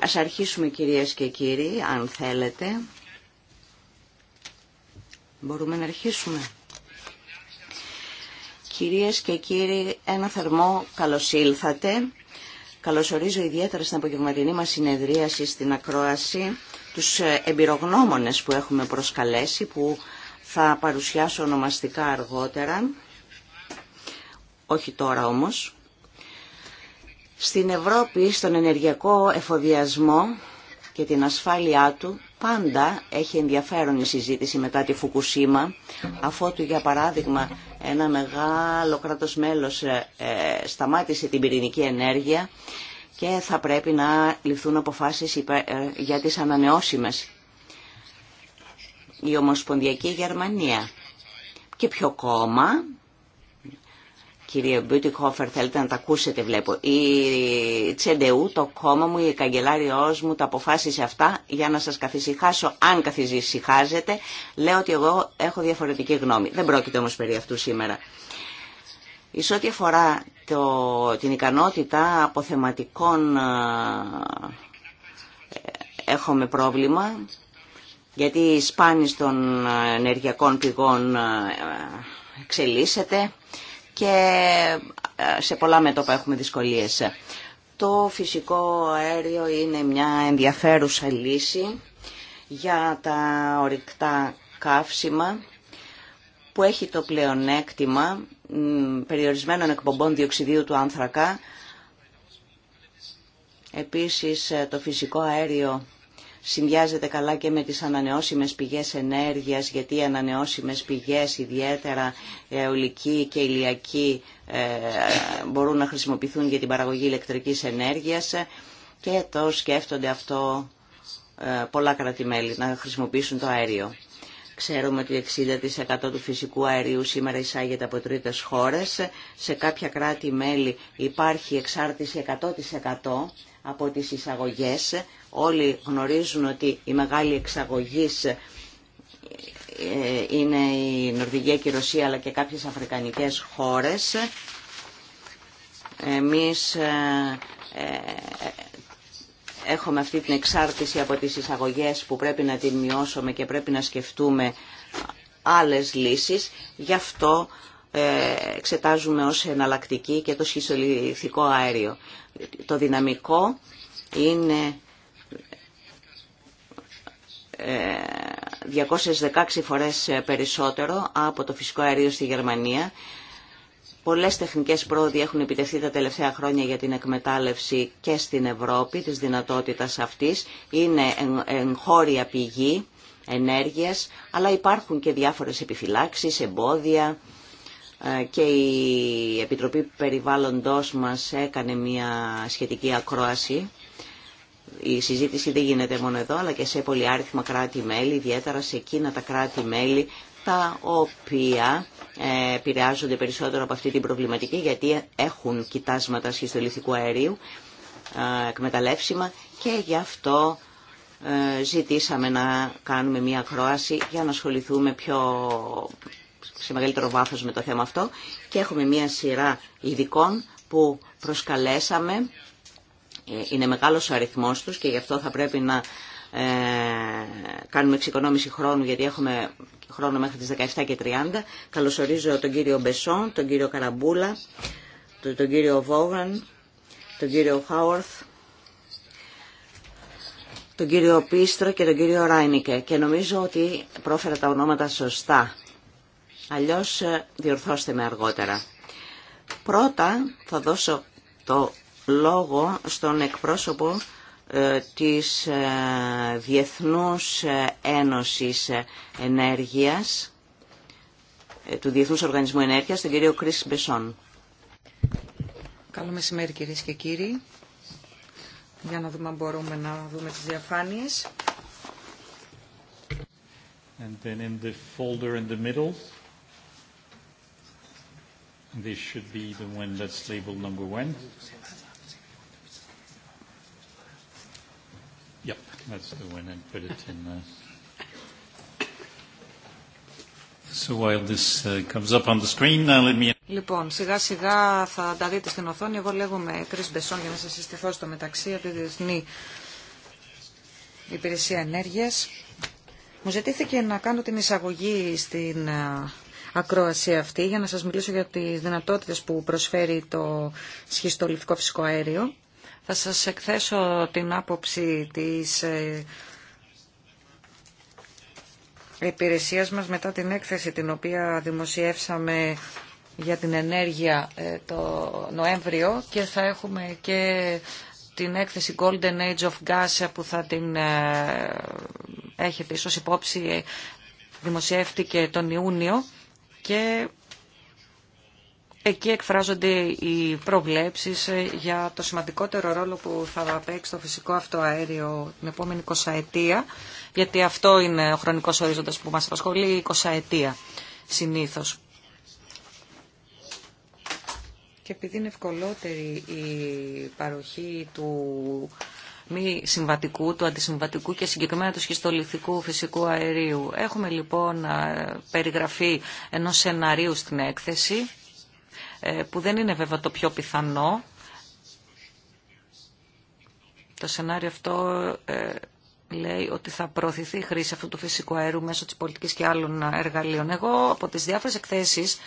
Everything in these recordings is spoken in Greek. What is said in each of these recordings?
Ας αρχίσουμε κυρίες και κύριοι, αν θέλετε. Μπορούμε να αρχίσουμε. Κυρίες και κύριοι, ένα θερμό καλώς ήλθατε. Καλωσορίζω ιδιαίτερα στην απογευματινή μας συνεδρίαση στην Ακρόαση τους εμπειρογνώμονες που έχουμε προσκαλέσει, που θα παρουσιάσω ονομαστικά αργότερα, όχι τώρα όμως. Στην Ευρώπη, στον ενεργειακό εφοδιασμό και την ασφάλειά του, πάντα έχει ενδιαφέρον η συζήτηση μετά τη Φουκουσίμα, αφότου για παράδειγμα ένα μεγάλο κράτος μέλος ε, ε, σταμάτησε την πυρηνική ενέργεια και θα πρέπει να ληφθούν αποφάσεις ε, για τις ανανεώσιμες. Η Ομοσπονδιακή Γερμανία και ποιο κόμμα κυρία Μπιούτιχόφερ, θέλετε να τα ακούσετε βλέπω. Η Τσεντεού, το κόμμα μου, η καγκελάριο μου τα αποφάσισε αυτά για να σα καθησυχάσω. Αν καθησυχάζετε, λέω ότι εγώ έχω διαφορετική γνώμη. Δεν πρόκειται όμω περί αυτού σήμερα. Ει ό,τι αφορά το, την ικανότητα αποθεματικών έχουμε πρόβλημα, γιατί η σπάνιση των ενεργειακών πηγών εξελίσσεται και ε, σε πολλά μέτωπα έχουμε δυσκολίες. Το φυσικό αέριο είναι μια ενδιαφέρουσα λύση για τα ορυκτά καύσιμα που έχει το πλεονέκτημα περιορισμένων εκπομπών διοξιδίου του άνθρακα. Επίσης ε, το φυσικό αέριο συνδυάζεται καλά και με τις ανανεώσιμες πηγές ενέργειας, γιατί οι ανανεώσιμες πηγές, ιδιαίτερα ολική και ηλιακή, ε, μπορούν να χρησιμοποιηθούν για την παραγωγή ηλεκτρικής ενέργειας και το σκέφτονται αυτό ε, πολλά κράτη-μέλη να χρησιμοποιήσουν το αέριο. Ξέρουμε ότι 60% του φυσικού αερίου σήμερα εισάγεται από τρίτες χώρες. Σε κάποια κράτη-μέλη υπάρχει εξάρτηση 100% από τις εισαγωγές. Όλοι γνωρίζουν ότι η μεγάλη εξαγωγή ε, είναι η Νορβηγία και η Ρωσία αλλά και κάποιες αφρικανικές χώρες. Εμείς ε, ε, έχουμε αυτή την εξάρτηση από τις εισαγωγές που πρέπει να την μειώσουμε και πρέπει να σκεφτούμε άλλες λύσεις. Γι' αυτό εξετάζουμε ως εναλλακτική και το σχισολιθικό αέριο το δυναμικό είναι 216 ε, φορές περισσότερο από το φυσικό αερίο στη Γερμανία. Πολλές τεχνικές πρόοδοι έχουν επιτευχθεί τα τελευταία χρόνια για την εκμετάλλευση και στην Ευρώπη της δυνατότητας αυτής. Είναι εγχώρια πηγή ενέργειας, αλλά υπάρχουν και διάφορες επιφυλάξεις, εμπόδια ε, και η Επιτροπή Περιβάλλοντος μας έκανε μια σχετική ακρόαση. Η συζήτηση δεν γίνεται μόνο εδώ, αλλά και σε πολυάριθμα κράτη-μέλη, ιδιαίτερα σε εκείνα τα κράτη-μέλη, τα οποία ε, επηρεάζονται περισσότερο από αυτή την προβληματική, γιατί έχουν κοιτάσματα σχιστολιθικού αερίου, ε, εκμεταλλεύσιμα, και γι' αυτό ζητήσαμε να κάνουμε μια ακρόαση για να ασχοληθούμε πιο σε μεγαλύτερο βάθος με το θέμα αυτό και έχουμε μία σειρά ειδικών που προσκαλέσαμε, ε, είναι μεγάλος ο αριθμός τους και γι' αυτό θα πρέπει να ε, κάνουμε εξοικονόμηση χρόνου γιατί έχουμε χρόνο μέχρι τις 17 και 30. Καλωσορίζω τον κύριο Μπεσόν, τον κύριο Καραμπούλα, τον, κύριο Βόγαν, τον κύριο Χάουρθ τον κύριο Πίστρο και τον κύριο Ράινικε και νομίζω ότι πρόφερα τα ονόματα σωστά αλλιώς ε, διορθώστε με αργότερα. Πρώτα θα δώσω το λόγο στον εκπρόσωπο ε, της ε, Διεθνούς Ένωσης Ενέργειας, του Διεθνούς Οργανισμού Ενέργειας, τον κύριο Κρίς Μπεσόν. Καλό μεσημέρι κυρίες και κύριοι. Για να δούμε αν μπορούμε να δούμε τις διαφάνειες. the folder This should be the one that's labeled number one. Yep, that's the one, and put it in. So while this uh, comes up on the screen, now let me... Λοιπόν, σιγά σιγά θα τα δείτε στην οθόνη. Εγώ λέγομαι Chris Besson για να σας συστηθώ στο μεταξύ από τη Διεθνή Υπηρεσία Ενέργειας. Μου ζητήθηκε να κάνω την εισαγωγή στην ε, ακρόαση αυτή για να σας μιλήσω για τις δυνατότητες που προσφέρει το σχιστολιθικό φυσικό αέριο. Θα σας εκθέσω την άποψη της ε, υπηρεσίας μας μετά την έκθεση την οποία δημοσιεύσαμε για την ενέργεια ε, το Νοέμβριο και θα έχουμε και την έκθεση Golden Age of Gas που θα την ε, έχετε ίσως υπόψη δημοσιεύτηκε τον Ιούνιο και εκεί εκφράζονται οι προβλέψεις για το σημαντικότερο ρόλο που θα παίξει το φυσικό αυτό αέριο την επόμενη 20 ετία, γιατί αυτό είναι ο χρονικός ορίζοντας που μας απασχολεί, 20 ετία συνήθως. Και επειδή είναι ευκολότερη η παροχή του μη συμβατικού, του αντισυμβατικού και συγκεκριμένα του σχιστολιθικού φυσικού αερίου. Έχουμε λοιπόν περιγραφή ενός σεναρίου στην έκθεση ε, που δεν είναι βέβαια το πιο πιθανό. Το σενάριο αυτό ε, λέει ότι θα προωθηθεί η χρήση αυτού του φυσικού αερίου μέσω της πολιτικής και άλλων εργαλείων. Εγώ από τις διάφορες εκθέσεις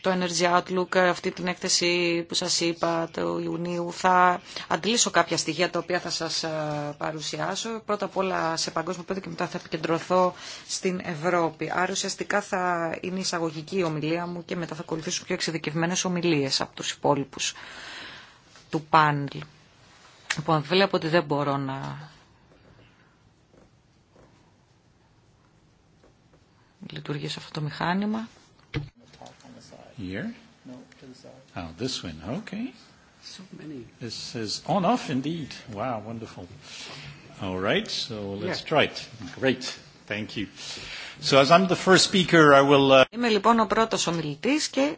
το Energy Outlook, αυτή την έκθεση που σας είπα το Ιουνίου, θα αντλήσω κάποια στοιχεία τα οποία θα σας ε, παρουσιάσω. Πρώτα απ' όλα σε παγκόσμιο παιδί και μετά θα επικεντρωθώ στην Ευρώπη. Άρα ουσιαστικά θα είναι εισαγωγική η ομιλία μου και μετά θα ακολουθήσουν πιο εξειδικευμένες ομιλίες από τους υπόλοιπους του πάνελ. Λοιπόν, βλέπω ότι δεν μπορώ να λειτουργήσω αυτό το μηχάνημα here? No, to the side. Oh, this one. Okay. So many. This is on off indeed. Wow, wonderful. All right, so let's yeah. try it. Great. Thank you. So as I'm the first speaker, I will. Uh... Είμαι λοιπόν ο πρώτος ομιλητής και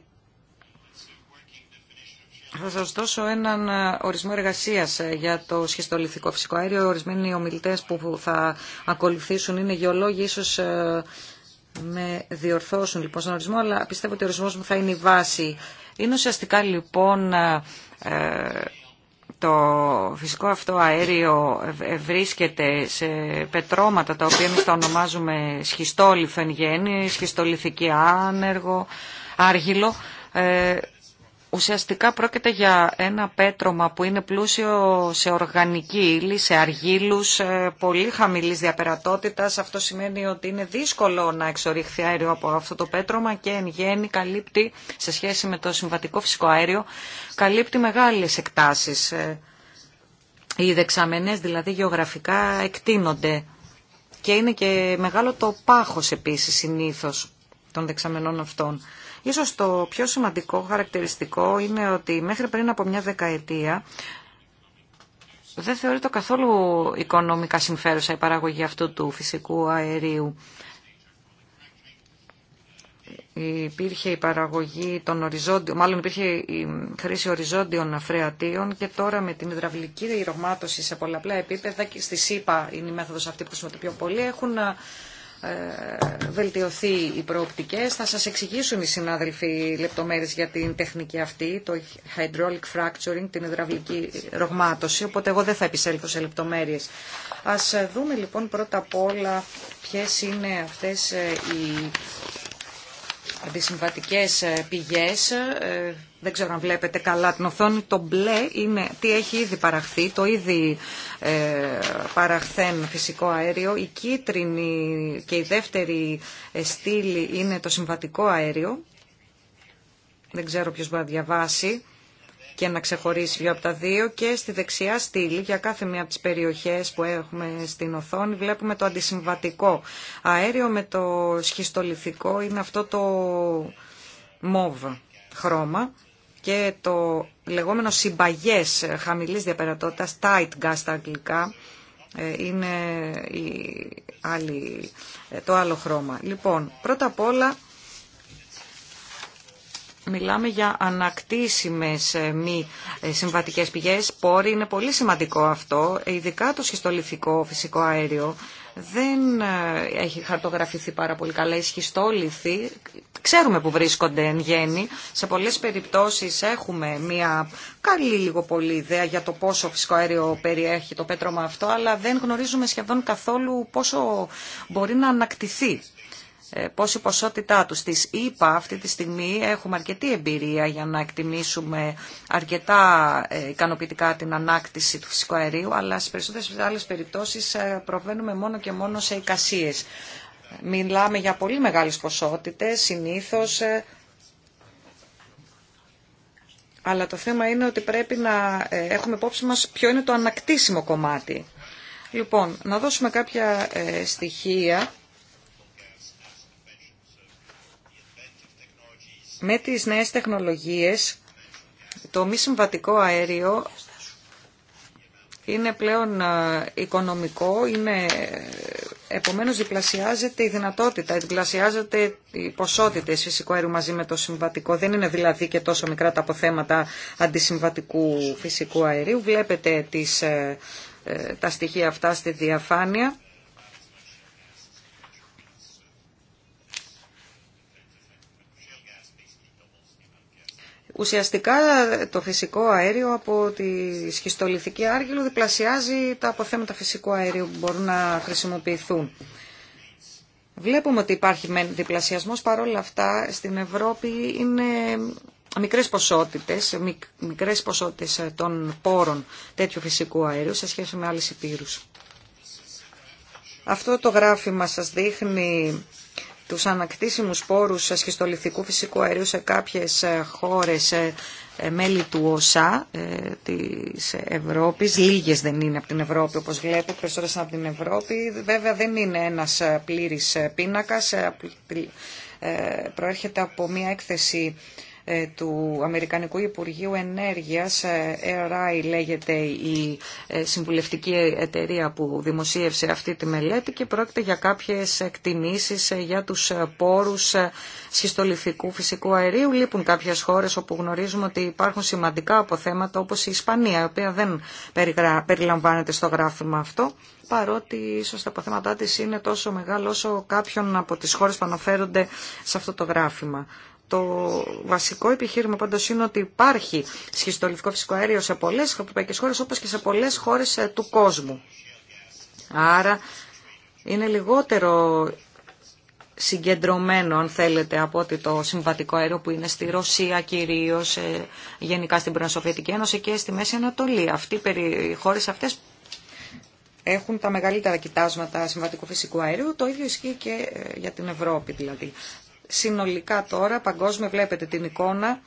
θα σας δώσω έναν ε, ορισμό εργασίας ε, για το σχιστολιθικό φυσικό αέριο. Ορισμένοι ομιλητές που θα ακολουθήσουν είναι γεωλόγοι, ίσως uh με διορθώσουν λοιπόν στον ορισμό, αλλά πιστεύω ότι ο ορισμός μου θα είναι η βάση. Είναι ουσιαστικά λοιπόν ε, το φυσικό αυτό αέριο βρίσκεται σε πετρώματα τα οποία εμείς τα ονομάζουμε εν γέννη, σχιστολιθική άνεργο, άργυλο. Ε, Ουσιαστικά πρόκειται για ένα πέτρωμα που είναι πλούσιο σε οργανική ύλη, σε αργύλους, ε, πολύ χαμηλής διαπερατότητας. Αυτό σημαίνει ότι είναι δύσκολο να εξοριχθεί αέριο από αυτό το πέτρωμα και εν γέννη καλύπτει, σε σχέση με το συμβατικό φυσικό αέριο, καλύπτει μεγάλες εκτάσεις. Ε, οι δεξαμενές δηλαδή γεωγραφικά εκτείνονται και είναι και μεγάλο το πάχος επίσης συνήθως των δεξαμενών αυτών. Ίσως το πιο σημαντικό χαρακτηριστικό είναι ότι μέχρι πριν από μια δεκαετία δεν θεωρείται καθόλου οικονομικά συμφέρουσα η παραγωγή αυτού του φυσικού αερίου. Υπήρχε η παραγωγή των οριζόντιων, μάλλον υπήρχε η χρήση οριζόντιων φρεατίων και τώρα με την υδραυλική ρογμάτωση σε πολλαπλά επίπεδα και στη ΣΥΠΑ είναι η μέθοδος αυτή που χρησιμοποιεί πιο πολύ, έχουν ε, βελτιωθεί οι προοπτικές. Θα σας εξηγήσουν οι συνάδελφοι λεπτομέρειες για την τεχνική αυτή, το hydraulic fracturing, την υδραυλική ρογμάτωση, οπότε εγώ δεν θα επισέλθω σε λεπτομέρειες. Ας δούμε λοιπόν πρώτα απ' όλα ποιες είναι αυτές ε, οι αντισυμβατικές ε, πηγές. Ε, δεν ξέρω αν βλέπετε καλά την οθόνη. Το μπλε είναι τι έχει ήδη παραχθεί, το ήδη ε, παραχθέν φυσικό αέριο. Η κίτρινη και η δεύτερη στήλη είναι το συμβατικό αέριο. Δεν ξέρω ποιος μπορεί να διαβάσει και να ξεχωρίσει δύο από τα δύο και στη δεξιά στήλη για κάθε μία από τις περιοχές που έχουμε στην οθόνη βλέπουμε το αντισυμβατικό αέριο με το σχιστολιθικό είναι αυτό το μόβ χρώμα και το λεγόμενο συμπαγές χαμηλής διαπερατότητας, tight gas στα αγγλικά, ε, είναι η άλλη, ε, το άλλο χρώμα. Λοιπόν, πρώτα απ' όλα Μιλάμε για ανακτήσιμες ε, μη ε, συμβατικές πηγές, πόροι, είναι πολύ σημαντικό αυτό, ειδικά το σχιστολιθικό φυσικό αέριο. Δεν ε, έχει χαρτογραφηθεί πάρα πολύ καλά οι σχιστόλιθοι. Ξέρουμε που βρίσκονται εν γέννη. Σε πολλές περιπτώσεις έχουμε μια καλή λίγο πολύ ιδέα για το πόσο φυσικό αέριο περιέχει το πέτρωμα αυτό, αλλά δεν γνωρίζουμε σχεδόν καθόλου πόσο μπορεί να ανακτηθεί ε, πόση η ποσότητά τους. Στις ΕΠΑ αυτή τη στιγμή έχουμε αρκετή εμπειρία για να εκτιμήσουμε αρκετά ε, ικανοποιητικά την ανάκτηση του φυσικού αερίου, αλλά στις περισσότερες άλλες περιπτώσεις ε, προβαίνουμε μόνο και μόνο σε εικασίες. Μιλάμε για πολύ μεγάλες ποσότητες, συνήθως αλλά το θέμα είναι ότι πρέπει να έχουμε υπόψη μας ποιο είναι το ανακτήσιμο κομμάτι. Λοιπόν, να δώσουμε κάποια στοιχεία Με τις νέες τεχνολογίες, το μη συμβατικό αέριο είναι πλέον ε, οικονομικό, είναι, επομένως διπλασιάζεται η δυνατότητα, διπλασιάζεται η ποσότητα φυσικού αέριου μαζί με το συμβατικό. Δεν είναι δηλαδή και τόσο μικρά τα αποθέματα αντισυμβατικού φυσικού αερίου. Βλέπετε τις, ε, ε, τα στοιχεία αυτά στη διαφάνεια. Ουσιαστικά το φυσικό αέριο από τη σχιστολιθική άργυλο διπλασιάζει τα αποθέματα φυσικού αερίου που μπορούν να χρησιμοποιηθούν. Βλέπουμε ότι υπάρχει διπλασιασμός, παρόλα αυτά στην Ευρώπη είναι μικρές ποσότητες, μικρές ποσότητες ε, των πόρων τέτοιου φυσικού αερίου σε σχέση με άλλες υπήρους. Αυτό το γράφημα σας δείχνει τους ανακτήσιμους πόρους ασχιστολιθικού φυσικού αερίου σε κάποιες ε, χώρες ε, ε, μέλη του ΟΣΑ της Ευρώπης. Λίγες δεν είναι από την Ευρώπη όπως βλέπετε, περισσότερες είναι από την Ευρώπη. Βέβαια δεν είναι ένας πλήρης πίνακας, προέρχεται από μια έκθεση ε, του Αμερικανικού Υπουργείου Ενέργειας, ε, ERI λέγεται η ε, συμβουλευτική εταιρεία που δημοσίευσε αυτή τη μελέτη και πρόκειται για κάποιες εκτιμήσεις για τους πόρους σχιστολιθικού φυσικού αερίου. Λείπουν κάποιες χώρες όπου γνωρίζουμε ότι υπάρχουν σημαντικά αποθέματα όπως η Ισπανία, η οποία δεν περιλαμβάνεται στο γράφημα αυτό παρότι ίσως τα αποθέματά της είναι τόσο μεγάλο όσο κάποιον από τις χώρες που αναφέρονται σε αυτό το γράφημα. Το βασικό επιχείρημα πάντω είναι ότι υπάρχει σχιστολιθικό φυσικό αέριο σε πολλέ ευρωπαϊκέ χώρε όπω και σε πολλέ χώρε ε, του κόσμου. Άρα είναι λιγότερο συγκεντρωμένο αν θέλετε από ότι το συμβατικό αέριο που είναι στη Ρωσία κυρίως ε, γενικά στην Πρωτοσοβιετική Ένωση και στη Μέση Ανατολή. Αυτοί, οι χώρε αυτέ έχουν τα μεγαλύτερα κοιτάσματα συμβατικού φυσικού αερίου, το ίδιο ισχύει και ε, για την Ευρώπη δηλαδή συνολικά τώρα, παγκόσμια, βλέπετε την εικόνα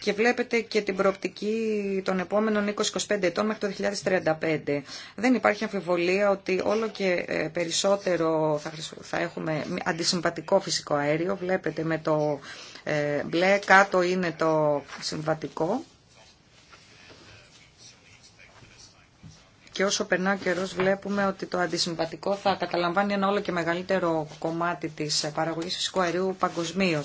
και βλέπετε και την προοπτική των επόμενων 20-25 ετών μέχρι το 2035. Δεν υπάρχει αμφιβολία ότι όλο και ε, περισσότερο θα έχουμε αντισυμβατικό φυσικό αέριο. Βλέπετε με το ε, μπλε κάτω είναι το συμβατικό Και όσο περνά ο καιρός βλέπουμε ότι το αντισυμβατικό θα καταλαμβάνει ένα όλο και μεγαλύτερο κομμάτι της παραγωγής φυσικού αερίου παγκοσμίω.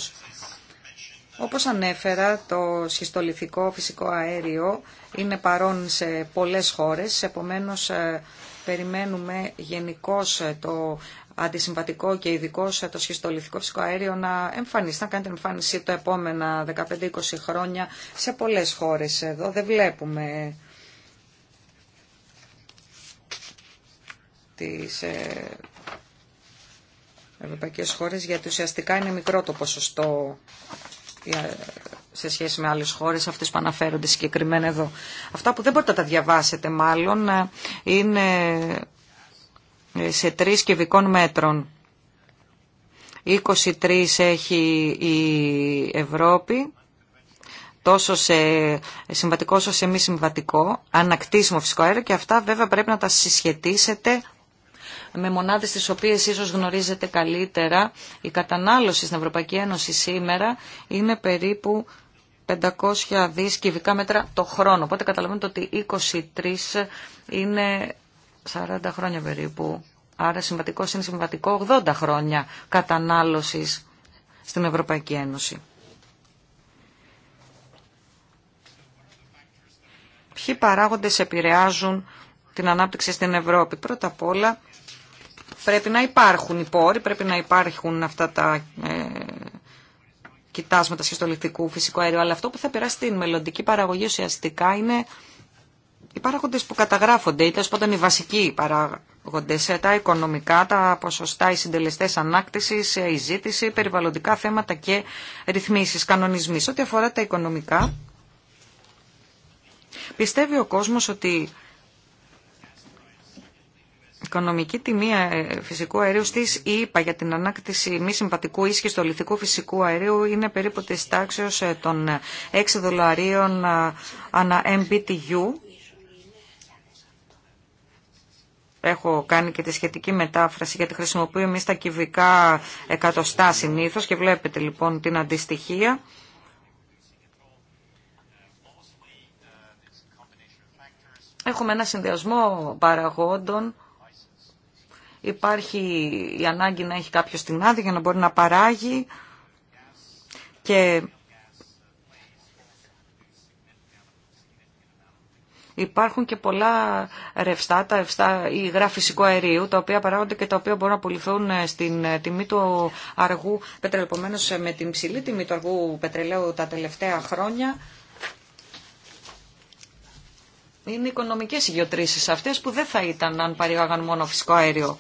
Όπως ανέφερα, το σχιστολιθικό φυσικό αέριο είναι παρόν σε πολλές χώρες, επομένως ε, περιμένουμε γενικώ ε, το αντισυμβατικό και ειδικώ ε, το σχιστολιθικό φυσικό αέριο να εμφανίσει. να κάνει την εμφάνισή το επόμενα 15-20 χρόνια σε πολλές χώρες εδώ. Δεν βλέπουμε τις ε, ευρωπαϊκές χώρες, γιατί ουσιαστικά είναι μικρό το ποσοστό ε, σε σχέση με άλλες χώρες, αυτές που αναφέρονται συγκεκριμένα εδώ. Αυτά που δεν μπορείτε να τα διαβάσετε μάλλον ε, είναι σε τρεις κυβικών μέτρων. 23 έχει η Ευρώπη, τόσο σε συμβατικό όσο σε μη συμβατικό, ανακτήσιμο φυσικό αέριο και αυτά βέβαια πρέπει να τα συσχετίσετε με μονάδες τις οποίες ίσως γνωρίζετε καλύτερα. Η κατανάλωση στην Ευρωπαϊκή Ένωση σήμερα είναι περίπου 500 δις κυβικά μέτρα το χρόνο. Οπότε καταλαβαίνετε ότι 23 είναι 40 χρόνια περίπου. Άρα συμβατικό είναι σημαντικό 80 χρόνια κατανάλωσης στην Ευρωπαϊκή Ένωση. Ποιοι παράγοντες επηρεάζουν την ανάπτυξη στην Ευρώπη. Πρώτα απ' όλα Πρέπει να υπάρχουν οι πόροι, πρέπει να υπάρχουν αυτά τα ε, κοιτάσματα σχεστολιθικού φυσικού αέριου, αλλά αυτό που θα περάσει στην μελλοντική παραγωγή ουσιαστικά είναι οι παράγοντες που καταγράφονται, ή τέλο πάντων οι βασικοί παράγοντες, ε, τα οικονομικά, τα ποσοστά, οι συντελεστές ανάκτησης, ε, η ζήτηση, και ρυθμίσεις, κανονισμοί. Σε ό,τι αφορά τα οικονομικά, και ρυθμισεις κανονισμοι οτι αφορα τα οικονομικα πιστευει ο κόσμος ότι οικονομική τιμή ε, φυσικού αερίου στις ΗΠΑ για την ανάκτηση μη συμπατικού ίσχυση του αληθικού φυσικού αερίου είναι περίπου τη τάξεω των 6 δολαρίων ε, ανά MBTU. Έχω κάνει και τη σχετική μετάφραση γιατί χρησιμοποιούμε εμεί τα κυβικά εκατοστά συνήθω και βλέπετε λοιπόν την αντιστοιχία. Έχουμε ένα συνδυασμό παραγόντων υπάρχει η ανάγκη να έχει κάποιο την άδεια για να μπορεί να παράγει και υπάρχουν και πολλά ρευστά, τα ρευστά υγρά φυσικού αερίου, τα οποία παράγονται και τα οποία μπορούν να πουληθούν ε, στην ε, τιμή του αργού πετρελαιπομένως ε, με την ψηλή τιμή του αργού πετρελαίου τα τελευταία χρόνια είναι οικονομικές οι γεωτρήσεις αυτές που δεν θα ήταν αν παρήγαγαν μόνο φυσικό αέριο.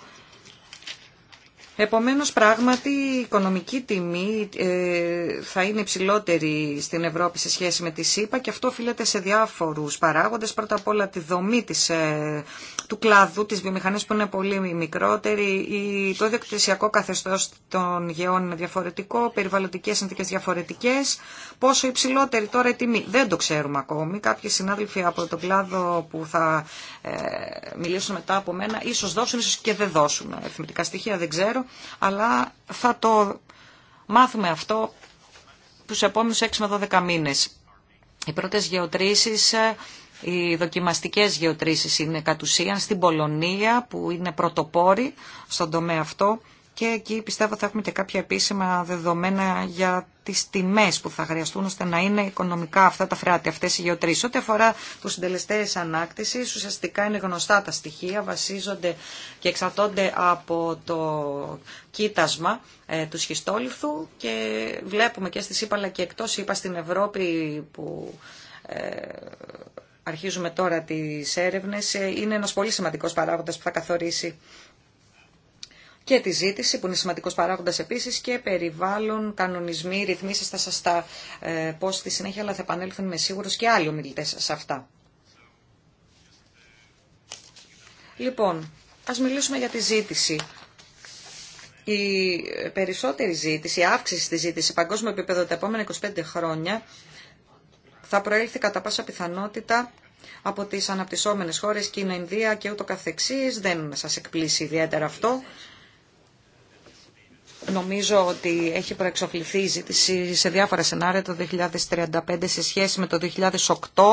Επομένως πράγματι η οικονομική τιμή ε, θα είναι υψηλότερη στην Ευρώπη σε σχέση με τη ΣΥΠΑ και αυτό οφείλεται σε διάφορους παράγοντες. Πρώτα απ' όλα τη δομή της, ε, του κλάδου, της βιομηχανίας που είναι πολύ μικρότερη, το διοκτησιακό καθεστώς των γεών είναι διαφορετικό, περιβαλλοντικές συνθήκες διαφορετικές. Πόσο υψηλότερη τώρα η τιμή δεν το ξέρουμε ακόμη. Κάποιοι συνάδελφοι από τον κλάδο που θα ε, μιλήσουν μετά από μένα ίσως δώσουν, ίσως και δεν δώσουν. αριθμητικά στοιχεία δεν ξέρω αλλά θα το μάθουμε αυτό τους επόμενους 6 με 12 μήνες. Οι πρώτες γεωτρήσεις, ε, οι δοκιμαστικές γεωτρήσεις είναι κατ' ουσίαν στην Πολωνία που είναι πρωτοπόροι στον τομέα αυτό και εκεί πιστεύω θα έχουμε και κάποια επίσημα δεδομένα για τις τιμές που θα χρειαστούν ώστε να είναι οικονομικά αυτά τα φράτη, αυτές οι γεωτρήσεις. Ό,τι αφορά τους συντελεστές ανάκτησης, ουσιαστικά είναι γνωστά τα στοιχεία, βασίζονται και εξαρτώνται από το κοίτασμα ε, του σχιστόλιθου και βλέπουμε και στη ΣΥΠΑ αλλά και εκτός είπα στην Ευρώπη που ε, αρχίζουμε τώρα τις έρευνες, ε, είναι ένας πολύ σημαντικός παράγοντας που θα καθορίσει και τη ζήτηση που είναι σημαντικός παράγοντας επίσης και περιβάλλον, κανονισμοί, ρυθμίσεις θα σας τα ε, πω στη συνέχεια αλλά θα επανέλθουν με σίγουρος και άλλοι ομιλητές σε αυτά. Λοιπόν, ας μιλήσουμε για τη ζήτηση. Η περισσότερη ζήτηση, η αύξηση της ζήτησης σε παγκόσμιο επίπεδο τα επόμενα 25 χρόνια θα προέλθει κατά πάσα πιθανότητα από τις αναπτυσσόμενες χώρες, Κίνα, Ινδία και ούτω καθεξής. Δεν σας εκπλήσει ιδιαίτερα αυτό. Νομίζω ότι έχει προεξοφληθεί η ζήτηση σε διάφορα σενάρια το 2035 σε σχέση με το 2008.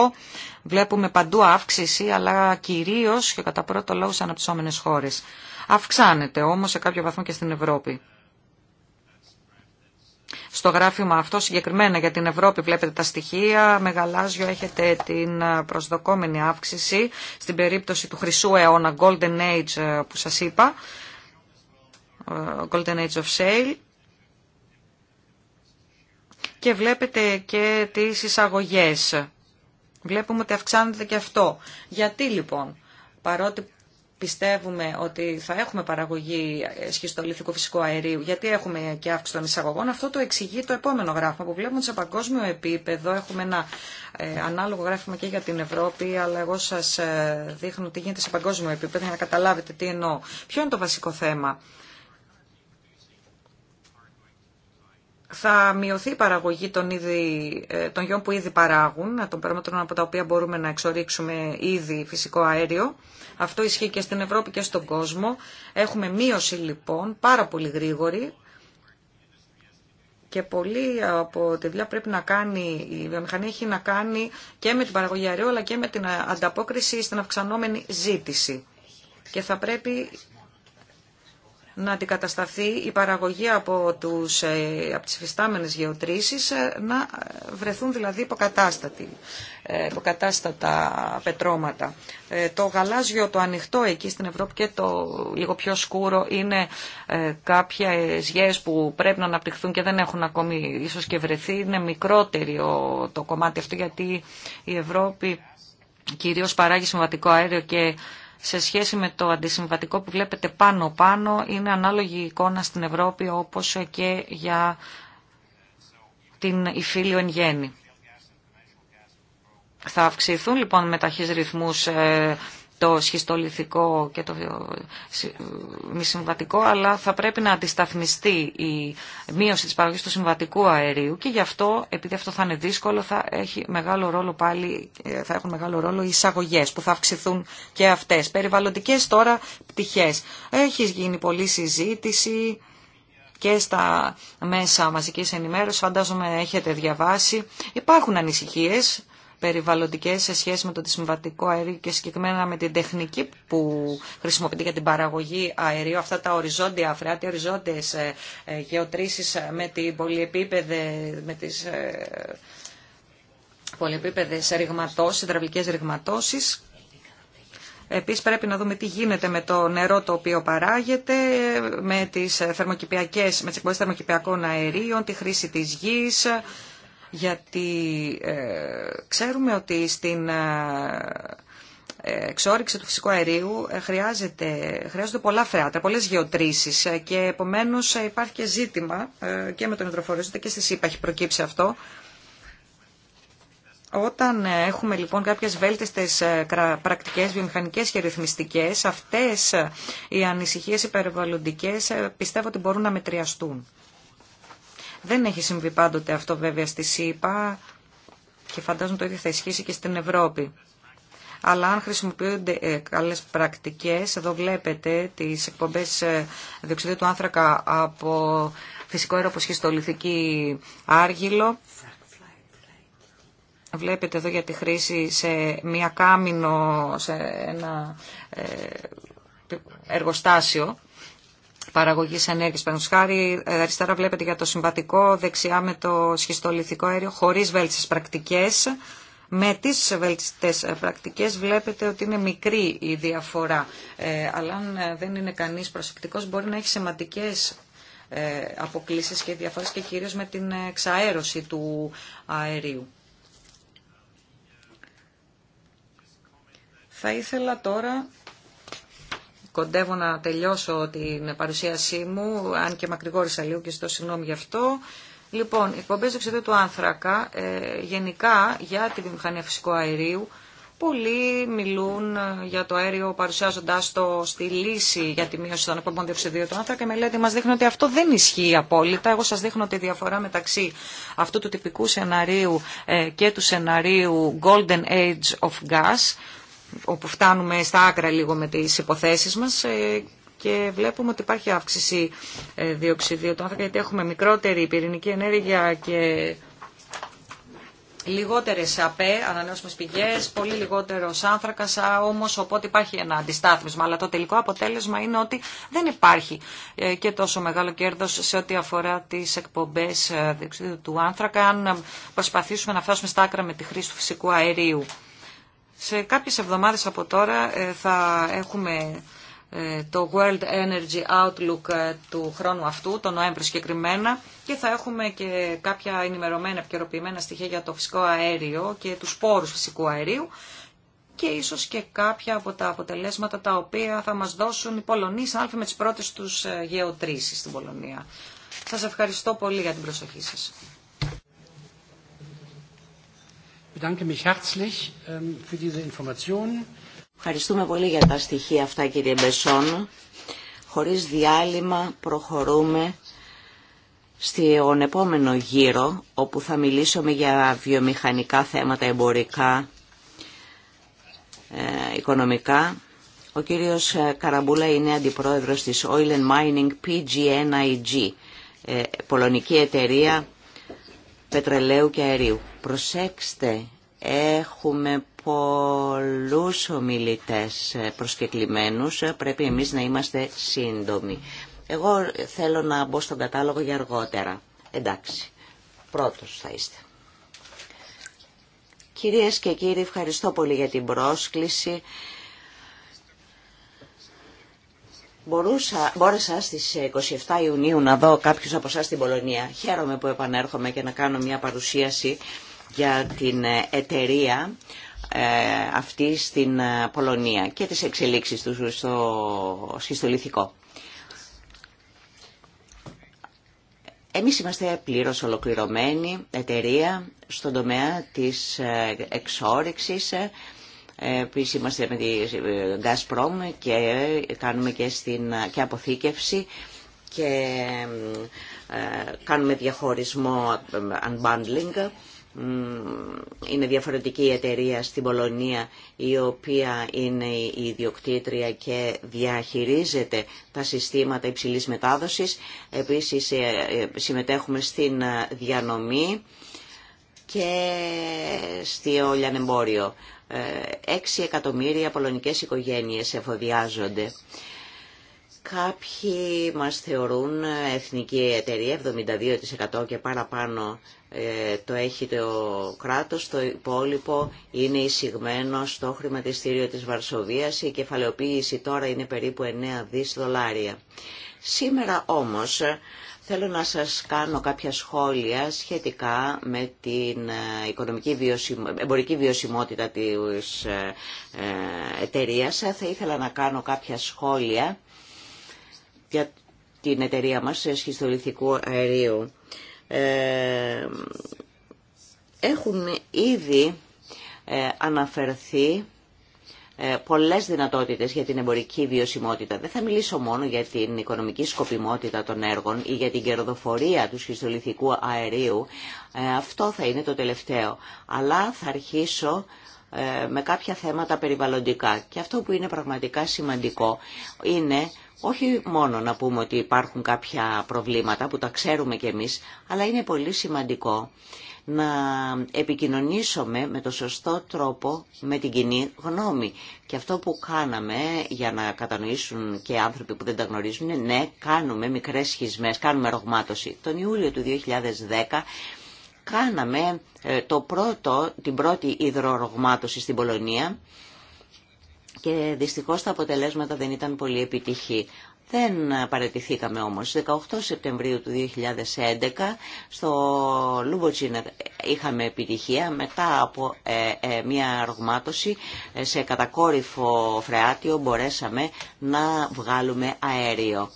Βλέπουμε παντού αύξηση, αλλά κυρίως και κατά πρώτο λόγο σε αναπτυσσόμενες χώρες. Αυξάνεται όμως σε κάποιο βαθμό και στην Ευρώπη. Στο γράφημα αυτό συγκεκριμένα για την Ευρώπη βλέπετε τα στοιχεία. Με γαλάζιο έχετε την προσδοκόμενη αύξηση στην περίπτωση του χρυσού αιώνα Golden Age ε, που σας είπα ε, Golden Age of Sale και βλέπετε και τις εισαγωγές. Βλέπουμε ότι αυξάνεται και αυτό. Γιατί λοιπόν, παρότι πιστεύουμε ότι θα έχουμε παραγωγή σχιστολιθικού φυσικού αερίου, γιατί έχουμε και αύξηση των εισαγωγών, αυτό το εξηγεί το επόμενο γράφημα που βλέπουμε σε παγκόσμιο επίπεδο. Έχουμε ένα ε, ανάλογο γράφημα και για την Ευρώπη, αλλά εγώ σας ε, δείχνω τι γίνεται σε παγκόσμιο επίπεδο για να καταλάβετε τι εννοώ. Ποιο είναι το βασικό θέμα. θα μειωθεί η παραγωγή των, ήδη, ε, γιών που ήδη παράγουν, ε, των περίμετρο από τα οποία μπορούμε να εξορίξουμε ήδη φυσικό αέριο. Αυτό ισχύει και στην Ευρώπη και στον κόσμο. Έχουμε μείωση λοιπόν πάρα πολύ γρήγορη και πολύ από τη δουλειά πρέπει να κάνει, η βιομηχανία έχει να κάνει και με την παραγωγή αερίου αλλά και με την ανταπόκριση στην αυξανόμενη ζήτηση. Και θα πρέπει να αντικατασταθεί η παραγωγή από, τους, ε, από τις φυστάμενες γεωτρήσεις, ε, να ε, βρεθούν δηλαδή υποκατάστατα πετρώματα. Το γαλάζιο, το ανοιχτό εκεί στην Ευρώπη και το λίγο πιο σκούρο είναι κάποια γέες που πρέπει να αναπτυχθούν και δεν έχουν ακόμη ίσως και βρεθεί. Είναι μικρότερο το κομμάτι αυτό γιατί η Ευρώπη κυρίως παράγει συμβατικό αέριο και σε σχέση με το αντισυμβατικό που βλέπετε πάνω-πάνω είναι ανάλογη εικόνα στην Ευρώπη όπως και για την υφήλιο εν γέννη. Θα αυξηθούν λοιπόν με ταχύς ρυθμούς ε, το σχιστολιθικό και το ε, ε, μη συμβατικό, αλλά θα πρέπει να αντισταθμιστεί η μείωση της παραγωγής του συμβατικού αερίου και γι' αυτό, επειδή αυτό θα είναι δύσκολο, θα, έχει μεγάλο ρόλο πάλι, ε, θα έχουν μεγάλο ρόλο οι εισαγωγέ που θα αυξηθούν και αυτές. Περιβαλλοντικές τώρα πτυχές. Έχει γίνει πολλή συζήτηση και στα μέσα μαζικής ενημέρωσης, φαντάζομαι έχετε διαβάσει. Υπάρχουν ανησυχίες περιβαλλοντικές σε σχέση με το συμβατικό αέριο και συγκεκριμένα με την τεχνική που χρησιμοποιείται για την παραγωγή αερίου, αυτά τα οριζόντια, αφράτη, οριζόντιες ε, ε, γεωτρήσεις ε, με την πολυεπίπεδε, με τις πολυεπίπεδες ρηγματώσεις, υδραυλικές ρηγματώσεις. Επίσης πρέπει να δούμε τι γίνεται με το νερό το οποίο παράγεται, με τις, εκπομπέ με αερίων, τη χρήση της γης, γιατί ε, ξέρουμε ότι στην ε, ε, εξόριξη του φυσικού αερίου χρειάζεται, χρειάζονται πολλά φρέατρα, πολλές γεωτρήσεις και επομένως υπάρχει και ζήτημα και με τον υδροφορίζοντα και στη ΣΥΠΑ έχει προκύψει αυτό. Όταν έχουμε λοιπόν κάποιες βέλτιστες πρακτικές βιομηχανικές και ρυθμιστικές, αυτές οι ανησυχίες υπερβαλλοντικές πιστεύω ότι μπορούν να μετριαστούν. Δεν έχει συμβεί πάντοτε αυτό βέβαια στη ΣΥΠΑ και φαντάζομαι το ίδιο θα ισχύσει και στην Ευρώπη. Αλλά αν χρησιμοποιούνται ε, καλές πρακτικές, εδώ βλέπετε τις εκπομπές ε, διοξιδίου του άνθρακα από φυσικό αέρα σχιστολιθική άργυλο. Βλέπετε εδώ για τη χρήση σε μία κάμινο, σε ένα ε, εργοστάσιο παραγωγής ενέργειας. πάνω χάρη, ε, αριστερά βλέπετε για το συμβατικό, δεξιά με το σχιστολιθικό αέριο, χωρίς βέλτιστες πρακτικές. Με τις βελτιστές ε, πρακτικές βλέπετε ότι είναι μικρή η διαφορά, ε, αλλά αν δεν είναι κανείς προσεκτικός μπορεί να έχει σημαντικές ε, αποκλήσεις και διαφορές και κυρίως με την εξαέρωση του αερίου. Θα ήθελα τώρα κοντεύω να τελειώσω την παρουσίασή μου, αν και μακρηγόρησα λίγο και στο συγγνώμη γι' αυτό. Λοιπόν, οι εκπομπέ δεξιδίου του άνθρακα, ε, γενικά για τη βιομηχανία φυσικού αερίου, πολλοί μιλούν ε, για το αέριο παρουσιάζοντα το στη λύση για τη μείωση των εκπομπών διοξιδίου του άνθρακα. Η μελέτη μα δείχνει ότι αυτό δεν ισχύει απόλυτα. Εγώ σα δείχνω τη διαφορά μεταξύ αυτού του τυπικού σεναρίου ε, και του σεναρίου Golden Age of Gas όπου φτάνουμε στα άκρα λίγο με τις υποθέσεις μας ε, και βλέπουμε ότι υπάρχει αύξηση ε, διοξιδίου του άνθρακα γιατί έχουμε μικρότερη πυρηνική ενέργεια και λιγότερες ΑΠΕ, ανανεώσιμες πηγές, πολύ λιγότερος άνθρακας όμως οπότε υπάρχει ένα αντιστάθμισμα αλλά το τελικό αποτέλεσμα είναι ότι δεν υπάρχει ε, και τόσο μεγάλο κέρδος σε ό,τι αφορά τις εκπομπές διοξιδίου του άνθρακα αν προσπαθήσουμε να φτάσουμε στα άκρα με τη χρήση του φυσικού αερίου. Σε κάποιες εβδομάδες από τώρα ε, θα έχουμε ε, το World Energy Outlook ε, του χρόνου αυτού, τον Νοέμβριο συγκεκριμένα, και θα έχουμε και κάποια ενημερωμένα, επικαιροποιημένα στοιχεία για το φυσικό αέριο και τους πόρους φυσικού αερίου και ίσως και κάποια από τα αποτελέσματα τα οποία θα μας δώσουν οι Πολωνοί άλφοι με τις πρώτες τους γεωτρήσεις στην Πολωνία. Σας ευχαριστώ πολύ για την προσοχή σας. Ähm, Ευχαριστούμε πολύ για τα στοιχεία αυτά κύριε Μπεσόν. Χωρίς διάλειμμα προχωρούμε στον επόμενο γύρο όπου θα μιλήσουμε για βιομηχανικά θέματα εμπορικά, ε, οικονομικά. Ο κύριος ε, Καραμπούλα είναι αντιπρόεδρος της Oil and Mining PGNIG, ε, πολωνική εταιρεία πετρελαίου και αερίου. Προσέξτε, έχουμε πολλούς ομιλητές προσκεκλημένους, πρέπει εμείς να είμαστε σύντομοι. Εγώ θέλω να μπω στον κατάλογο για αργότερα. Εντάξει, πρώτος θα είστε. Κυρίες και κύριοι, ευχαριστώ πολύ για την πρόσκληση. Μπορούσα, μπόρεσα στις 27 Ιουνίου να δω κάποιους από εσά στην Πολωνία. Χαίρομαι που επανέρχομαι και να κάνω μια παρουσίαση για την εταιρεία ε, αυτή στην Πολωνία και τις εξελίξεις του στο σχιστολιθικό. Εμείς είμαστε πλήρως ολοκληρωμένη εταιρεία στον τομέα της ε, εξόρυξης. Ε, επίσης είμαστε με τη Gazprom και κάνουμε και, στην, και αποθήκευση και κάνουμε διαχωρισμό unbundling είναι διαφορετική η εταιρεία στην Πολωνία η οποία είναι η ιδιοκτήτρια και διαχειρίζεται τα συστήματα υψηλής μετάδοσης. Επίσης ε, ε, συμμετέχουμε στην ε, διανομή και στο λιανεμπόριο. Έξι εκατομμύρια πολωνικές οικογένειες εφοδιάζονται. Κάποιοι μας θεωρούν εθνική εταιρεία, 72% και παραπάνω ε, το έχει το κράτος, το υπόλοιπο είναι εισηγμένο στο χρηματιστήριο της Βαρσοβίας, η κεφαλαιοποίηση τώρα είναι περίπου 9 δις δολάρια. Σήμερα όμως ε, θέλω να σας κάνω κάποια σχόλια σχετικά με την ε, οικονομική βιωσιμο... εμπορική βιωσιμότητα της εταιρείας. Θα ήθελα να κάνω κάποια σχόλια για την εταιρεία μας σχιστολιθικού αερίου. Ε, έχουν ήδη ε, αναφερθεί ε, πολλές δυνατότητες για την εμπορική βιωσιμότητα. Δεν θα μιλήσω μόνο για την οικονομική σκοπιμότητα των έργων ή για την κερδοφορία του σχιστολιθικού αερίου. Ε, αυτό θα είναι το τελευταίο. Αλλά θα αρχίσω ε, με κάποια θέματα περιβαλλοντικά. Και αυτό που είναι πραγματικά σημαντικό είναι όχι μόνο να πούμε ότι υπάρχουν κάποια προβλήματα που τα ξέρουμε κι εμείς, αλλά είναι πολύ σημαντικό να επικοινωνήσουμε με το σωστό τρόπο με την κοινή γνώμη. Και αυτό που κάναμε για να κατανοήσουν και άνθρωποι που δεν τα γνωρίζουν είναι ναι, κάνουμε μικρές σχισμές, κάνουμε ρογμάτωση. Τον Ιούλιο του 2010 κάναμε ε, το πρώτο, την πρώτη υδρορογμάτωση στην Πολωνία και δυστυχώς τα αποτελέσματα δεν ήταν πολύ επιτυχή. Δεν παραιτηθήκαμε όμως. 18 Σεπτεμβρίου του 2011 στο Λούμποτζιν είχαμε επιτυχία μετά από ε, ε, μια αργμάτωση ε, σε κατακόρυφο φρεάτιο μπορέσαμε να βγάλουμε αέριο.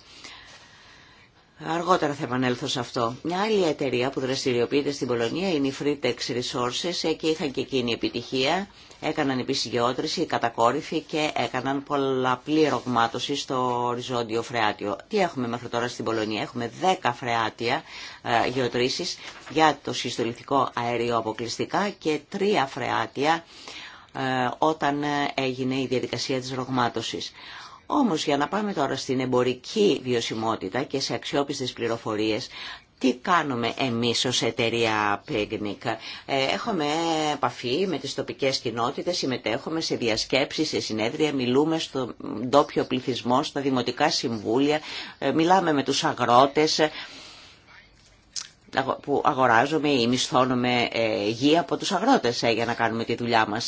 Αργότερα θα επανέλθω σε αυτό. Μια άλλη εταιρεία που δραστηριοποιείται στην Πολωνία είναι η Freetex Resources. και είχαν και εκείνη επιτυχία έκαναν επίσης γεώτρηση, κατακόρυφη και έκαναν πολλαπλή ρογμάτωση στο οριζόντιο φρεάτιο. Τι έχουμε μέχρι τώρα στην Πολωνία. Έχουμε 10 φρεάτια ε, γεωτρήσεις για το συστολιθικό αέριο αποκλειστικά και 3 φρεάτια ε, όταν ε, έγινε η διαδικασία της ρογμάτωσης. Όμως για να πάμε τώρα στην εμπορική βιωσιμότητα και σε αξιόπιστες πληροφορίες, τι κάνουμε εμείς ως εταιρεία Picnic. Ε, έχουμε επαφή με τις τοπικές κοινότητες, συμμετέχουμε σε διασκέψεις, σε συνέδρια, μιλούμε στον ντόπιο πληθυσμό, στα δημοτικά συμβούλια, ε, μιλάμε με τους αγρότες ε, που αγοράζουμε ή μισθώνουμε γη από τους αγρότες για να κάνουμε τη δουλειά μας.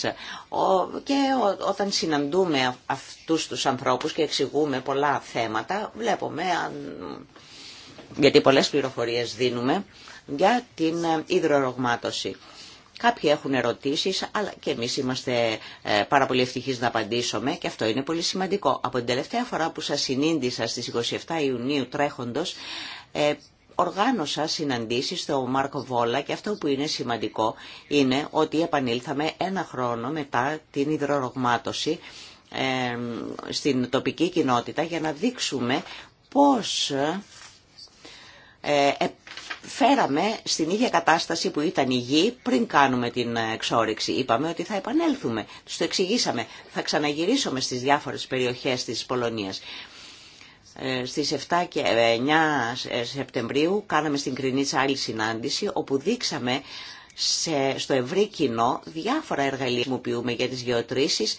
Και όταν συναντούμε αυτούς τους ανθρώπους και εξηγούμε πολλά θέματα, βλέπουμε αν γιατί πολλές πληροφορίες δίνουμε για την ε, υδρορογμάτωση. Κάποιοι έχουν ερωτήσεις, αλλά και εμείς είμαστε ε, πάρα πολύ ευτυχείς να απαντήσουμε και αυτό είναι πολύ σημαντικό. Από την τελευταία φορά που σας συνήντησα στις 27 Ιουνίου τρέχοντος, ε, οργάνωσα συναντήσεις στο Μάρκο Βόλα και αυτό που είναι σημαντικό είναι ότι επανήλθαμε ένα χρόνο μετά την υδρορογμάτωση στην τοπική κοινότητα για να δείξουμε πώς ε, ε, φέραμε στην ίδια κατάσταση που ήταν η γη πριν κάνουμε την εξόρυξη Είπαμε ότι θα επανέλθουμε. Τους το εξηγήσαμε. Θα ξαναγυρίσουμε στις διάφορες περιοχές της Πολωνίας. Ε, στις 7 και 9 Σεπτεμβρίου κάναμε στην Κρινίτσα άλλη συνάντηση όπου δείξαμε σε, στο ευρύ κοινό διάφορα εργαλεία που χρησιμοποιούμε για τις γεωτρήσεις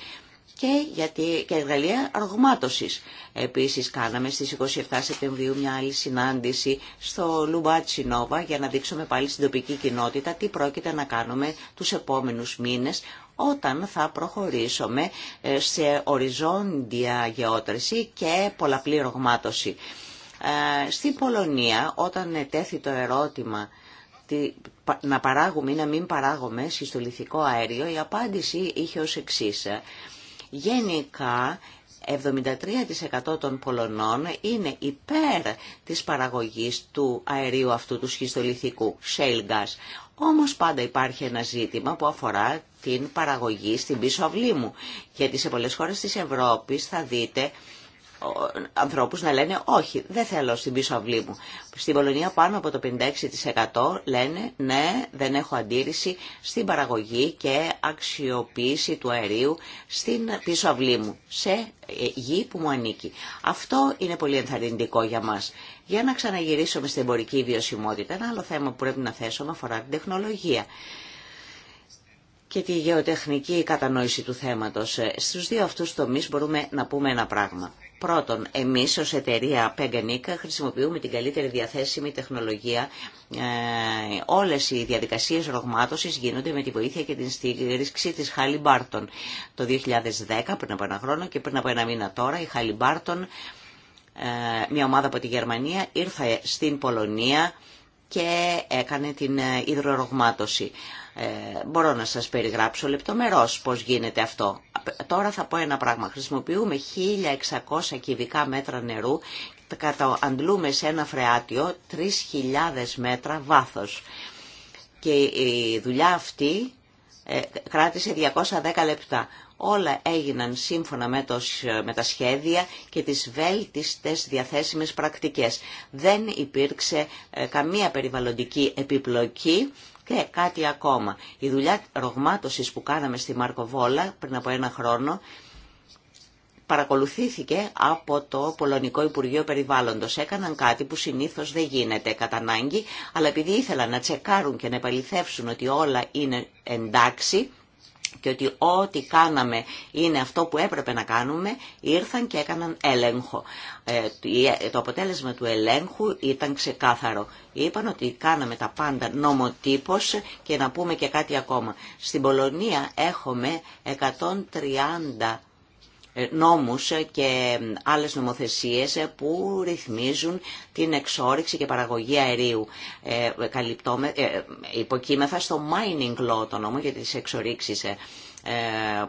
και, γιατί, και εργαλεία αργωμάτωσης. Επίσης κάναμε στις 27 Σεπτεμβρίου μια άλλη συνάντηση στο Λουμπάτσι Νόβα για να δείξουμε πάλι στην τοπική κοινότητα τι πρόκειται να κάνουμε τους επόμενους μήνες όταν θα προχωρήσουμε ε, σε οριζόντια γεώτρηση και πολλαπλή ρογμάτωση. Ε, στην Πολωνία όταν τέθη το ερώτημα να παράγουμε ή να μην παράγουμε συστολιθικό αέριο, η απάντηση είχε ως εξής. Γενικά, 73% των Πολωνών είναι υπέρ της παραγωγής του αερίου αυτού του σχιστολιθικού, shale gas. Όμως πάντα υπάρχει ένα ζήτημα που αφορά την παραγωγή στην πίσω αυλή μου. Γιατί σε πολλές χώρες της Ευρώπης θα δείτε ανθρώπους να λένε όχι, δεν θέλω στην πίσω αυλή μου. Στην Πολωνία πάνω από το 56% λένε ναι, δεν έχω αντίρρηση στην παραγωγή και αξιοποίηση του αερίου στην πίσω αυλή μου, σε ε, γη που μου ανήκει. Αυτό είναι πολύ ενθαρρυντικό για μας. Για να ξαναγυρίσουμε στην εμπορική βιωσιμότητα, ένα άλλο θέμα που πρέπει να θέσουμε αφορά την τεχνολογία και τη γεωτεχνική κατανόηση του θέματος. Ε, στους δύο αυτούς τομείς μπορούμε να πούμε ένα πράγμα. Πρώτον, εμεί ω εταιρεία Peganica χρησιμοποιούμε την καλύτερη διαθέσιμη τεχνολογία. Ε, όλες οι διαδικασίες ρογμάτωσης γίνονται με τη βοήθεια και την στήριξη της Χάλι Μπάρτον. Το 2010, πριν από ένα χρόνο και πριν από ένα μήνα τώρα, η Χάλι Μπάρτον, ε, μια ομάδα από τη Γερμανία, ήρθε στην Πολωνία και έκανε την ε, υδρορογμάτωση. Ε, μπορώ να σας περιγράψω λεπτομερώς πώς γίνεται αυτό. Τώρα θα πω ένα πράγμα. Χρησιμοποιούμε 1.600 κυβικά μέτρα νερού, αντλούμε σε ένα φρεάτιο 3.000 μέτρα βάθος. Και η δουλειά αυτή ε, κράτησε 210 λεπτά. Όλα έγιναν σύμφωνα με, το, με τα σχέδια και τις βέλτιστες διαθέσιμες πρακτικές. Δεν υπήρξε ε, καμία περιβαλλοντική επιπλοκή και κάτι ακόμα. Η δουλειά ρογμάτωσης που κάναμε στη Μαρκοβόλα πριν από ένα χρόνο παρακολουθήθηκε από το Πολωνικό Υπουργείο Περιβάλλοντος. Έκαναν κάτι που συνήθως δεν γίνεται κατά ανάγκη, αλλά επειδή ήθελαν να τσεκάρουν και να επαληθεύσουν ότι όλα είναι εντάξει, και ότι ό,τι κάναμε είναι αυτό που έπρεπε να κάνουμε, ήρθαν και έκαναν έλεγχο. Ε, το αποτέλεσμα του ελέγχου ήταν ξεκάθαρο. Είπαν ότι κάναμε τα πάντα νομοτύπως και να πούμε και κάτι ακόμα. Στην Πολωνία έχουμε 130 ε, νόμους και άλλες νομοθεσίες που ρυθμίζουν την εξόριξη και παραγωγή αερίου. Ε, ε, ε υποκείμεθα στο mining law το νόμο για τις εξορίξεις ε,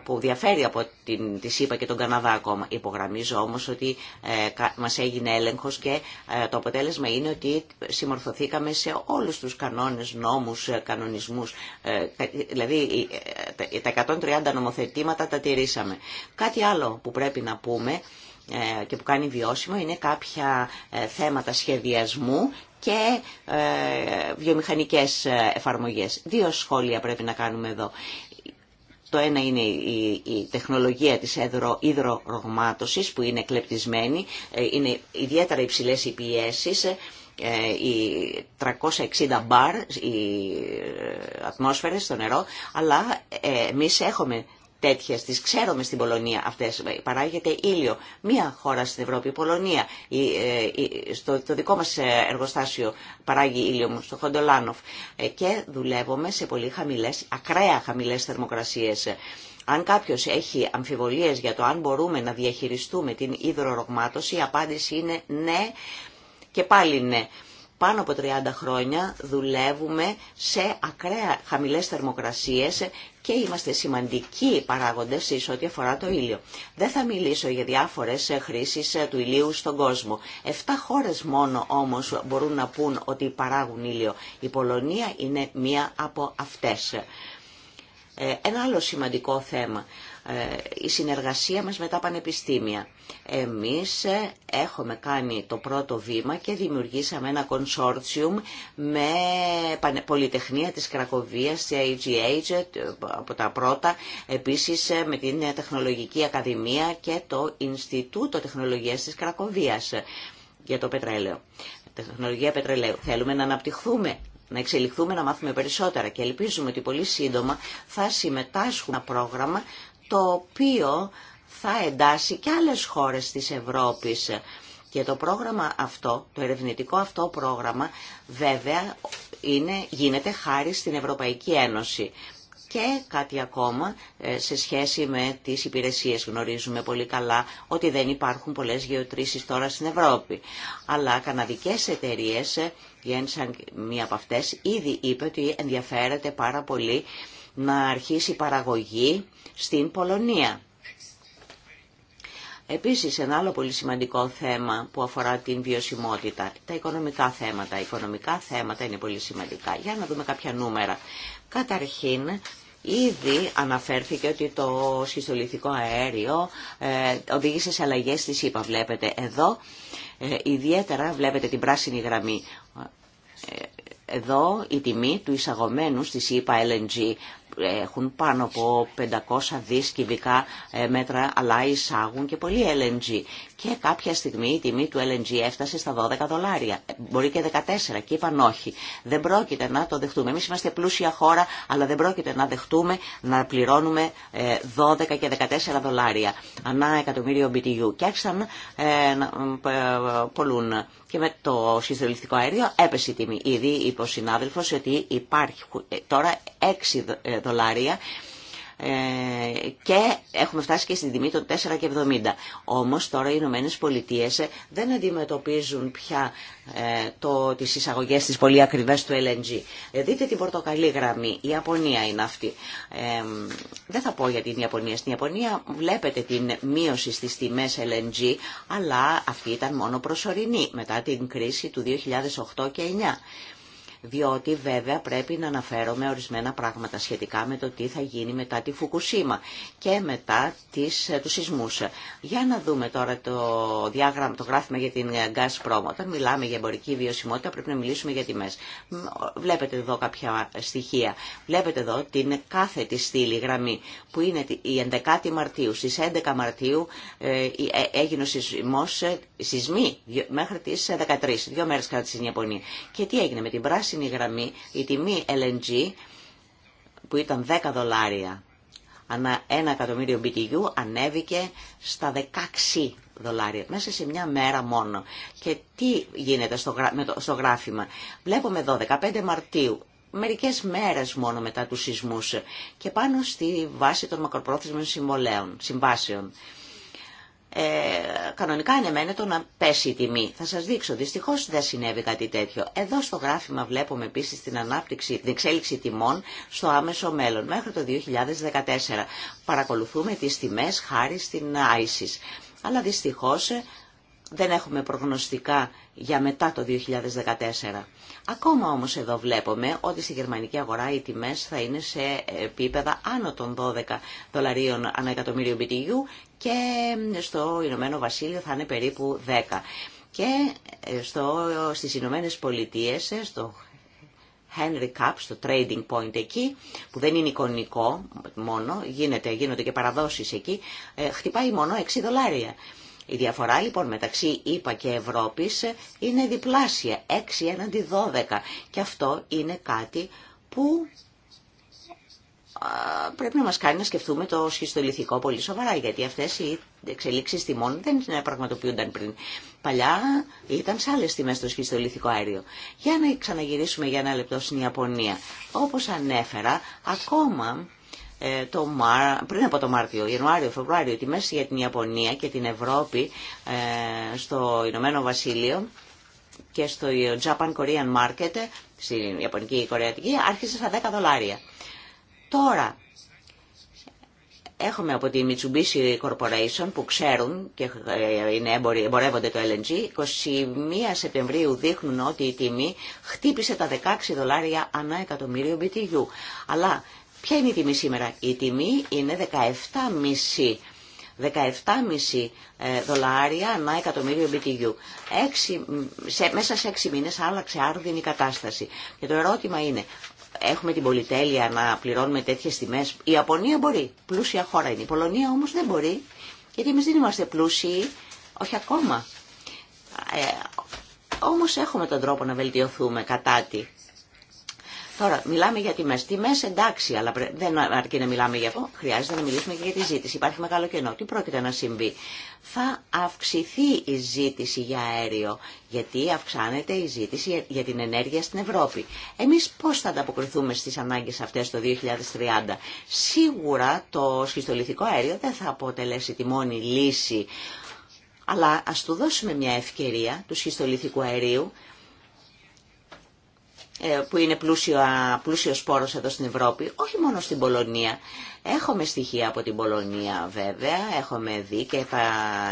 που διαφέρει από την, τη ΣΥΠΑ και τον Καναδά ακόμα. Υπογραμμίζω όμως ότι ε, μας έγινε έλεγχος και ε, το αποτέλεσμα είναι ότι συμμορφωθήκαμε σε όλους τους κανόνες, νόμους, κανονισμούς. δηλαδή τα 130 νομοθετήματα τα τηρήσαμε. Κάτι άλλο που πρέπει να πούμε και που κάνει βιώσιμο είναι κάποια θέματα σχεδιασμού και βιομηχανικές εφαρμογές. Δύο σχόλια πρέπει να κάνουμε εδώ. Το ένα είναι η, τεχνολογία της υδρορογμάτωσης που είναι κλεπτισμένη, ε, είναι ιδιαίτερα υψηλές οι πιέσεις, ε, οι 360 μπαρ, οι ε, ατμόσφαιρες στο νερό, αλλά εμείς έχουμε τέτοιες, τις ξέρουμε στην Πολωνία αυτές, παράγεται ήλιο. Μία χώρα στην Ευρώπη, η Πολωνία, ε, στο, το δικό μας ε, εργοστάσιο παράγει ήλιο στο Χοντολάνοφ ε, και δουλεύουμε σε πολύ χαμηλές, ακραία χαμηλές θερμοκρασίες. Αν κάποιος έχει αμφιβολίες για το αν μπορούμε να διαχειριστούμε την υδρορογμάτωση, η απάντηση είναι ναι και πάλι ναι πάνω από 30 χρόνια δουλεύουμε σε ακραία χαμηλές θερμοκρασίες και είμαστε σημαντικοί παράγοντες σε ό,τι αφορά το ήλιο. Δεν θα μιλήσω για διάφορες χρήσεις του ηλίου στον κόσμο. Εφτά χώρες μόνο όμως μπορούν να πούν ότι παράγουν ήλιο. Η Πολωνία είναι μία από αυτές. Ε, ένα άλλο σημαντικό θέμα. Ε, η συνεργασία μας με τα πανεπιστήμια. Εμείς ε, έχουμε κάνει το πρώτο βήμα και δημιουργήσαμε ένα κονσόρτσιουμ με Πολυτεχνία της Κρακοβίας, τη IGH, ε, από τα πρώτα, επίσης με την Τεχνολογική Ακαδημία και το Ινστιτούτο Τεχνολογίας της Κρακοβίας για το πετρέλαιο. Τεχνολογία πετρελαίου. Θέλουμε να αναπτυχθούμε να εξελιχθούμε, να μάθουμε περισσότερα και ελπίζουμε ότι πολύ σύντομα θα συμμετάσχουμε ένα πρόγραμμα το οποίο θα εντάσει και άλλες χώρες της Ευρώπης. Και το πρόγραμμα αυτό, το ερευνητικό αυτό πρόγραμμα, βέβαια είναι, γίνεται χάρη στην Ευρωπαϊκή Ένωση. Και κάτι ακόμα ε, σε σχέση με τις υπηρεσίες. Γνωρίζουμε πολύ καλά ότι δεν υπάρχουν πολλές γεωτρήσεις τώρα στην Ευρώπη. Αλλά καναδικές εταιρείες, Γένσαν ε, μία από αυτές, ήδη είπε ότι ενδιαφέρεται πάρα πολύ να αρχίσει η παραγωγή στην Πολωνία. Επίσης, ένα άλλο πολύ σημαντικό θέμα που αφορά την βιωσιμότητα, τα οικονομικά θέματα. Τα οικονομικά θέματα είναι πολύ σημαντικά. Για να δούμε κάποια νούμερα. Καταρχήν, Ήδη αναφέρθηκε ότι το σχιστολιθικό αέριο ε, οδήγησε σε αλλαγές στη ΣΥΠΑ. Βλέπετε εδώ, ε, ιδιαίτερα βλέπετε την πράσινη γραμμή. Ε, εδώ η τιμή του εισαγωμένου στη ΣΥΠΑ LNG έχουν πάνω από 500 δις κυβικά ε, μέτρα, αλλά εισάγουν και πολύ LNG. Και κάποια στιγμή η τιμή του LNG έφτασε στα 12 δολάρια, ε, μπορεί και 14 και είπαν όχι. Δεν πρόκειται να το δεχτούμε. Εμείς είμαστε πλούσια χώρα, αλλά δεν πρόκειται να δεχτούμε να πληρώνουμε 12 ε, και 14 δολάρια ανά εκατομμύριο BTU. Και άρχισαν να πολλούν και με το συστολιστικό αέριο έπεσε η τιμή. Ήδη είπε ο συνάδελφος ότι υπάρχει τώρα 6 ε, δολάρια ε, και έχουμε φτάσει και στην τιμή των 4,70. Όμως τώρα οι Ηνωμένε Πολιτείε δεν αντιμετωπίζουν πια ε, το, τις εισαγωγές της πολύ ακριβές του LNG. δείτε την πορτοκαλή γραμμή, η Ιαπωνία είναι αυτή. Ε, δεν θα πω για την Ιαπωνία. Στην Ιαπωνία βλέπετε την μείωση στις τιμές LNG, αλλά αυτή ήταν μόνο προσωρινή μετά την κρίση του 2008 και 2009 διότι βέβαια πρέπει να αναφέρομαι ορισμένα πράγματα σχετικά με το τι θα γίνει μετά τη Φουκουσίμα και μετά τις, ε, τους σεισμούς. Για να δούμε τώρα το, διάγραμμα, το γράφημα για την Gazprom. Ε, Όταν μιλάμε για εμπορική βιωσιμότητα πρέπει να μιλήσουμε για τιμές. Βλέπετε εδώ κάποια στοιχεία. Βλέπετε εδώ την κάθετη στήλη γραμμή που είναι η 11η Μαρτίου. Στις 11 Μαρτίου ε, έγινε ο σεισμός, σεισμή μέχρι τις 13. Δύο μέρες κατά στην Ιαπωνία. Και τι έγινε με την πράσινη πράσινη γραμμή η τιμή LNG που ήταν 10 δολάρια ανά 1 εκατομμύριο BTU ανέβηκε στα 16 δολάρια μέσα σε μια μέρα μόνο. Και τι γίνεται στο, στο γράφημα. Βλέπουμε εδώ 15 Μαρτίου μερικές μέρες μόνο μετά τους σεισμούς και πάνω στη βάση των μακροπρόθεσμων συμβολέων, συμβάσεων ε, κανονικά ανεμένετο να πέσει η τιμή. Θα σας δείξω, δυστυχώ δεν συνέβη κάτι τέτοιο. Εδώ στο γράφημα βλέπουμε επίση την ανάπτυξη, την εξέλιξη τιμών στο άμεσο μέλλον μέχρι το 2014. Παρακολουθούμε τις τιμές χάρη στην ISIS. Αλλά δυστυχώς ε, δεν έχουμε προγνωστικά για μετά το 2014. Ακόμα όμως εδώ βλέπουμε ότι στη γερμανική αγορά οι τιμές θα είναι σε επίπεδα άνω των 12 δολαρίων ανά εκατομμύριο BTU και στο Ηνωμένο Βασίλειο θα είναι περίπου 10. Και ε, στο, στις Ηνωμένε Πολιτείε, ε, στο Henry Cup, στο Trading Point εκεί, που δεν είναι εικονικό μόνο, γίνεται, γίνονται και παραδόσεις εκεί, ε, χτυπάει μόνο 6 δολάρια. Η διαφορά λοιπόν μεταξύ ΙΠΑ και Ευρώπης είναι διπλάσια, 6 έναντι 12. Και αυτό είναι κάτι που πρέπει να μας κάνει να σκεφτούμε το σχιστολιθικό πολύ σοβαρά, γιατί αυτές οι εξελίξεις τιμών δεν πραγματοποιούνταν πριν. Παλιά ήταν σε άλλες τιμές το σχιστολιθικό αέριο. Για να ξαναγυρίσουμε για ένα λεπτό στην Ιαπωνία. Όπως ανέφερα, ακόμα ε, το πριν από το Μάρτιο, Ιανουάριο, Φεβρουάριο, οι τιμές για την Ιαπωνία και την Ευρώπη ε, στο Ηνωμένο Βασίλειο και στο Japan Korean Market, ε, στην Ιαπωνική Κορεατική, άρχισε στα 10 δολάρια. Τώρα, έχουμε από τη Mitsubishi Corporation που ξέρουν και ε, είναι εμπορεύονται το LNG, 21 Σεπτεμβρίου δείχνουν ότι η τιμή χτύπησε τα 16 δολάρια ανά εκατομμύριο BTU. Αλλά ποια είναι η τιμή σήμερα. Η τιμή είναι 17,5 17,5 ε, δολάρια ανά εκατομμύριο BTU. Έξι, μέσα σε 6 μήνες άλλαξε άρδινη η κατάσταση. Και το ερώτημα είναι, έχουμε την πολυτέλεια να πληρώνουμε τέτοιες τιμέ. Η Ιαπωνία μπορεί, πλούσια χώρα είναι. Η Πολωνία όμως δεν μπορεί, γιατί εμεί δεν είμαστε πλούσιοι, όχι ακόμα. Ε, όμως έχουμε τον τρόπο να βελτιωθούμε κατά τη. Τώρα, μιλάμε για τιμέ. Τιμέ εντάξει, αλλά δεν αρκεί να μιλάμε για αυτό. Χρειάζεται να μιλήσουμε και για τη ζήτηση. Υπάρχει μεγάλο κενό. Τι πρόκειται να συμβεί. Θα αυξηθεί η ζήτηση για αέριο, γιατί αυξάνεται η ζήτηση για την ενέργεια στην Ευρώπη. Εμείς πώς θα ανταποκριθούμε στις ανάγκες αυτές το 2030. Σίγουρα το σχιστολιθικό αέριο δεν θα αποτελέσει τη μόνη λύση. Αλλά ας του δώσουμε μια ευκαιρία του σχιστολιθικού αερίου ε, που είναι πλούσιο, πλούσιο σπόρος εδώ στην Ευρώπη, όχι μόνο στην Πολωνία. Έχουμε στοιχεία από την Πολωνία βέβαια, έχουμε δει και τα,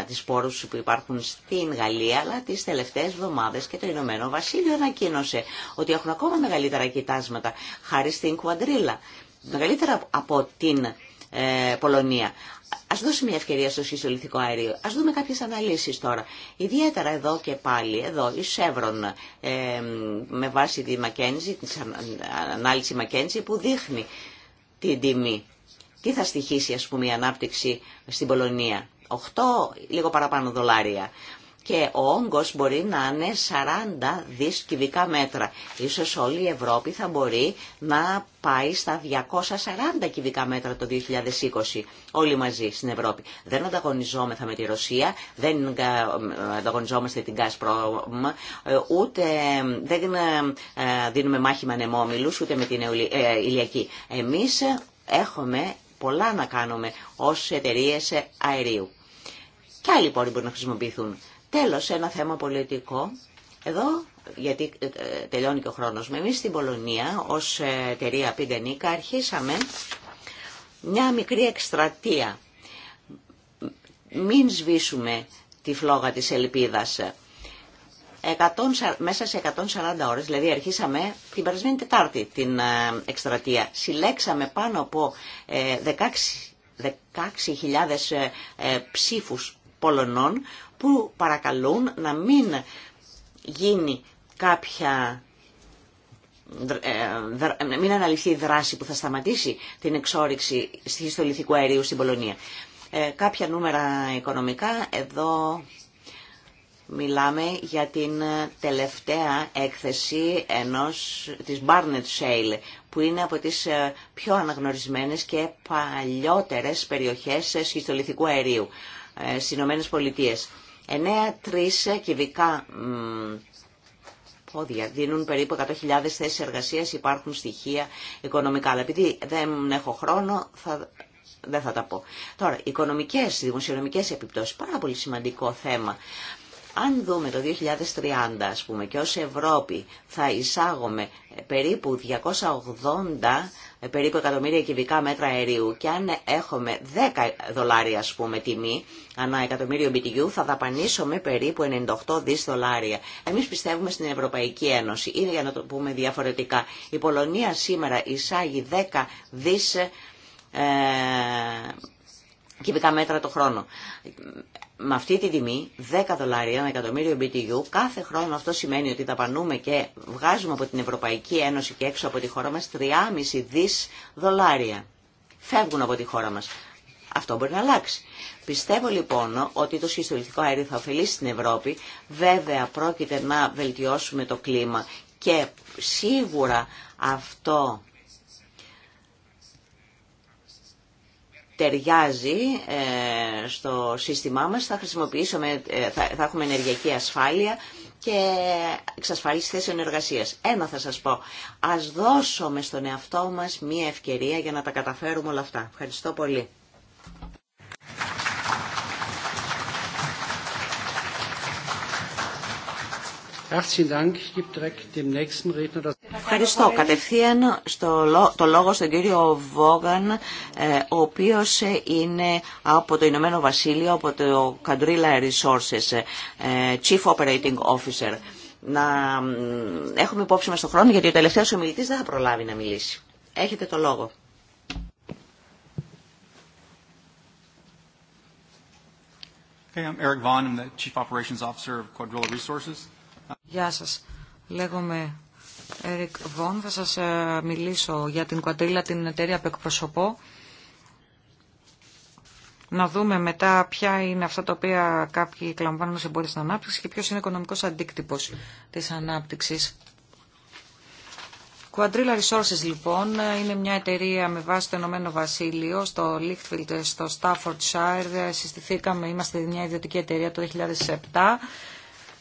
τις σπόρους που υπάρχουν στην Γαλλία, αλλά τις τελευταίες εβδομάδες και το Ηνωμένο Βασίλειο ανακοίνωσε ότι έχουν ακόμα μεγαλύτερα κοιτάσματα χάρη στην Κουαντρίλα, μεγαλύτερα από την ε, Πολωνία ας δώσει μια ευκαιρία στο σχιστολιθικό αέριο. Ας δούμε κάποιες αναλύσεις τώρα. Ιδιαίτερα εδώ και πάλι, εδώ, η Σεύρον, με βάση τη Μακένζη, την ανάλυση Μακένζη που δείχνει την τιμή. Τι θα στοιχήσει, ας πούμε, η ανάπτυξη στην Πολωνία. 8, λίγο παραπάνω δολάρια και ο όγκος μπορεί να είναι 40 δις κυβικά μέτρα. Ίσως όλη η Ευρώπη θα μπορεί να πάει στα 240 κυβικά μέτρα το 2020 όλοι μαζί στην Ευρώπη. Δεν ανταγωνιζόμεθα με τη Ρωσία, δεν ε, ε, ανταγωνιζόμαστε την Gazprom, ε, ούτε δεν δίνουμε μάχη με ανεμόμυλους, ούτε με την ηλιακή. Εμείς έχουμε πολλά να κάνουμε ως εταιρείε αερίου. Και άλλοι πόροι μπορούν να χρησιμοποιηθούν. Τέλος, ένα θέμα πολιτικό. Εδώ, γιατί ε, ε, τελειώνει και ο χρόνος με εμείς στην Πολωνία, ως εταιρεία Πιντενίκα, αρχίσαμε μια μικρή εκστρατεία. Μην σβήσουμε τη φλόγα της ελπίδας. 100, μέσα σε 140 ώρες, δηλαδή αρχίσαμε την περασμένη Τετάρτη την ε, εκστρατεία. Συλλέξαμε πάνω από 16.000 16 ψήφους Πολωνών που παρακαλούν να μην γίνει κάποια ε, ε, μην αναλυθεί η δράση που θα σταματήσει την εξόριξη Χιστολιθικού αερίου στην Πολωνία. Ε, κάποια νούμερα οικονομικά, εδώ μιλάμε για την τελευταία έκθεση ενός, της Barnet Shale, που είναι από τις πιο αναγνωρισμένες και παλιότερες περιοχές σχιστολιθικού αερίου στις Ηνωμένες Πολιτείες. 9-3 κυβικά πόδια δίνουν περίπου 100.000 θέσεις εργασίας, υπάρχουν στοιχεία οικονομικά. Αλλά επειδή δεν έχω χρόνο, θα... δεν θα τα πω. Τώρα, οικονομικές, δημοσιονομικές επιπτώσεις, πάρα πολύ σημαντικό θέμα. Αν δούμε το 2030, ας πούμε, και ως Ευρώπη θα εισάγουμε περίπου 280 ε, περίπου εκατομμύρια κυβικά μέτρα αερίου και αν έχουμε 10 δολάρια ας πούμε τιμή ανά εκατομμύριο BTU θα δαπανίσουμε περίπου 98 δις δολάρια. Εμείς πιστεύουμε στην Ευρωπαϊκή Ένωση ή για να το πούμε διαφορετικά. Η Πολωνία σήμερα εισάγει 10 δις ε, κυβικά μέτρα το χρόνο με αυτή τη τιμή, 10 δολάρια ένα εκατομμύριο BTU, κάθε χρόνο αυτό σημαίνει ότι πανούμε και βγάζουμε από την Ευρωπαϊκή Ένωση και έξω από τη χώρα μας 3,5 δις δολάρια. Φεύγουν από τη χώρα μας. Αυτό μπορεί να αλλάξει. Πιστεύω λοιπόν ότι το σχιστολιθικό αέριο θα ωφελήσει την Ευρώπη. Βέβαια πρόκειται να βελτιώσουμε το κλίμα και σίγουρα αυτό ταιριάζει ε, στο σύστημά μας, θα, χρησιμοποιήσουμε, ε, θα, έχουμε ενεργειακή ασφάλεια και εξασφάλιση θέσεων εργασίας. Ένα θα σας πω, ας δώσουμε στον εαυτό μας μία ευκαιρία για να τα καταφέρουμε όλα αυτά. Ευχαριστώ πολύ. Ευχαριστώ. Κατευθείαν στο, το λόγο στον κύριο Βόγαν, ε, ο οποίος ε, είναι από το Ηνωμένο Βασίλειο, από το Καντρίλα Resources, ε, Chief Operating Officer. Να έχουμε υπόψη μας τον χρόνο, γιατί ο τελευταίος ομιλητής δεν θα προλάβει να μιλήσει. Έχετε το λόγο. I'm Eric Vaughn, I'm the Chief Operations Officer of Quadrilla Resources. Γεια σας. Λέγομαι Eric θα σας ε, μιλήσω για την Quadrilla, την εταιρεία που εκπροσωπώ. Να δούμε μετά ποια είναι αυτά τα οποία κάποιοι κλαμβάνουν σε εμπόριο στην ανάπτυξη και ποιος είναι ο οικονομικός αντίκτυπος της ανάπτυξης. Quadrilla Resources λοιπόν είναι μια εταιρεία με βάση το Ενωμένο Βασίλειο στο Lichtfield, στο Staffordshire. Συστηθήκαμε, είμαστε μια ιδιωτική εταιρεία το 2007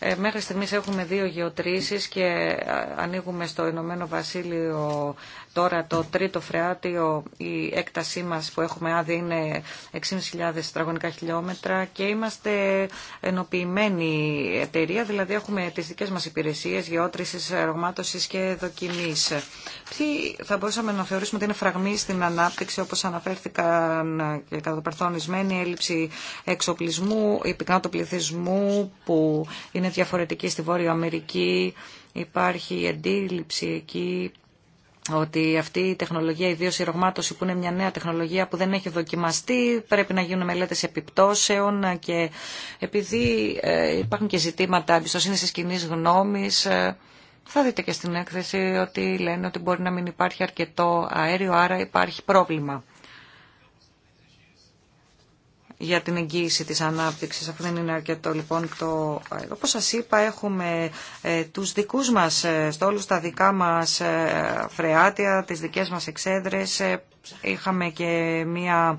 ε, μέχρι στιγμής έχουμε δύο γεωτρήσεις και ε, ανοίγουμε στο Ηνωμένο Βασίλειο Τώρα το τρίτο φρεάτιο, η έκτασή μας που έχουμε άδει είναι 6.500 τετραγωνικά χιλιόμετρα και είμαστε ενοποιημένη εταιρεία, δηλαδή έχουμε τις δικές μας υπηρεσίες γεώτρησης, ρογμάτωσης και δοκιμής. Τι θα μπορούσαμε να θεωρήσουμε ότι είναι φραγμή στην ανάπτυξη, όπως αναφέρθηκαν και κατοπερθώνισμένοι, έλλειψη εξοπλισμού, η πυκνά του πληθυσμού που είναι διαφορετική στη Βόρεια Αμερική, υπάρχει η αντίληψη εκεί ότι αυτή η τεχνολογία, ιδίω η ρογμάτωση που είναι μια νέα τεχνολογία που δεν έχει δοκιμαστεί, πρέπει να γίνουν μελέτε επιπτώσεων και επειδή ε, υπάρχουν και ζητήματα εμπιστοσύνη τη κοινή γνώμη, ε, θα δείτε και στην έκθεση ότι λένε ότι μπορεί να μην υπάρχει αρκετό αέριο, άρα υπάρχει πρόβλημα για την εγγύηση της ανάπτυξης. Αυτό δεν είναι αρκετό. Λοιπόν, το, όπως σας είπα, έχουμε ε, τους δικούς μας ε, στόλους, τα δικά μας ε, φρεάτια, τις δικές μας εξέδρες. είχαμε και μία...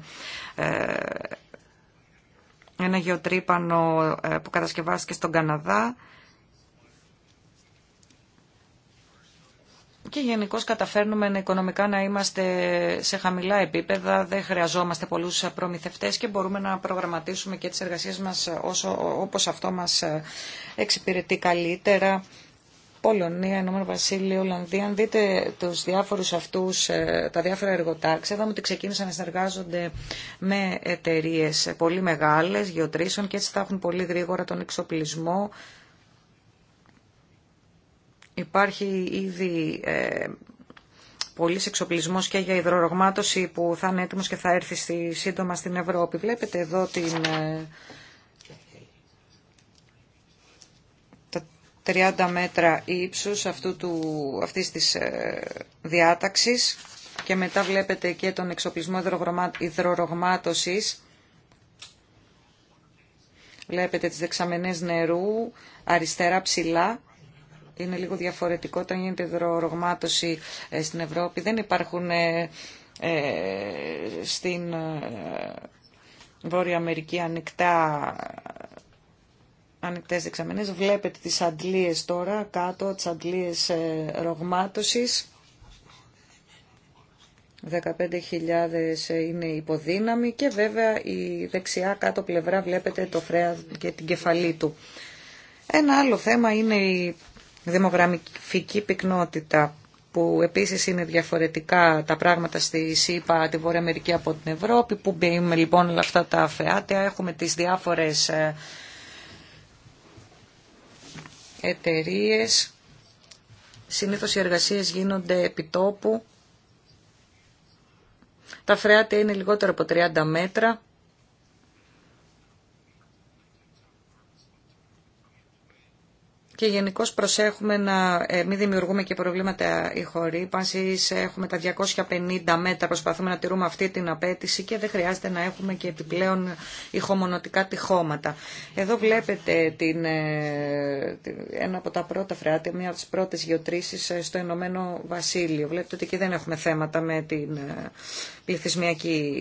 ένα γεωτρύπανο που κατασκευάστηκε στον Καναδά και γενικώ καταφέρνουμε οικονομικά να είμαστε σε χαμηλά επίπεδα, δεν χρειαζόμαστε πολλούς προμηθευτέ και μπορούμε να προγραμματίσουμε και τις εργασίες μας όπω αυτό μας εξυπηρετεί καλύτερα. Πολωνία, Ηνωμένο Βασίλειο, Ολλανδία. Αν δείτε τους διάφορους αυτούς, ε, τα διάφορα εργοτάξια, είδαμε ότι ξεκίνησαν να συνεργάζονται με εταιρείε πολύ μεγάλες, γεωτρήσεων και έτσι θα έχουν πολύ γρήγορα τον εξοπλισμό Υπάρχει ήδη ε, πολύ εξοπλισμό και για υδρορογμάτωση που θα είναι έτοιμο και θα έρθει στη, σύντομα στην Ευρώπη. Βλέπετε εδώ την, ε, τα 30 μέτρα ύψους αυτού του, αυτής της ε, διάταξης και μετά βλέπετε και τον εξοπλισμό υδρορογμάτωσης. Βλέπετε τις δεξαμενές νερού αριστερά ψηλά είναι λίγο διαφορετικό όταν γίνεται δρορογμάτωση ε, στην Ευρώπη. Δεν υπάρχουν ε, ε, στην Βόρεια Αμερική ανοιχτά ανοιχτές δεξαμενές. Βλέπετε τις αντλίες τώρα κάτω, τις αντλίες ρογμάτωσης. 15.000 είναι υποδύναμη και βέβαια η δεξιά κάτω πλευρά βλέπετε το φρέα και την κεφαλή του. Ένα άλλο θέμα είναι η δημογραφική πυκνότητα που επίσης είναι διαφορετικά τα πράγματα στη ΣΥΠΑ, τη Βόρεια Αμερική από την Ευρώπη, που μπαίνουμε λοιπόν όλα αυτά τα φρεάτια. έχουμε τις διάφορες ε, εταιρείε. Συνήθως οι εργασίες γίνονται επί τόπου. Τα φρεάτια είναι λιγότερο από 30 μέτρα. και γενικώ προσέχουμε να ε, μην δημιουργούμε και προβλήματα ηχορύπανσης. Έχουμε τα 250 μέτρα, προσπαθούμε να τηρούμε αυτή την απέτηση και δεν χρειάζεται να έχουμε και επιπλέον ηχομονωτικά τυχώματα. Εδώ βλέπετε την, ε, ένα από τα πρώτα φρεάτια, μία από τις πρώτες γεωτρήσεις ε, στο Ενωμένο Βασίλειο. Βλέπετε ότι εκεί δεν έχουμε θέματα με την πληθυσμιακή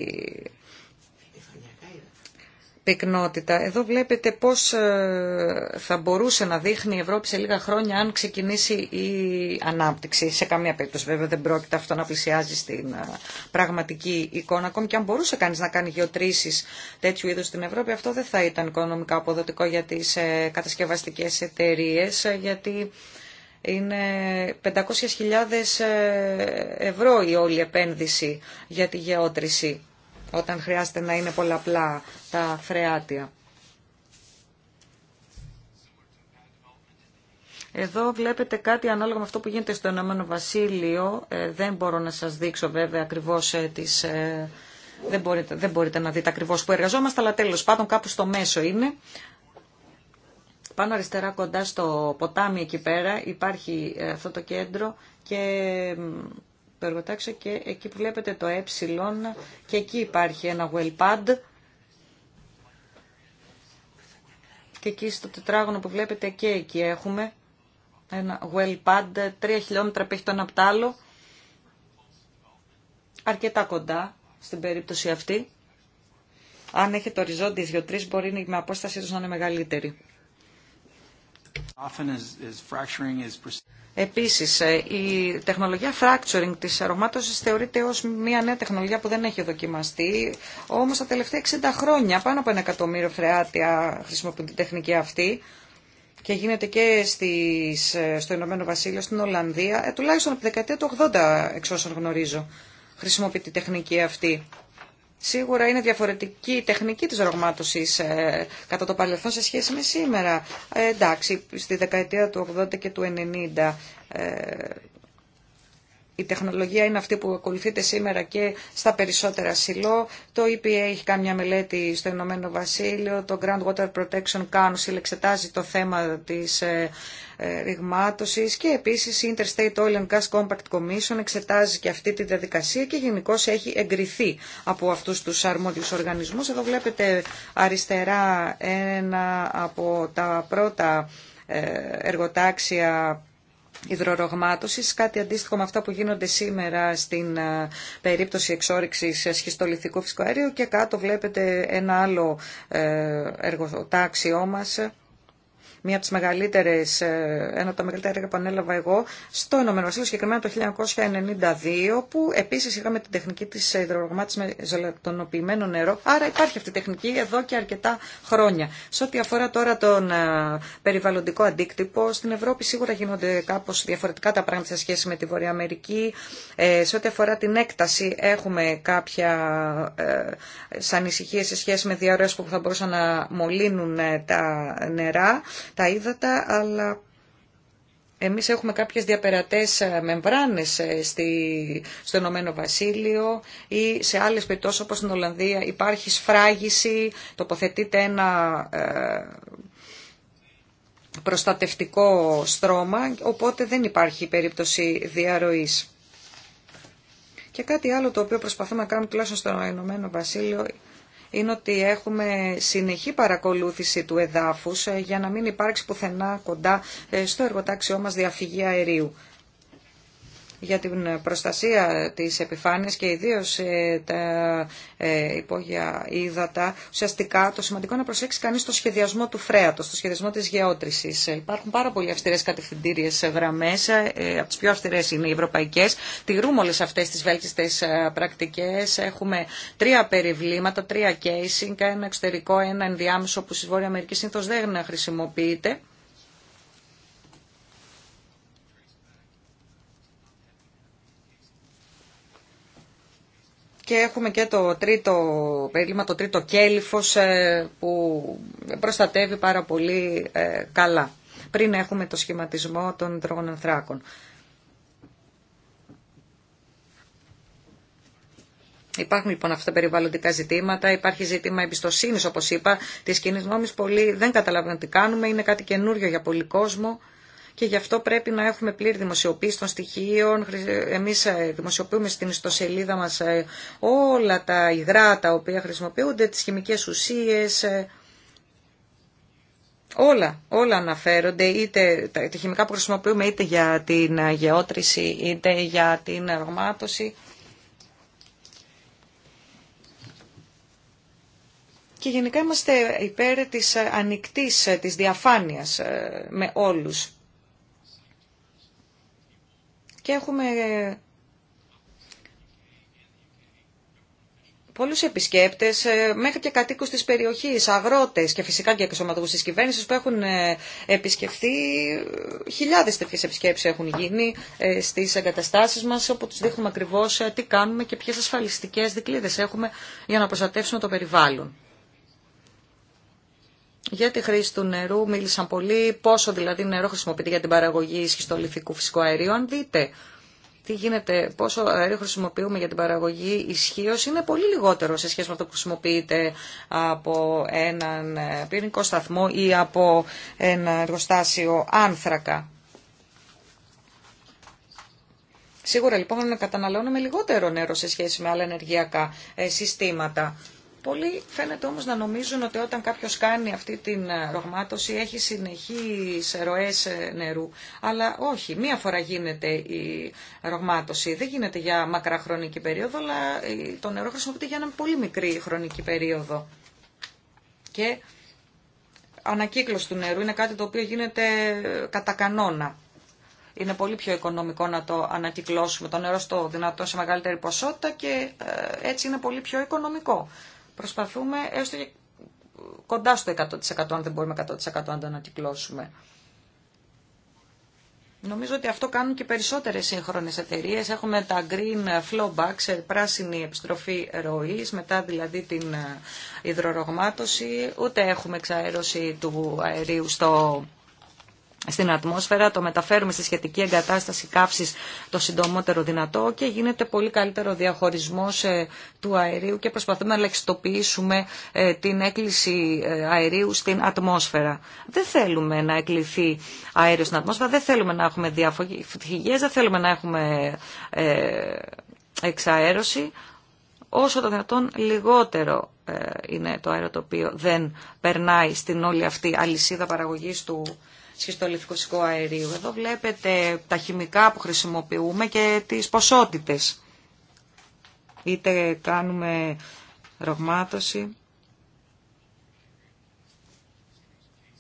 πυκνότητα. Εδώ βλέπετε πώς ε, θα μπορούσε να δείχνει η Ευρώπη σε λίγα χρόνια αν ξεκινήσει η ανάπτυξη. Σε καμία περίπτωση βέβαια δεν πρόκειται αυτό να πλησιάζει στην ε, πραγματική εικόνα. Ακόμη και αν μπορούσε κανείς να κάνει γεωτρήσεις τέτοιου είδους στην Ευρώπη, αυτό δεν θα ήταν οικονομικά αποδοτικό για τις ε, κατασκευαστικές εταιρείε, γιατί είναι 500.000 ευρώ η όλη επένδυση για τη γεώτρηση όταν χρειάζεται να είναι πολλαπλά τα φρεάτια. Εδώ βλέπετε κάτι ανάλογα με αυτό που γίνεται στο Ηνωμένο Βασίλειο. Ε, δεν μπορώ να σας δείξω βέβαια ακριβώς ε, τις... Ε, δεν, μπορείτε, δεν μπορείτε να δείτε ακριβώς που εργαζόμαστε, αλλά τέλος πάντων κάπου στο μέσο είναι. Πάνω αριστερά κοντά στο ποτάμι εκεί πέρα υπάρχει αυτό το κέντρο και το και εκεί που βλέπετε το ε και εκεί υπάρχει ένα well pad Και εκεί στο τετράγωνο που βλέπετε και εκεί έχουμε ένα well pad, τρία χιλιόμετρα έχει το ένα από το άλλο, αρκετά κοντά στην περίπτωση αυτή. Αν έχετε οριζόντιες 2-3 μπορεί με απόστασή τους να είναι μεγαλύτερη. Επίσης, ε, η τεχνολογία fracturing της αρωμάτωσης θεωρείται ως μια νέα τεχνολογία που δεν έχει δοκιμαστεί. Όμως τα τελευταία 60 χρόνια πάνω από ένα εκατομμύριο φρεάτια χρησιμοποιούν την τεχνική αυτή και γίνεται και στις, ε, στο Ηνωμένο Βασίλειο, στην Ολλανδία, ε, τουλάχιστον από τη δεκαετία του 80 εξ όσων γνωρίζω χρησιμοποιεί την τεχνική αυτή. Σίγουρα είναι διαφορετική η τεχνική της ρογμάτωσης ε, κατά το παρελθόν σε σχέση με σήμερα. Ε, εντάξει, στη δεκαετία του 80 και του 90 ε, η τεχνολογία είναι αυτή που ακολουθείται σήμερα και στα περισσότερα σιλό. Το EPA έχει κάνει μια μελέτη στο Ηνωμένο Βασίλειο. Το Grand Water Protection Council εξετάζει το θέμα της ε, ε, ρηγμάτωσης και επίσης η Interstate Oil and Gas Compact Commission εξετάζει και αυτή τη διαδικασία και γενικώ έχει εγκριθεί από αυτούς τους αρμόδιους οργανισμούς. Εδώ βλέπετε αριστερά ένα από τα πρώτα ε, εργοτάξια υδρορογμάτωσης, κάτι αντίστοιχο με αυτά που γίνονται σήμερα στην ε, περίπτωση εξόρυξης σχιστολιθικού φυσικού και κάτω βλέπετε ένα άλλο ε, εργοτάξιό μας μία από τις μεγαλύτερες, ε, ένα από τα μεγαλύτερα έργα που ανέλαβα εγώ στο Ηνωμένο Βασίλειο, συγκεκριμένα το 1992, που επίσης είχαμε την τεχνική της υδρογραμμάτης με ζελατονοποιημένο νερό. Άρα υπάρχει αυτή η τεχνική εδώ και αρκετά χρόνια. Σε ό,τι αφορά τώρα τον ε, περιβαλλοντικό αντίκτυπο, στην Ευρώπη σίγουρα γίνονται κάπως διαφορετικά τα πράγματα σε σχέση με τη Βορεια Αμερική. Ε, σε ό,τι αφορά την έκταση έχουμε κάποια ε, ησυχίες σε σχέση με διαρροές που θα μπορούσαν να μολύνουν τα νερά τα ύδατα, αλλά εμείς έχουμε κάποιες διαπερατές ε, μεμβράνες ε, στη, στο Ηνωμένο Βασίλειο ή σε άλλες περιπτώσεις όπως στην Ολλανδία υπάρχει σφράγιση, τοποθετείται ένα ε, προστατευτικό στρώμα, οπότε δεν υπάρχει περίπτωση διαρροής. Και κάτι άλλο το οποίο προσπαθούμε να κάνουμε τουλάχιστον στο Ηνωμένο Βασίλειο είναι ότι έχουμε συνεχή παρακολούθηση του εδάφους ε, για να μην υπάρξει πουθενά κοντά ε, στο εργοτάξιό μας διαφυγή αερίου για την προστασία της επιφάνειας και ιδίως ε, τα ε, υπόγεια ύδατα. Ουσιαστικά το σημαντικό είναι να προσέξει κανείς το σχεδιασμό του φρέατος, το σχεδιασμό της γεώτρησης. Υπάρχουν πάρα πολύ αυστηρές κατευθυντήριες γραμμές, ε, από τις πιο αυστηρές είναι οι ευρωπαϊκές. Τηρούμε όλες αυτές τις βέλτιστες πρακτικές. Έχουμε τρία περιβλήματα, τρία casing, ένα εξωτερικό, ένα ενδιάμεσο που στη Βόρεια Αμερική Συνήθω δεν χρησιμοποιείται και έχουμε και το τρίτο περίλημα, το τρίτο κέλυφος ε, που προστατεύει πάρα πολύ ε, καλά. Πριν έχουμε το σχηματισμό των τρόγων ανθράκων. Υπάρχουν λοιπόν αυτά τα περιβαλλοντικά ζητήματα, υπάρχει ζήτημα εμπιστοσύνη, όπω είπα, τη κοινή γνώμη. Πολλοί δεν καταλαβαίνουν τι κάνουμε, είναι κάτι καινούριο για πολλοί κόσμο και γι' αυτό πρέπει να έχουμε πλήρη δημοσιοποίηση των στοιχείων. Εμείς ε, δημοσιοποιούμε στην ιστοσελίδα μας ε, όλα τα υγρά τα οποία χρησιμοποιούνται, τις χημικές ουσίες, ε, Όλα, όλα αναφέρονται, είτε τα χημικά που χρησιμοποιούμε είτε για την γεώτρηση είτε για την αρωμάτωση. Και γενικά είμαστε υπέρ της ανοιχτής, της διαφάνειας με όλους. Και έχουμε ε, πολλούς επισκέπτες, ε, μέχρι και κατοίκου της περιοχής, αγρότες και φυσικά και εξωματικούς τη κυβέρνηση που έχουν ε, επισκεφθεί, χιλιάδες τέτοιε επισκέψεις έχουν γίνει στις εγκαταστάσει μας, όπου τους δείχνουμε ακριβώ τι κάνουμε και ποιε ασφαλιστικές δικλείδες έχουμε για να προστατεύσουμε το περιβάλλον. Για τη χρήση του νερού μίλησαν πολύ, πόσο δηλαδή νερό χρησιμοποιείται για την παραγωγή ισχυστολιθικού φυσικού αερίου. Αν δείτε τι γίνεται, πόσο αέριο χρησιμοποιούμε για την παραγωγή ισχύω είναι πολύ λιγότερο σε σχέση με αυτό που χρησιμοποιείται από έναν ε, πυρηνικό σταθμό ή από ένα εργοστάσιο άνθρακα. Σίγουρα λοιπόν καταναλώνουμε λιγότερο νερό σε σχέση με άλλα ενεργειακά ε, συστήματα. Πολλοί φαίνεται όμως να νομίζουν ότι όταν κάποιος κάνει αυτή την ε, ρογμάτωση έχει συνεχείς ροές ε, νερού. Αλλά όχι, μία φορά γίνεται η ρογμάτωση. Δεν γίνεται για μακρά χρονική περίοδο, αλλά ε, το νερό χρησιμοποιείται για ένα πολύ μικρή χρονική περίοδο. Και ανακύκλωση του νερού είναι κάτι το οποίο γίνεται κατά κανόνα. Είναι πολύ πιο οικονομικό να το ανακυκλώσουμε το νερό στο δυνατό σε μεγαλύτερη ποσότητα και έτσι είναι πολύ πιο οικονομικό προσπαθούμε έστω και κοντά στο 100% αν δεν μπορούμε 100% να το ανακυκλώσουμε. Νομίζω ότι αυτό κάνουν και περισσότερες σύγχρονες εταιρείε. Έχουμε τα green flowbacks, πράσινη επιστροφή ροής, μετά δηλαδή την ε, υδρορογμάτωση. Ούτε έχουμε εξαέρωση του αερίου στο στην ατμόσφαιρα, το μεταφέρουμε στη σχετική εγκατάσταση καύσης το συντομότερο δυνατό και γίνεται πολύ καλύτερο διαχωρισμός ε, του αερίου και προσπαθούμε να λεξιτοποιήσουμε ε, την έκκληση ε, αερίου στην ατμόσφαιρα. Δεν θέλουμε να εκλειθεί αέριο στην ατμόσφαιρα, δεν θέλουμε να έχουμε διαφυγές, δεν θέλουμε να έχουμε εξαέρωση. Όσο το δυνατόν λιγότερο είναι το αέριο το οποίο δεν περνάει στην όλη αυτή αλυσίδα παραγωγής του αερίου. Εδώ βλέπετε τα χημικά που χρησιμοποιούμε και τις ποσότητες. Είτε κάνουμε ρογμάτωση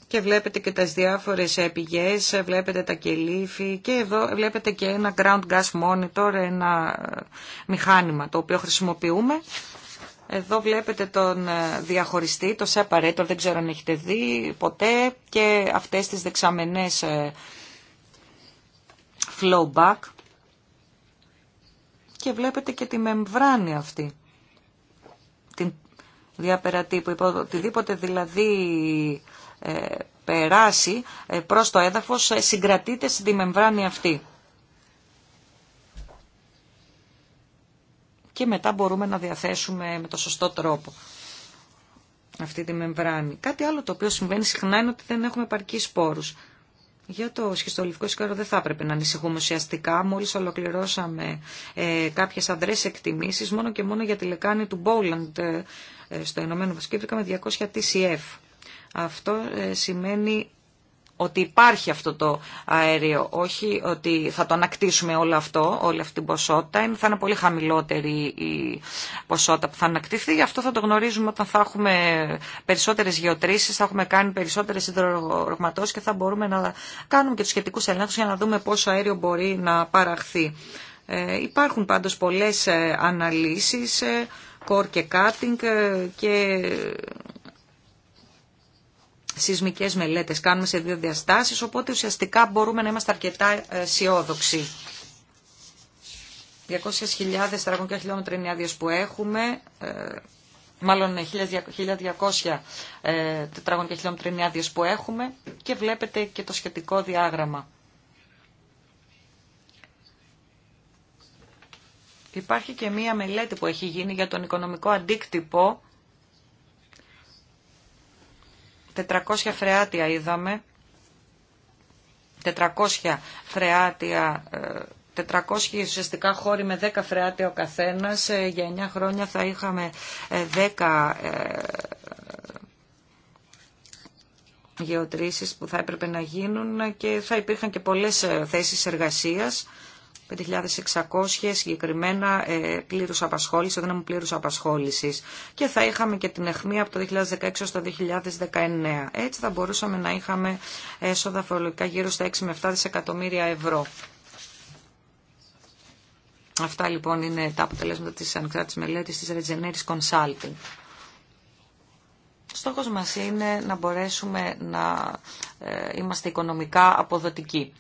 και βλέπετε και τις διάφορες επιγές, βλέπετε τα κελίφη και εδώ βλέπετε και ένα ground gas monitor, ένα μηχάνημα το οποίο χρησιμοποιούμε εδώ βλέπετε τον ε, διαχωριστή, το separator, δεν ξέρω αν έχετε δει ποτέ, και αυτές τις δεξαμενές ε, flow back. Και βλέπετε και τη μεμβράνη αυτή, την διαπερατή που οτιδήποτε δηλαδή ε, περάσει προς το έδαφος συγκρατείται στη μεμβράνη αυτή. και μετά μπορούμε να διαθέσουμε με το σωστό τρόπο αυτή τη μεμβράνη. Κάτι άλλο το οποίο συμβαίνει συχνά είναι ότι δεν έχουμε επαρκή σπόρους. Για το σχιστολιφικό σκάρο δεν θα έπρεπε να ανησυχούμε ουσιαστικά. Μόλι ολοκληρώσαμε ε, κάποιε αδρέ εκτιμήσει, μόνο και μόνο για τη λεκάνη του Μπόλαντ ε, ε, στο Ηνωμένο Βασίλειο, με 200 TCF. Αυτό ε, σημαίνει ότι υπάρχει αυτό το αέριο, όχι ότι θα το ανακτήσουμε όλο αυτό, όλη αυτή την ποσότητα. Θα είναι πολύ χαμηλότερη η ποσότητα που θα ανακτηθεί, αυτό θα το γνωρίζουμε όταν θα έχουμε περισσότερες γεωτρήσεις, θα έχουμε κάνει περισσότερες υδρορογματώσεις και θα μπορούμε να κάνουμε και τους σχετικούς ελέγχους για να δούμε πόσο αέριο μπορεί να παραχθεί. Ε, υπάρχουν πάντως πολλές ε, αναλύσεις, ε, core και cutting ε, και σεισμικές μελέτες κάνουμε σε δύο διαστάσεις, οπότε ουσιαστικά μπορούμε να είμαστε αρκετά αισιόδοξοι. 200.000 τετραγωνικά χιλιόμετρα είναι που έχουμε, ε, μάλλον 1.200 ε, ε, τετραγωνικά χιλιόμετρα είναι που έχουμε και βλέπετε και το σχετικό διάγραμμα. Υπάρχει και μία μελέτη που έχει γίνει για τον οικονομικό αντίκτυπο 400 φρεάτια είδαμε, 400 φρεάτια 400 ε, ουσιαστικά χώροι με 10 φρεάτια ο καθένας. Ε, για 9 χρόνια θα είχαμε 10 ε, γεωτρήσεις που θα έπρεπε να γίνουν και θα υπήρχαν και πολλές θέσεις εργασίας. 5.600 συγκεκριμένα ε, πλήρους απασχόληση, δύναμος πλήρους απασχόλησης. Και θα είχαμε και την εχμή από το 2016 στο 2019. Έτσι θα μπορούσαμε να είχαμε έσοδα φορολογικά γύρω στα 6 με 7 δισεκατομμύρια ευρώ. Αυτά λοιπόν είναι τα αποτελέσματα της ανεξάρτητης μελέτης της Regeneris Consulting. Στόχος μας είναι να μπορέσουμε να ε, είμαστε οικονομικά αποδοτικοί.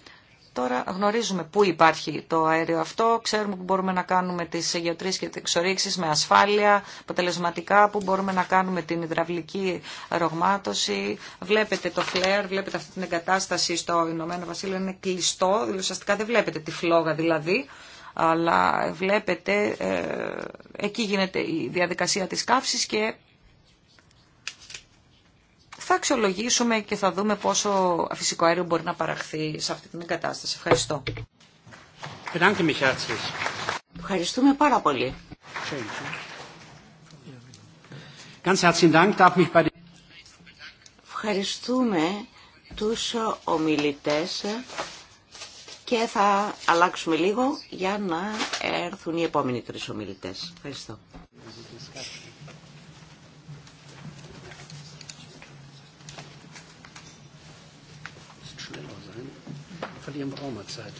Τώρα γνωρίζουμε πού υπάρχει το αέριο αυτό, ξέρουμε που μπορούμε να κάνουμε τις γεωτρήσεις και τις εξορίξεις με ασφάλεια, αποτελεσματικά, που μπορούμε να κάνουμε την υδραυλική ρογμάτωση. Βλέπετε το φλερ, βλέπετε αυτή την εγκατάσταση στο Ηνωμένο Βασίλειο, είναι κλειστό, δηλαδή ουσιαστικά δεν βλέπετε τη φλόγα δηλαδή, αλλά βλέπετε, ε, εκεί γίνεται η διαδικασία της καύσης και θα αξιολογήσουμε και θα δούμε πόσο φυσικό αέριο μπορεί να παραχθεί σε αυτή την κατάσταση. Ευχαριστώ. Ευχαριστούμε πάρα πολύ. Ευχαριστούμε τους ομιλητές και θα αλλάξουμε λίγο για να έρθουν οι επόμενοι τρεις ομιλητές. Ευχαριστώ. von Ihrem Raumerzeit.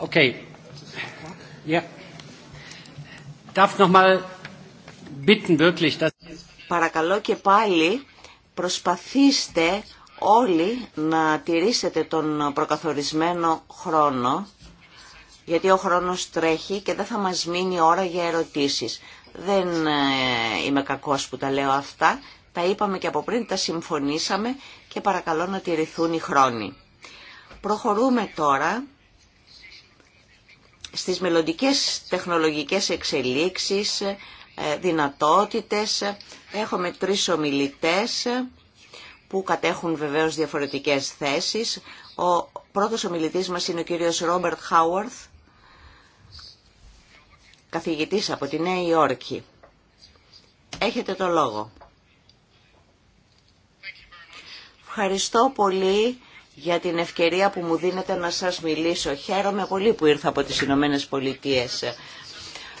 Okay. Darf noch mal bitten, Παρακαλώ και πάλι προσπαθήστε όλοι να τηρήσετε τον προκαθορισμένο χρόνο γιατί ο χρόνος τρέχει και δεν θα μας μείνει ώρα για ερωτήσεις. Δεν ε, είμαι κακός που τα λέω αυτά. Τα είπαμε και από πριν, τα συμφωνήσαμε και παρακαλώ να τηρηθούν οι χρόνοι. Προχωρούμε τώρα στις μελλοντικές τεχνολογικές εξελίξεις, ε, δυνατότητες. Έχουμε τρεις ομιλητές που κατέχουν βεβαίως διαφορετικές θέσεις. Ο πρώτος ομιλητής μας είναι ο κύριος Ρόμπερτ Χάουαρθ, καθηγητής από τη Νέα Υόρκη. Έχετε το λόγο. Ευχαριστώ πολύ για την ευκαιρία που μου δίνετε να σας μιλήσω. Χαίρομαι πολύ που ήρθα από τις Ηνωμένε Πολιτείε,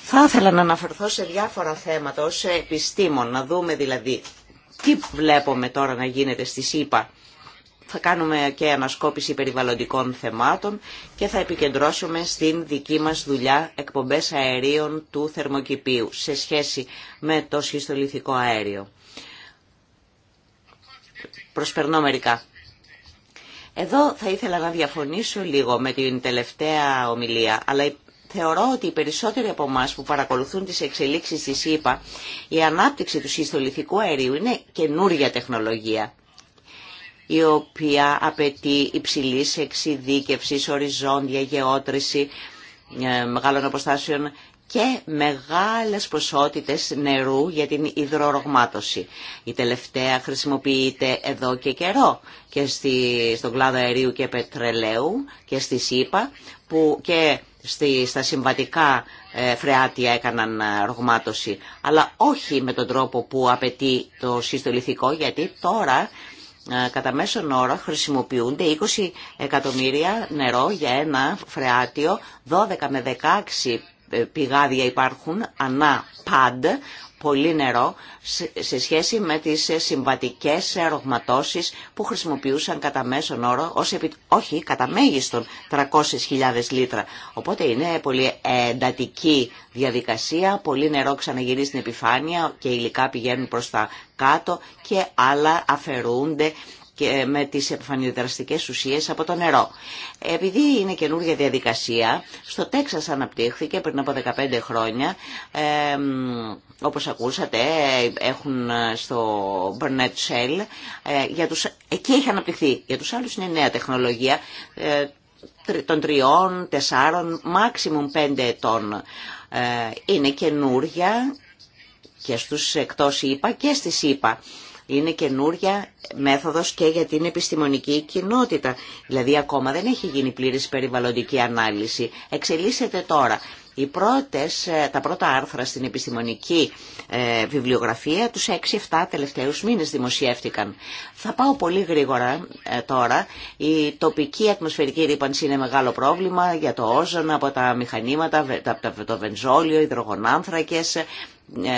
Θα ήθελα να αναφερθώ σε διάφορα θέματα ως επιστήμον, να δούμε δηλαδή τι βλέπουμε τώρα να γίνεται στη ΣΥΠΑ. Θα κάνουμε και ανασκόπηση περιβαλλοντικών θεμάτων και θα επικεντρώσουμε στην δική μας δουλειά εκπομπές αερίων του θερμοκηπίου σε σχέση με το σχιστολιθικό αέριο. Προσπερνώ μερικά εδώ θα ήθελα να διαφωνήσω λίγο με την τελευταία ομιλία, αλλά θεωρώ ότι οι περισσότεροι από εμά που παρακολουθούν τις εξελίξεις της ΕΠΑ, η ανάπτυξη του συστολιθικού αερίου είναι καινούρια τεχνολογία η οποία απαιτεί υψηλής εξειδίκευσης, οριζόντια, γεώτρηση ε, μεγάλων αποστάσεων και μεγάλες ποσότητες νερού για την υδρορογμάτωση. Η τελευταία χρησιμοποιείται εδώ και καιρό και στη, στον κλάδο αερίου και πετρελαίου και στη ΣΥΠΑ που και στη, στα συμβατικά ε, φρεάτια έκαναν ε, ρογμάτωση αλλά όχι με τον τρόπο που απαιτεί το συστολιθικό γιατί τώρα ε, κατά μέσον όρο χρησιμοποιούνται 20 εκατομμύρια νερό για ένα φρεάτιο 12 με 16 ε, πηγάδια υπάρχουν ανά πάντ, πολύ νερό, σε σχέση με τις συμβατικές ρογματώσεις που χρησιμοποιούσαν κατά μέσον όρο, όχι, κατά μέγιστον 300.000 λίτρα. Οπότε είναι πολύ εντατική διαδικασία, πολύ νερό ξαναγυρίζει στην επιφάνεια και υλικά πηγαίνουν προς τα κάτω και άλλα αφαιρούνται με τις επιφανειοδραστικές ουσίες από το νερό. Επειδή είναι καινούργια διαδικασία, στο Τέξας αναπτύχθηκε πριν από 15 χρόνια, ε, όπως ακούσατε, έχουν στο Burnett Shell, ε, για τους, εκεί έχει αναπτυχθεί. Για τους άλλους είναι νέα τεχνολογία, ε, των τριών, τεσσάρων, maximum πέντε ετών. Ε, είναι καινούργια και στους εκτός ΙΠΑ και στις ΙΠΑ. Είναι καινούρια μέθοδος και για την επιστημονική κοινότητα. Δηλαδή ακόμα δεν έχει γίνει πλήρης περιβαλλοντική ανάλυση. Εξελίσσεται τώρα. Οι πρώτες, ε, τα πρώτα άρθρα στην επιστημονική ε, βιβλιογραφία τους 6-7 τελευταίους μήνες δημοσιεύτηκαν. Θα πάω πολύ γρήγορα ε, τώρα. Η τοπική ατμοσφαιρική ρήπανση είναι μεγάλο πρόβλημα για το όζον από τα μηχανήματα, το βενζόλιο, υδρογονάνθρακες, ε,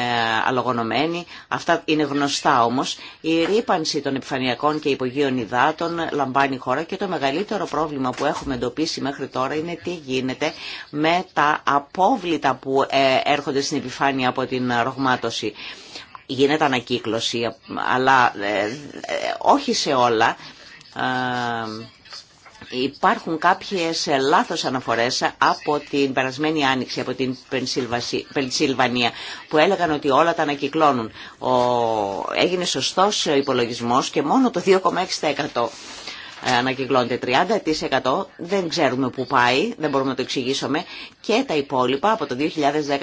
αλογονωμένη. Αυτά είναι γνωστά όμως. Η ρήπανση των επιφανειακών και υπογείων υδάτων λαμβάνει χώρα και το μεγαλύτερο πρόβλημα που έχουμε εντοπίσει μέχρι τώρα είναι τι γίνεται με τα απόβλητα που ε, έρχονται στην επιφάνεια από την ρογμάτωση. Γίνεται ανακύκλωση, αλλά ε, όχι σε όλα υπάρχουν κάποιες ε, λάθος αναφορές από την περασμένη άνοιξη, από την Πενσιλβανία, που έλεγαν ότι όλα τα ανακυκλώνουν. Ο, έγινε σωστός υπολογισμός και μόνο το 2,6% ε, ανακυκλώνεται 30% δεν ξέρουμε που πάει, δεν μπορούμε να το εξηγήσουμε και τα υπόλοιπα από το 2010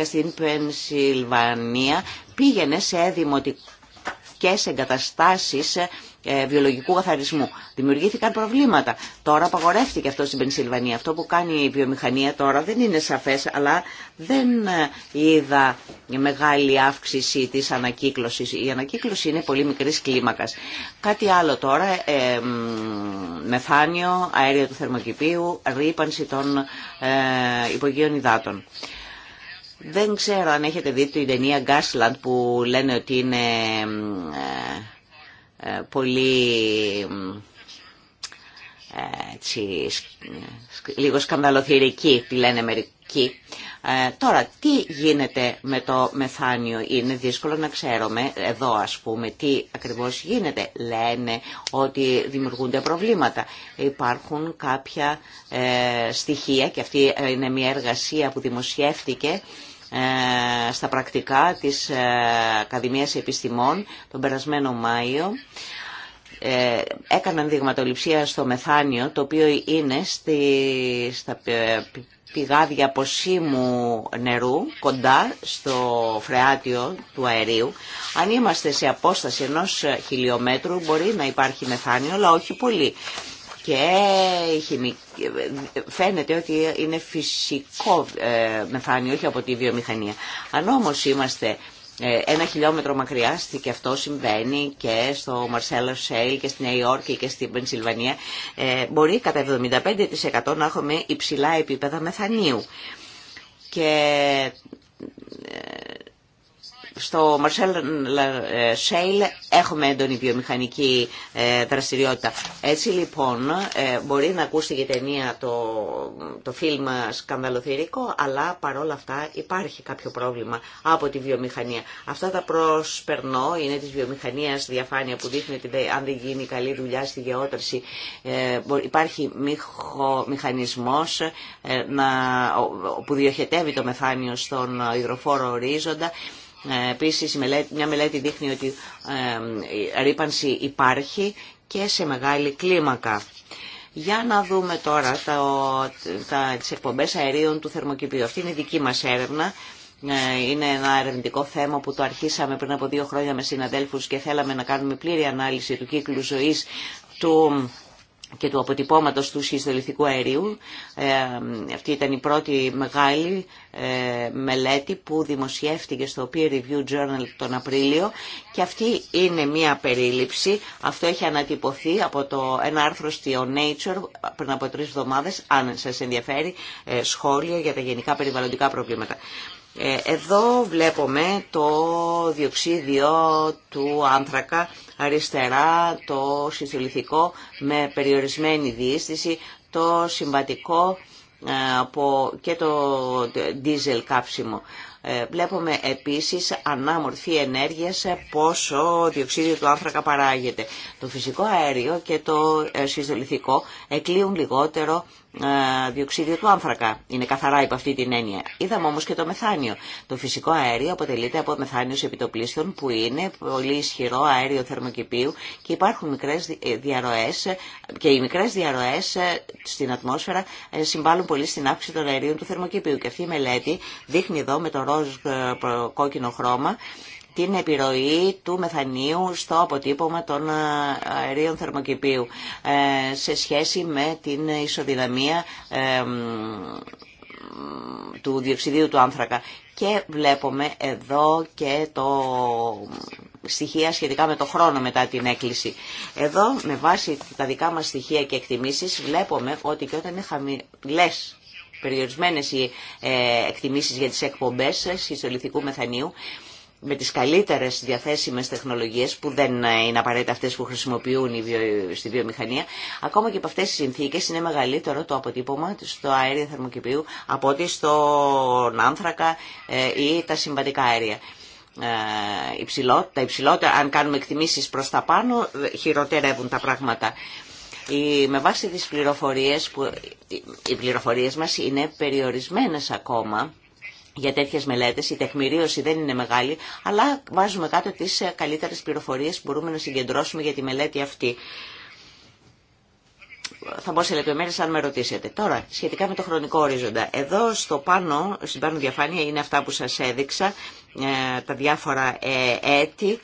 στην Πενσιλβανία πήγαινε σε δημοτικές εγκαταστάσεις ε, ε, βιολογικού καθαρισμού. Δημιουργήθηκαν προβλήματα. Τώρα απαγορεύτηκε αυτό στην Πενσιλβανία. Αυτό που κάνει η βιομηχανία τώρα δεν είναι σαφές, αλλά δεν ε, είδα μεγάλη αύξηση της ανακύκλωσης. Η ανακύκλωση είναι πολύ μικρής κλίμακας. Κάτι άλλο τώρα, ε, μεθάνιο, αέριο του θερμοκηπίου, ρήπανση των ε, υπογείων υδάτων. Δεν ξέρω αν έχετε δει την ταινία Gasland που λένε ότι είναι... Ε, πολύ ε, λίγο σκανδαλοθυρική, τη λένε μερικοί. Ε, τώρα, τι γίνεται με το μεθάνιο, είναι δύσκολο να ξέρουμε εδώ ας πούμε τι ακριβώς γίνεται. Λένε ότι δημιουργούνται προβλήματα. Υπάρχουν κάποια στοιχεία και αυτή είναι μια εργασία που δημοσιεύτηκε ε, στα πρακτικά της ε, Ακαδημίας Επιστημών τον περασμένο Μάιο. Ε, έκαναν δειγματοληψία στο μεθάνιο, το οποίο είναι στη, στα πηγάδια ποσίμου νερού κοντά στο φρεάτιο του αερίου. Αν είμαστε σε απόσταση ενός χιλιόμετρου μπορεί να υπάρχει μεθάνιο, αλλά όχι πολύ και φαίνεται ότι είναι φυσικό ε, μεθάνιο, όχι από τη βιομηχανία. Αν όμως είμαστε ε, ένα χιλιόμετρο μακριά και αυτό συμβαίνει και στο Μαρσέλο Σέιλ και στη Νέα Υόρκη και στην Πενσιλβανία ε, μπορεί κατά 75% να έχουμε υψηλά επίπεδα μεθανίου και στο Μαρσέλ Σέιλ έχουμε έντονη βιομηχανική ε, δραστηριότητα. Έτσι λοιπόν ε, μπορεί να ακούσει η ταινία το, το φιλμ σκανδαλοθυρικό, αλλά παρόλα αυτά υπάρχει κάποιο πρόβλημα από τη βιομηχανία. Αυτά τα προσπερνώ, είναι της βιομηχανίας διαφάνεια που δείχνει ότι αν δεν γίνει καλή δουλειά στη γεώτρηση ε, υπάρχει μηχανισμός να, που διοχετεύει το μεθάνιο στον υδροφόρο ορίζοντα ε, Επίση, μια μελέτη δείχνει ότι ρήπανση υπάρχει και σε μεγάλη κλίμακα. Για να δούμε τώρα τα, τα, τις αερίων του θερμοκηπίου. Αυτή είναι η δική μας έρευνα. Ε, είναι ένα ερευνητικό θέμα που το αρχίσαμε πριν από δύο χρόνια με συναδέλφους και θέλαμε να κάνουμε πλήρη ανάλυση του κύκλου ζωής του και του αποτυπώματος του σχιστολιθικού αερίου. Ε, αυτή ήταν η πρώτη μεγάλη ε, μελέτη που δημοσιεύτηκε στο Peer Review Journal τον Απρίλιο και αυτή είναι μια περίληψη. Αυτό έχει ανατυπωθεί από το, ένα άρθρο στο Nature πριν από τρεις εβδομάδες, αν σας ενδιαφέρει, ε, σχόλια για τα γενικά περιβαλλοντικά προβλήματα. Ε, εδώ βλέπουμε το διοξίδιο του άνθρακα, αριστερά το συστολιθικό με περιορισμένη διήστηση, το συμβατικό ε, και το δίζελ κάψιμο. Ε, βλέπουμε επίσης ανάμορφη ενέργεια σε πόσο διοξίδιο του άνθρακα παράγεται. Το φυσικό αέριο και το συστολιθικό εκλείουν λιγότερο ε, διοξίδιο του άνθρακα. Είναι καθαρά υπό αυτή την έννοια. Είδαμε όμω και το μεθάνιο. Το φυσικό αέριο αποτελείται από μεθάνιο επιτοπλίστων που είναι πολύ ισχυρό αέριο θερμοκηπίου και υπάρχουν μικρές ε, διαρροέ ε, και οι μικρές διαρροές στην ατμόσφαιρα συμβάλλουν πολύ στην αύξηση των αερίων του θερμοκηπίου. Και αυτή η μελέτη δείχνει εδώ με το ροζ κόκκινο χρώμα την επιρροή του μεθανίου στο αποτύπωμα των ε, αερίων θερμοκηπίου ε, σε σχέση με την ισοδυναμία ε, του διοξιδίου του άνθρακα. Και βλέπουμε εδώ και το στοιχεία σχετικά με το χρόνο μετά την έκκληση. Εδώ με βάση τα δικά μας στοιχεία και εκτιμήσεις βλέπουμε ότι και όταν είναι χαμηλές περιορισμένες οι εκτιμήσεις για τις εκπομπές συστολιθικού μεθανίου με τις καλύτερες διαθέσιμες τεχνολογίες που δεν είναι απαραίτητα αυτές που χρησιμοποιούν στη βιομηχανία ακόμα και από αυτές τις συνθήκες είναι μεγαλύτερο το αποτύπωμα στο αέριο θερμοκηπίου από ότι στον άνθρακα ε, ή τα συμβατικά αέρια. Ε, τα υψηλότερα, αν κάνουμε εκτιμήσεις προς τα πάνω, ε, χειροτερεύουν τα πράγματα. Η, με βάση τις πληροφορίες που οι πληροφορίες μας είναι περιορισμένες ακόμα για τέτοιες μελέτες, η τεχμηρίωση δεν είναι μεγάλη, αλλά βάζουμε κάτω τις ε, καλύτερες πληροφορίες που μπορούμε να συγκεντρώσουμε για τη μελέτη αυτή. Θα μπω σε λεπτομέρειε αν με ρωτήσετε. Τώρα, σχετικά με το χρονικό ορίζοντα. Εδώ στο πάνω, στην πάνω διαφάνεια είναι αυτά που σας έδειξα, ε, τα διάφορα ε, έτη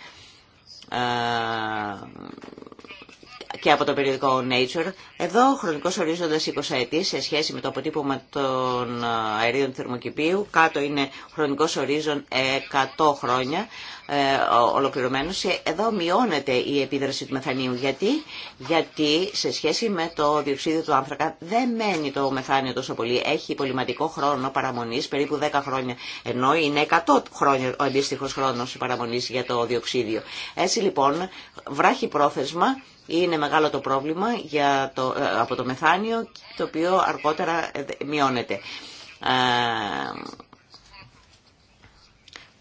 και από το περιοδικό Nature. Εδώ ο χρονικός ορίζοντας 20 ετή... σε σχέση με το αποτύπωμα των αερίων θερμοκηπίου. Κάτω είναι χρονικό ορίζον 100 χρόνια ε, ολοκληρωμένο. Εδώ μειώνεται η επίδραση του μεθανίου. Γιατί? Γιατί σε σχέση με το διοξίδιο του άνθρακα δεν μένει το μεθάνιο τόσο πολύ. Έχει πολυματικό χρόνο παραμονή, περίπου 10 χρόνια. Ενώ είναι 100 χρόνια ο αντίστοιχο χρόνο παραμονή για το διοξίδιο. Έτσι λοιπόν βράχει πρόθεσμα είναι μεγάλο το πρόβλημα για το, ε, από το μεθάνιο, το οποίο αργότερα ε, μειώνεται. Ε,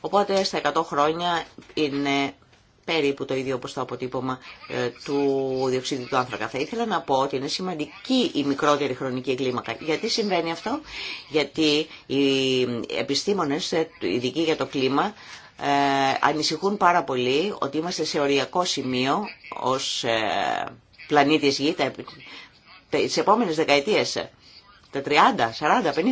οπότε στα 100 χρόνια είναι περίπου το ίδιο όπως το αποτύπωμα του διοξίδιου του άνθρακα. Θα ήθελα να πω ότι είναι σημαντική η μικρότερη χρονική κλίμακα. Γιατί συμβαίνει αυτό? Γιατί οι επιστήμονες, ειδικοί για το κλίμα, ε, ανησυχούν πάρα πολύ ότι είμαστε σε οριακό σημείο ως ε, πλανήτης Γη τις επόμενες δεκαετίες τα 30,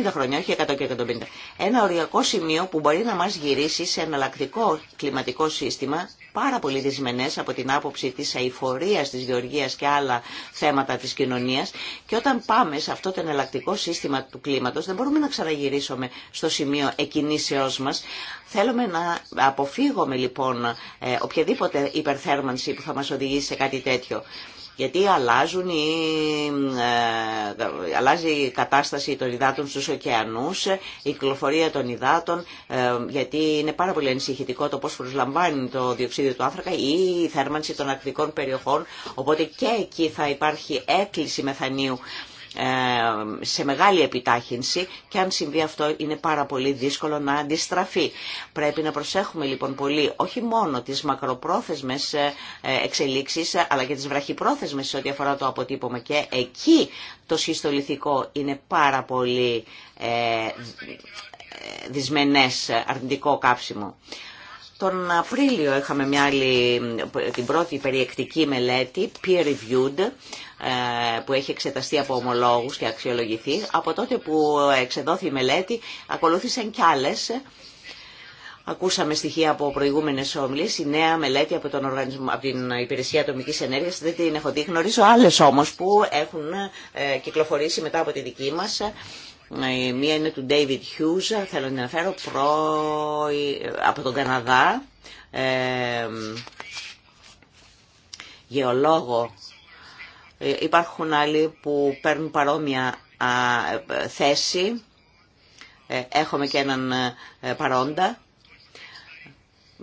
40, 50 χρόνια, όχι 100 και 150. Ένα οριακό σημείο που μπορεί να μας γυρίσει σε εναλλακτικό κλιματικό σύστημα, πάρα πολύ δυσμενές από την άποψη της αηφορίας, της γεωργίας και άλλα θέματα της κοινωνίας. Και όταν πάμε σε αυτό το εναλλακτικό σύστημα του κλίματος, δεν μπορούμε να ξαναγυρίσουμε στο σημείο εκκινήσεώς μας. Θέλουμε να αποφύγουμε λοιπόν ε, οποιαδήποτε υπερθέρμανση που θα μας οδηγήσει σε κάτι τέτοιο γιατί αλλάζουν οι, ε, αλλάζει η κατάσταση των υδάτων στους ωκεανούς, η κυκλοφορία των υδάτων, ε, γιατί είναι πάρα πολύ ενσυχητικό το πώς προσλαμβάνει το διοξίδιο του άνθρακα ή η θέρμανση των ακτικών περιοχών, οπότε και εκεί θα υπάρχει έκκληση μεθανίου ε, σε μεγάλη επιτάχυνση και αν συμβεί αυτό είναι πάρα πολύ δύσκολο να αντιστραφεί. Πρέπει να προσέχουμε λοιπόν πολύ όχι μόνο τις μακροπρόθεσμες ε, ε, εξελίξεις αλλά και τις βραχυπρόθεσμες σε ό,τι αφορά το αποτύπωμα και εκεί το συστολιθικό είναι πάρα πολύ ε, δυσμενές αρνητικό κάψιμο. Τον Απρίλιο είχαμε μια την πρώτη περιεκτική μελέτη, peer-reviewed, ε, που έχει εξεταστεί από ομολόγους και αξιολογηθεί. Από τότε που εξεδόθη η μελέτη ακολούθησαν κι άλλες. Ακούσαμε στοιχεία από προηγούμενε ομιλίε. Η νέα μελέτη από, τον οργανισμό, από την Υπηρεσία Ατομική Ενέργεια δεν την έχω δει. Γνωρίζω άλλε όμω που έχουν ε, κυκλοφορήσει μετά από τη δική μα. Ε, μία είναι του David Hughes, θέλω να αναφέρω, προ... από τον Καναδά, γεωλόγο ε, υπάρχουν άλλοι που παίρνουν παρόμοια ε, θέση. Ε, έχουμε και έναν παρόντα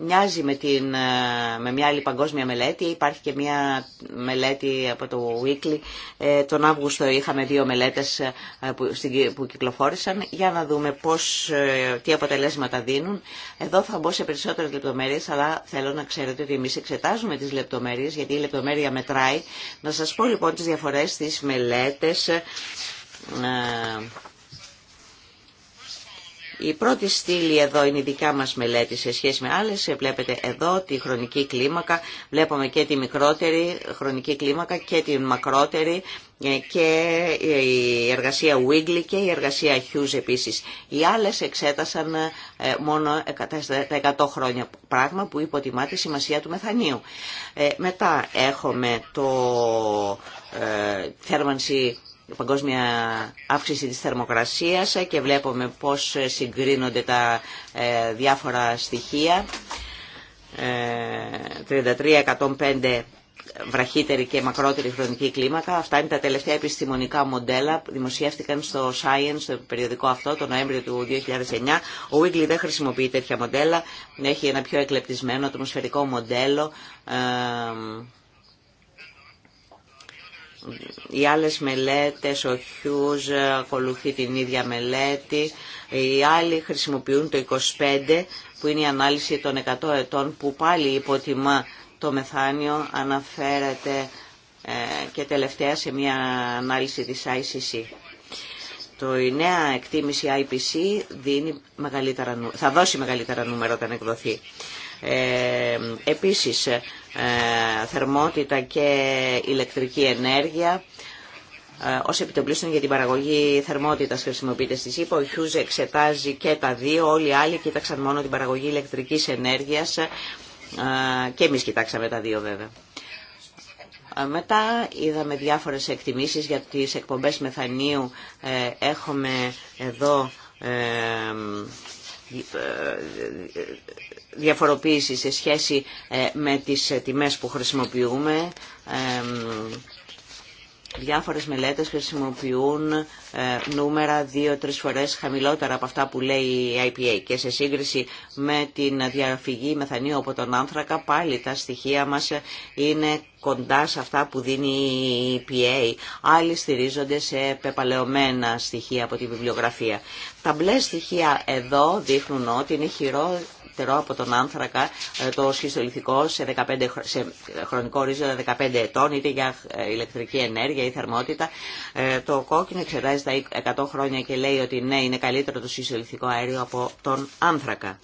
μοιάζει με, την, ε, με μια άλλη παγκόσμια μελέτη. Υπάρχει και μια μελέτη από το Weekly. Ε, τον Αύγουστο είχαμε δύο μελέτες ε, που, που κυκλοφόρησαν για να δούμε πώς, τι αποτελέσματα δίνουν. Εδώ θα μπω σε περισσότερες λεπτομέρειες, αλλά θέλω να ξέρετε ότι εμείς εξετάζουμε τις λεπτομέρειες, γιατί η λεπτομέρεια μετράει. Να σας πω λοιπόν τις διαφορές στις μελέτες η πρώτη στήλη εδώ είναι η δικά μας μελέτη σε σχέση με άλλες. Ε, βλέπετε εδώ τη χρονική κλίμακα. Βλέπουμε και τη μικρότερη χρονική κλίμακα και τη μακρότερη ε, και η εργασία Wigley και η εργασία Hughes επίσης. Οι άλλες εξέτασαν ε, μόνο τα 100 χρόνια, πράγμα που υποτιμά τη σημασία του μεθανίου. Μετά έχουμε το θέρμανση παγκόσμια αύξηση της θερμοκρασίας και βλέπουμε πώς συγκρίνονται τα ε, διάφορα στοιχεία. 33-105 ε, βραχύτερη και μακρότερη χρονική κλίμακα. Αυτά είναι τα τελευταία επιστημονικά μοντέλα που δημοσιεύτηκαν στο Science, το περιοδικό αυτό, το Νοέμβριο του 2009. Ο Wigley δεν χρησιμοποιεί τέτοια μοντέλα, έχει ένα πιο εκλεπτισμένο ατμοσφαιρικό μοντέλο ε, οι άλλες μελέτες, ο Χιούς ακολουθεί την ίδια μελέτη, οι άλλοι χρησιμοποιούν το 25 που είναι η ανάλυση των 100 ετών που πάλι υποτιμά το μεθάνιο, αναφέρεται ε, και τελευταία σε μια ανάλυση της ICC. Το, η νέα εκτίμηση IPC δίνει μεγαλύτερα, θα δώσει μεγαλύτερα νούμερα όταν εκδοθεί. Ε, επίσης, ε, θερμότητα και ηλεκτρική ενέργεια. Ω ε, επιτοπλίστων για την παραγωγή θερμότητα χρησιμοποιείται στη ΣΥΠΟ Ο Χιούζ εξετάζει και τα δύο. Όλοι οι άλλοι κοίταξαν μόνο την παραγωγή ηλεκτρική ενέργεια. Ε, και εμεί κοιτάξαμε τα δύο βέβαια. Μετά είδαμε διάφορες εκτιμήσεις για τις εκπομπές μεθανίου. Έχουμε εδώ διαφοροποίηση σε σχέση ε, με τις ε, τιμές που χρησιμοποιούμε. Διάφορες μελέτες χρησιμοποιούν ε, νούμερα δύο-τρεις φορές χαμηλότερα από αυτά που λέει η IPA και σε σύγκριση με την διαφυγή μεθανίου από τον άνθρακα πάλι τα στοιχεία μας είναι κοντά σε αυτά που δίνει η EPA. Άλλοι στηρίζονται σε πεπαλαιωμένα στοιχεία από τη βιβλιογραφία. Τα μπλε στοιχεία εδώ δείχνουν ότι είναι χειρό, χειρότερο από τον άνθρακα ε, το σχιστολιθικό σε, 15, σε χρονικό ορίζοντα 15 ετών, είτε για ε, ηλεκτρική ενέργεια ή θερμότητα. Ε, το κόκκινο εξετάζει τα 100 χρόνια και λέει ότι ναι, είναι καλύτερο το σχιστολιθικό αέριο από τον άνθρακα.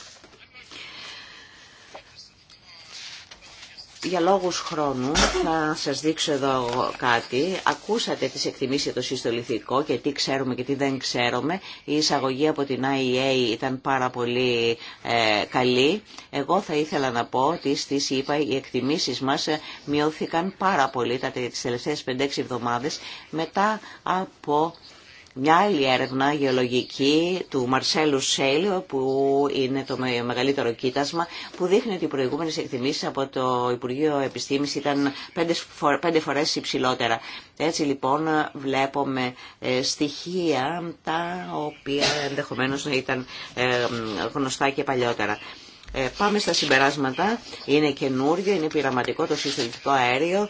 για λόγους χρόνου θα σας δείξω εδώ κάτι. Ακούσατε τις εκτιμήσεις το συστολιθικό και τι ξέρουμε και τι δεν ξέρουμε. Η εισαγωγή από την IEA ήταν πάρα πολύ ε, καλή. Εγώ θα ήθελα να πω ότι στις είπα οι εκτιμήσεις μας ε, μειώθηκαν πάρα πολύ τα, τις τελευταίες 5-6 εβδομάδες μετά από μια άλλη έρευνα γεωλογική του Μαρσέλου Σέλιο, που είναι το μεγαλύτερο κοίτασμα, που δείχνει ότι οι προηγούμενε εκτιμήσει από το Υπουργείο Επιστήμης ήταν πέντε φορέ υψηλότερα. Έτσι λοιπόν βλέπουμε ε, στοιχεία τα οποία ενδεχομένω να ήταν ε, γνωστά και παλιότερα. Ε, πάμε στα συμπεράσματα. Είναι καινούριο, είναι πειραματικό το συστηματικό αέριο.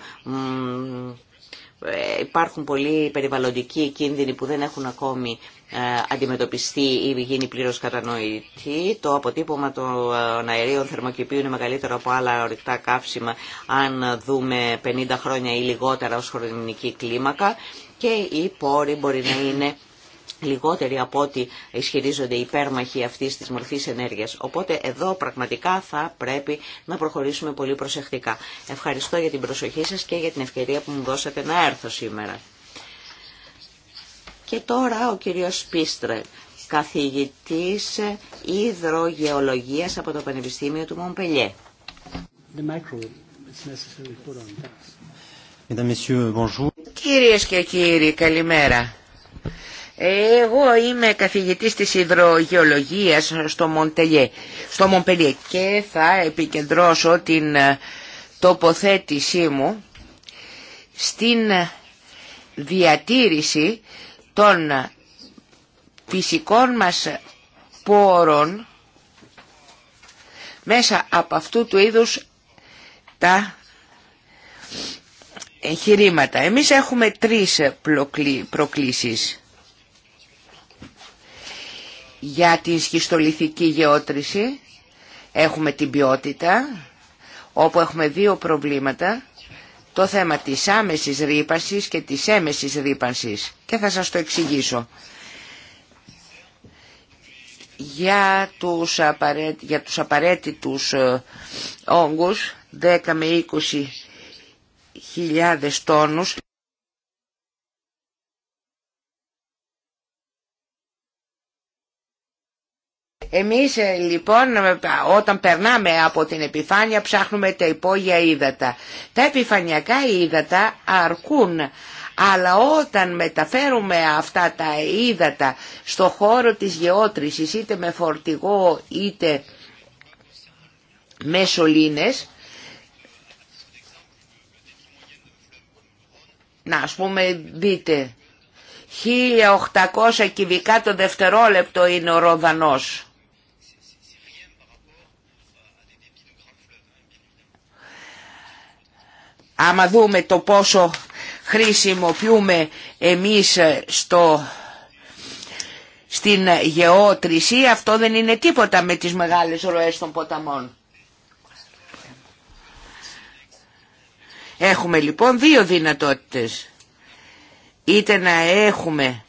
Ε, υπάρχουν πολλοί περιβαλλοντικοί κίνδυνοι που δεν έχουν ακόμη ε, αντιμετωπιστεί ή γίνει πλήρως κατανοητή. Το αποτύπωμα των αερίων θερμοκηπίου είναι μεγαλύτερο από άλλα ορυκτά καύσιμα αν δούμε 50 χρόνια ή λιγότερα ως χρονική κλίμακα και οι πόροι μπορεί να είναι λιγότεροι από ό,τι ισχυρίζονται οι υπέρμαχοι αυτή τη μορφή ενέργεια. Οπότε εδώ πραγματικά θα πρέπει να προχωρήσουμε πολύ προσεκτικά. Ευχαριστώ για την προσοχή σα και για την ευκαιρία που μου δώσατε να έρθω σήμερα. Και τώρα ο κύριος Πίστρε, καθηγητής υδρογεωλογίας από το Πανεπιστήμιο του Μομπελιέ. Κυρίες και κύριοι, καλημέρα. Εγώ είμαι καθηγητής της υδρογεωλογίας στο Μοντελιέ, στο και θα επικεντρώσω την ε, τοποθέτησή μου στην ε, διατήρηση των φυσικών μας πόρων μέσα από αυτού του είδους τα εγχειρήματα. Εμείς έχουμε τρεις προκλήσεις. Για την σχιστολιθική γεώτρηση έχουμε την ποιότητα, όπου έχουμε δύο προβλήματα, το θέμα της άμεσης ρήπανσης και της έμεσης ρήπανσης. Και θα σας το εξηγήσω. Για τους, απαραίτη, για τους απαραίτητους ε, όγκους, 10 με 20 χιλιάδες τόνους, Εμείς ε, λοιπόν ε, όταν περνάμε από την επιφάνεια ψάχνουμε τα υπόγεια ύδατα. Τα επιφανειακά ύδατα αρκούν, αλλά όταν μεταφέρουμε αυτά τα ύδατα στο χώρο της γεώτρησης είτε με φορτηγό είτε με σωλήνες, να ας πούμε δείτε 1800 κυβικά το δευτερόλεπτο είναι ο ροδανός άμα δούμε το πόσο χρησιμοποιούμε εμείς στο, στην γεώτρηση, αυτό δεν είναι τίποτα με τις μεγάλες ροές των ποταμών. Έχουμε λοιπόν δύο δυνατότητες. Είτε να έχουμε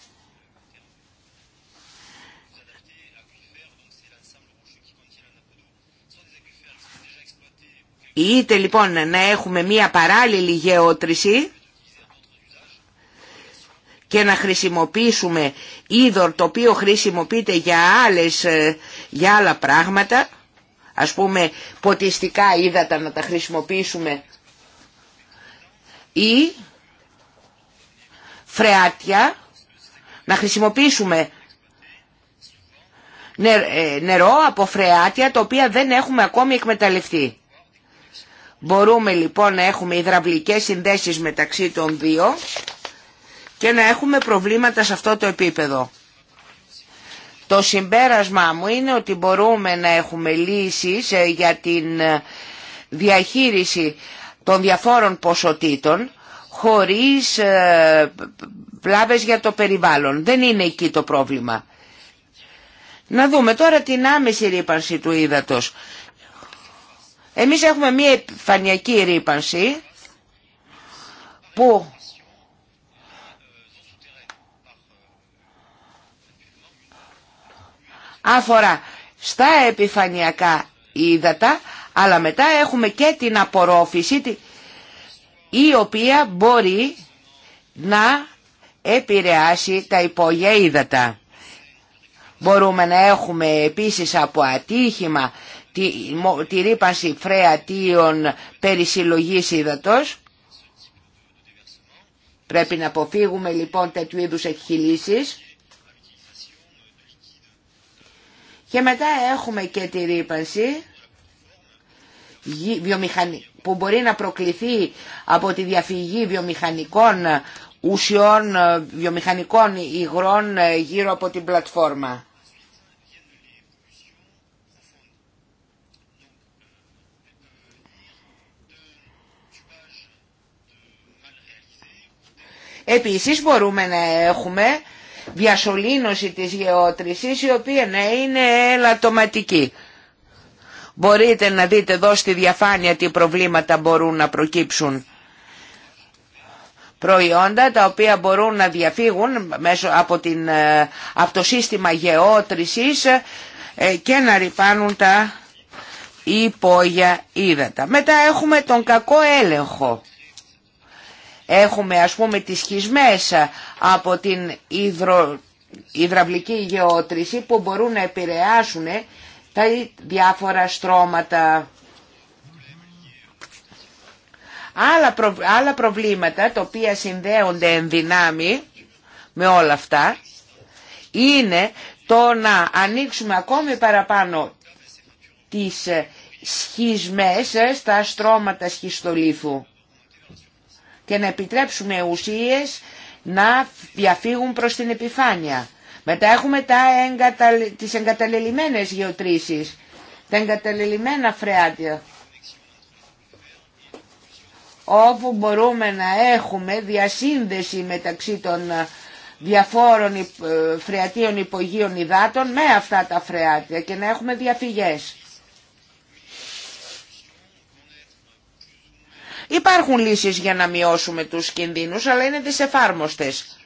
Είτε λοιπόν να έχουμε μία παράλληλη γεώτρηση και να χρησιμοποιήσουμε είδωρ το οποίο χρησιμοποιείται για, άλλες, ε, για άλλα πράγματα, ας πούμε ποτιστικά ύδατα να τα χρησιμοποιήσουμε ή φρεάτια να χρησιμοποιήσουμε ε, νερό από φρεάτια τα οποία δεν έχουμε ακόμη εκμεταλλευτεί. Μπορούμε λοιπόν να έχουμε υδραυλικές συνδέσεις μεταξύ των δύο και να έχουμε προβλήματα σε αυτό το επίπεδο. Το συμπέρασμά μου είναι ότι μπορούμε να έχουμε λύσεις ε, για την ε, διαχείριση των διαφόρων ποσοτήτων χωρίς πλάβες ε, για το περιβάλλον. Δεν είναι εκεί το πρόβλημα. Να δούμε τώρα την άμεση ρήπανση του ύδατος. Εμείς έχουμε μία επιφανειακή ρήπανση που αφορά στα επιφανειακά ύδατα, αλλά μετά έχουμε και την απορρόφηση η οποία μπορεί να επηρεάσει τα υπόγεια ύδατα. Μπορούμε να έχουμε επίσης από ατύχημα τη, τη ρήπανση φρεατίων συλλογής ύδατος. Πρέπει να αποφύγουμε λοιπόν τέτοιου είδους εκχυλήσεις. Και μετά έχουμε και τη ρήπανση που μπορεί να προκληθεί από τη διαφυγή βιομηχανικών ουσιών, βιομηχανικών υγρών ε, γύρω από την πλατφόρμα. Επίσης μπορούμε να έχουμε διασωλήνωση της γεώτρησης η οποία να είναι ελαττωματική. Μπορείτε να δείτε εδώ στη διαφάνεια τι προβλήματα μπορούν να προκύψουν. Προϊόντα τα οποία μπορούν να διαφύγουν μέσω από, την, ε, από το σύστημα γεώτρησης ε, και να ρηπάνουν τα υπόγεια ύδατα. Μετά έχουμε τον κακό έλεγχο. Έχουμε ας πούμε τις σχισμές από την υδρο... υδραυλική γεώτρηση που μπορούν να επηρεάσουν τα διάφορα στρώματα. Άλλα, προβλήματα τα οποία συνδέονται εν δυνάμει με όλα αυτά είναι το να ανοίξουμε ακόμη παραπάνω τις σχισμές στα στρώματα σχιστολίθου και να επιτρέψουμε ουσίες να διαφύγουν προς την επιφάνεια. Μετά έχουμε τα εγκαταλ... τις εγκαταλελειμμένες γεωτρήσεις, τα εγκαταλελειμμένα φρεάτια, όπου μπορούμε να έχουμε διασύνδεση μεταξύ των ε, διαφόρων ε, φρεατίων υπογείων υδάτων με αυτά τα φρεάτια και να έχουμε διαφυγές. Υπάρχουν λύσεις για να μειώσουμε τους κινδύνους, αλλά είναι δυσεφάρμοστες.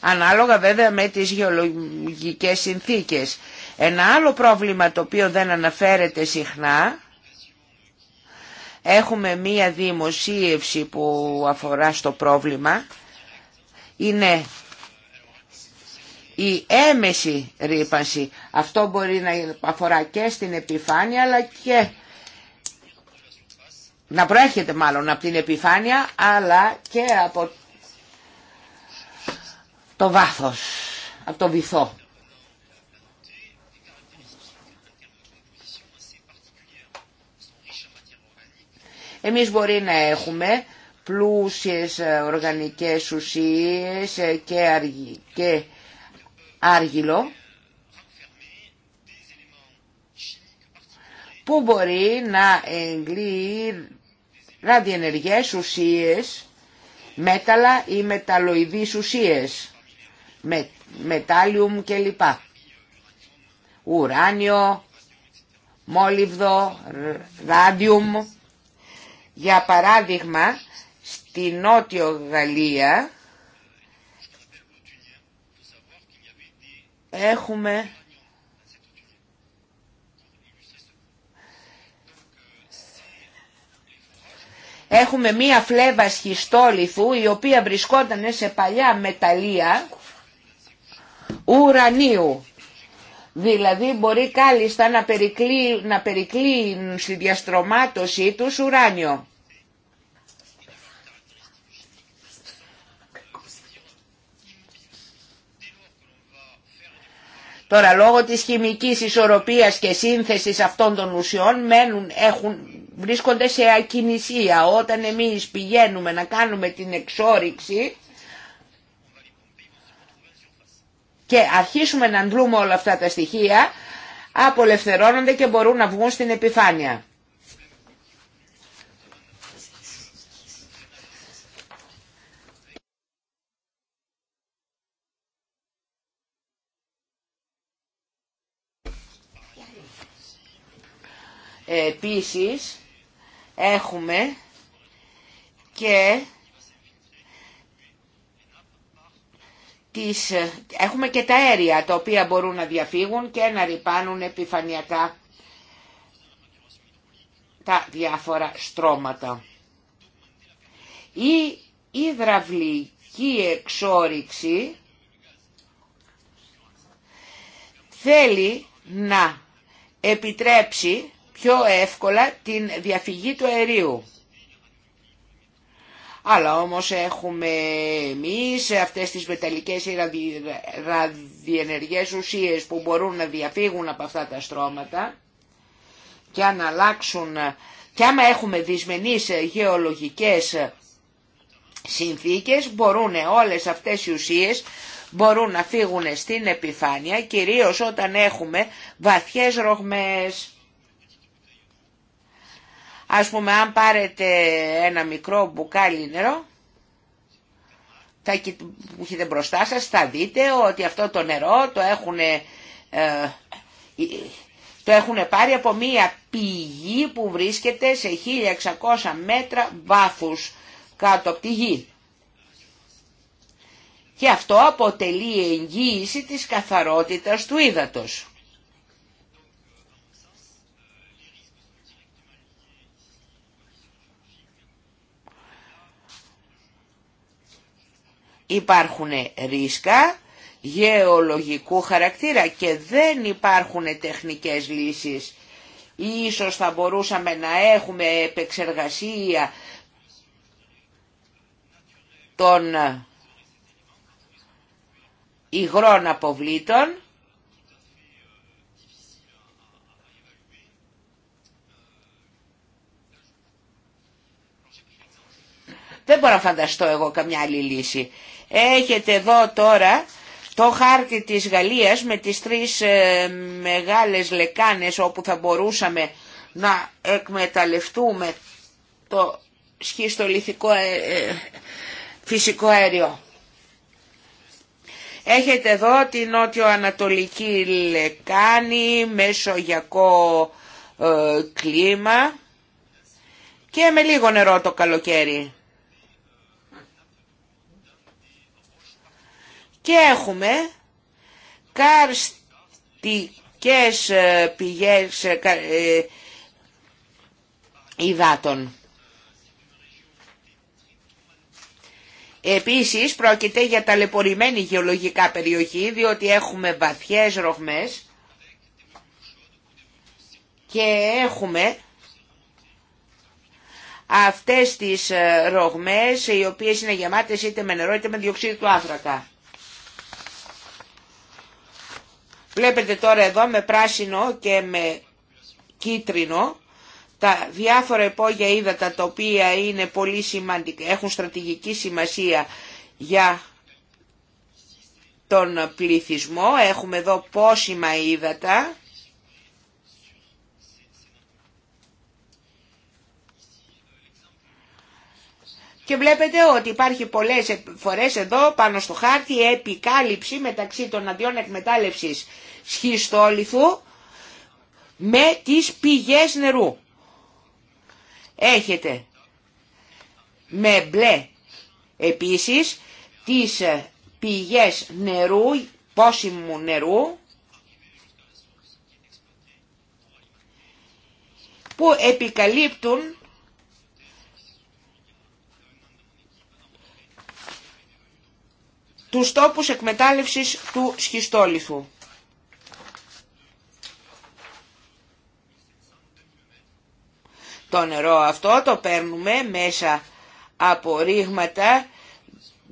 Ανάλογα βέβαια με τις γεωλογικές συνθήκες. Ένα άλλο πρόβλημα το οποίο δεν αναφέρεται συχνά, έχουμε μία δημοσίευση που αφορά στο πρόβλημα, είναι η έμεση ρήπανση. Αυτό μπορεί να αφορά και στην επιφάνεια αλλά και να προέρχεται μάλλον από την επιφάνεια αλλά και από το βάθος, από το βυθό. Εμείς μπορεί να έχουμε πλούσιες ε, οργανικές ουσίες ε, και, αργυ, άργυλο που μπορεί να εγκλείει ραδιενεργές ουσίες, μέταλλα ή μεταλλοειδείς ουσίες, με, μετάλλιουμ κλπ. Ουράνιο, μόλιβδο, ράδιουμ. Για παράδειγμα, στη Νότιο Γαλλία έχουμε Έχουμε μία φλέβα σχιστόλιθου η οποία βρισκόταν σε παλιά μεταλλεία ουρανίου. Δηλαδή μπορεί κάλλιστα να περικλεί, να περικλεί στη διαστρωμάτωσή του ουράνιο. Τώρα λόγω της χημικής ισορροπίας και σύνθεσης αυτών των ουσιών μένουν, έχουν, βρίσκονται σε ακινησία. Όταν εμείς πηγαίνουμε να κάνουμε την εξόριξη και αρχίσουμε να αντλούμε όλα αυτά τα στοιχεία, απολευθερώνονται και μπορούν να βγουν στην επιφάνεια. Επίσης, έχουμε και τις, έχουμε και τα αέρια τα οποία μπορούν να διαφύγουν και να ρυπάνουν επιφανειακά τα διάφορα στρώματα. Η υδραυλική εξόριξη θέλει να επιτρέψει πιο εύκολα την διαφυγή του αερίου. Αλλά όμως έχουμε εμείς αυτές τις μεταλλικές ή ραδι... ραδιενεργές ουσίες που μπορούν να διαφύγουν από αυτά τα στρώματα και αν αλλάξουν και άμα έχουμε δυσμενείς γεωλογικές συνθήκες μπορούν όλες αυτές οι ουσίες μπορούν να φύγουν στην επιφάνεια κυρίως όταν έχουμε βαθιές ρογμές. Ας πούμε αν πάρετε ένα μικρό μπουκάλι νερό, θα έχετε μπροστά σας, θα δείτε ότι αυτό το νερό το έχουν, ε, το έχουν πάρει από μία πηγή που βρίσκεται σε 1600 μέτρα βάθους κάτω από τη γη. Και αυτό αποτελεί εγγύηση της καθαρότητας του ύδατος. υπάρχουν ρίσκα γεωλογικού χαρακτήρα και δεν υπάρχουν τεχνικές λύσεις. Ίσως θα μπορούσαμε να έχουμε επεξεργασία των υγρών αποβλήτων Δεν μπορώ να φανταστώ εγώ καμιά άλλη λύση. Έχετε εδώ τώρα το χάρτη της Γαλλίας με τις τρεις ε, μεγάλες λεκάνες όπου θα μπορούσαμε να εκμεταλλευτούμε το σχιστολιθικό ε, ε, φυσικό αέριο. Έχετε εδώ την νότιο-ανατολική λεκάνη, μεσογειακό κλίμα και με λίγο νερό το καλοκαίρι. Και έχουμε καρστικές ε, πηγές ε, ε, υδάτων. Επίσης πρόκειται για ταλαιπωρημένη γεωλογικά περιοχή διότι έχουμε βαθιές ρογμές και έχουμε αυτές τις ρογμές οι οποίες είναι γεμάτες είτε με νερό είτε με διοξείδιο του άνθρακα. Βλέπετε τώρα εδώ με πράσινο και με κίτρινο τα διάφορα υπόγεια ύδατα τα οποία είναι πολύ σημαντικά, έχουν στρατηγική σημασία για τον πληθυσμό. Έχουμε εδώ πόσιμα ύδατα Και βλέπετε ότι υπάρχει πολλές φορές εδώ πάνω στο χάρτη επικάλυψη μεταξύ των αντιών εκμετάλλευσης σχιστόλιθου με τις πηγές νερού. Έχετε με μπλε επίσης τις πηγές νερού, πόσιμου νερού, που επικαλύπτουν τους τόπους εκμετάλλευσης του σχιστόλιθου. Το νερό αυτό το παίρνουμε μέσα από ρήγματα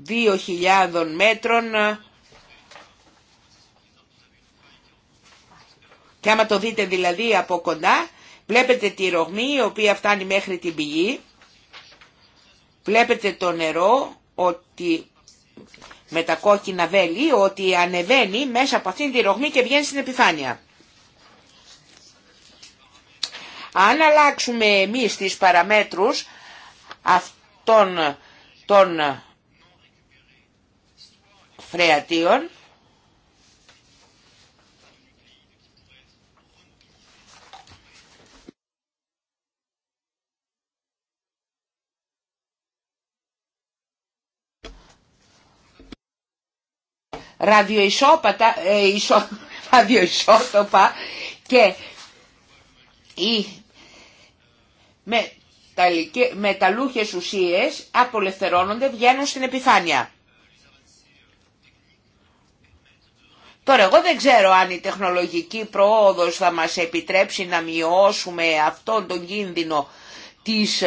2.000 μέτρων και άμα το δείτε δηλαδή από κοντά βλέπετε τη ρογμή η οποία φτάνει μέχρι την πηγή βλέπετε το νερό ότι με τα κόκκινα βέλη ότι ανεβαίνει μέσα από αυτήν τη ρογμή και βγαίνει στην επιφάνεια. Αν αλλάξουμε εμείς τις παραμέτρους αυτών των φρεατίων, ραδιοϊσόπατα, ε, ισο, ραδιοϊσότοπα και οι μεταλλούχες ουσίες απολευθερώνονται, βγαίνουν στην επιφάνεια. Τώρα εγώ δεν ξέρω αν η τεχνολογική πρόοδος θα μας επιτρέψει να μειώσουμε αυτόν τον κίνδυνο της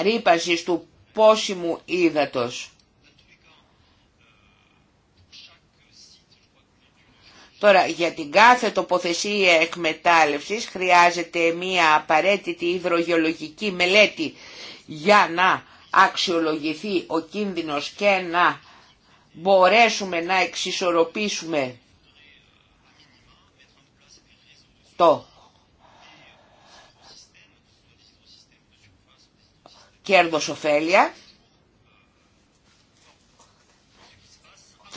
ρήπασης του πόσιμου ύδατος. Τώρα, για την κάθε τοποθεσία εκμετάλλευσης χρειάζεται μία απαραίτητη υδρογεωλογική μελέτη για να αξιολογηθεί ο κίνδυνος και να μπορέσουμε να εξισορροπήσουμε το κέρδος ωφέλεια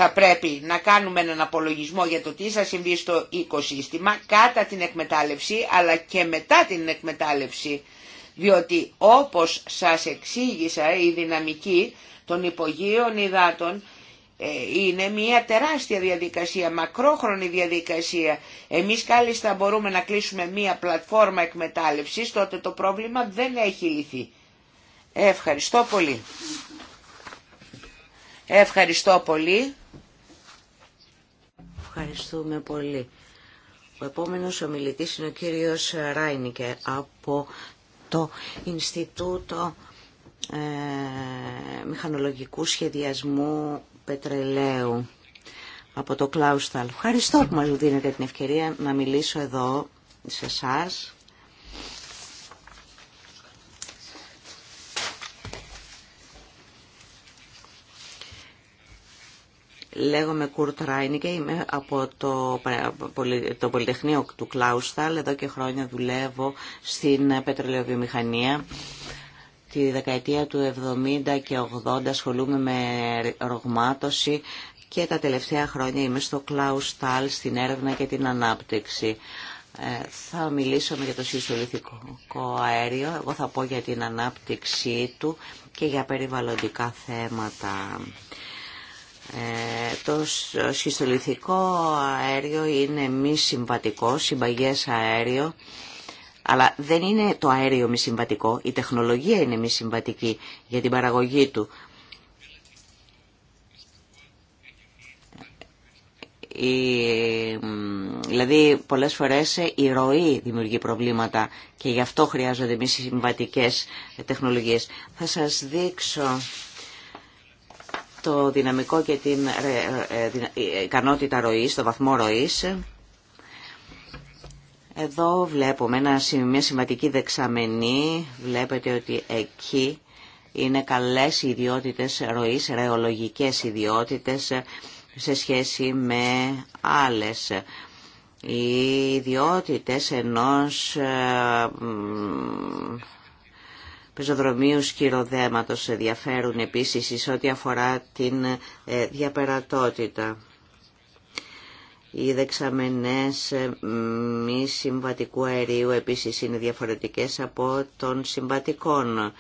θα πρέπει να κάνουμε έναν απολογισμό για το τι θα συμβεί στο οικοσύστημα κατά την εκμετάλλευση αλλά και μετά την εκμετάλλευση διότι όπως σας εξήγησα η δυναμική των υπογείων υδάτων ε, είναι μια τεράστια διαδικασία, μακρόχρονη διαδικασία. Εμείς κάλλιστα μπορούμε να κλείσουμε μια πλατφόρμα εκμετάλλευσης, τότε το πρόβλημα δεν έχει λυθεί. Ευχαριστώ πολύ. Ευχαριστώ πολύ. Ευχαριστούμε πολύ. Ο επόμενος ομιλητής είναι ο κύριος Ράινικε από το Ινστιτούτο ε, Μηχανολογικού Σχεδιασμού Πετρελαίου από το Κλάουσταλ. Ευχαριστώ που μας δίνετε την ευκαιρία να μιλήσω εδώ σε εσάς Λέγομαι Κουρτ Ράινικε, είμαι από το, το Πολυτεχνείο του Κλάουσταλ. Εδώ και χρόνια δουλεύω στην πετρελαιοβιομηχανία. Τη δεκαετία του 70 και 80 ασχολούμαι με ρογμάτωση και τα τελευταία χρόνια είμαι στο Κλάουσταλ στην έρευνα και την ανάπτυξη. Ε, θα μιλήσω για το συστολιθικό αέριο, εγώ θα πω για την ανάπτυξή του και για περιβαλλοντικά θέματα. Ε, το σχιστολιθικό αέριο είναι μη συμβατικό, συμπαγές αέριο, αλλά δεν είναι το αέριο μη συμβατικό, η τεχνολογία είναι μη συμβατική για την παραγωγή του. δηλαδή πολλές φορές η ροή δημιουργεί προβλήματα και γι' αυτό χρειάζονται μη συμβατικές τεχνολογίες. Θα σας δείξω το δυναμικό και την ε, ε, ε, ικανότητα ροής, το βαθμό ροής. Εδώ βλέπουμε μια σημαντική δεξαμενή. Βλέπετε ότι εκεί είναι καλές ιδιότητες ροής, ρεολογικές ιδιότητες σε σχέση με άλλες. Οι ιδιότητες ενός πεζοδρομίου σκυροδέματος ενδιαφέρουν επίσης σε ό,τι αφορά την ε, διαπερατότητα. Οι δεξαμενές ε, μη συμβατικού αερίου επίσης είναι διαφορετικές από των συμβατικών.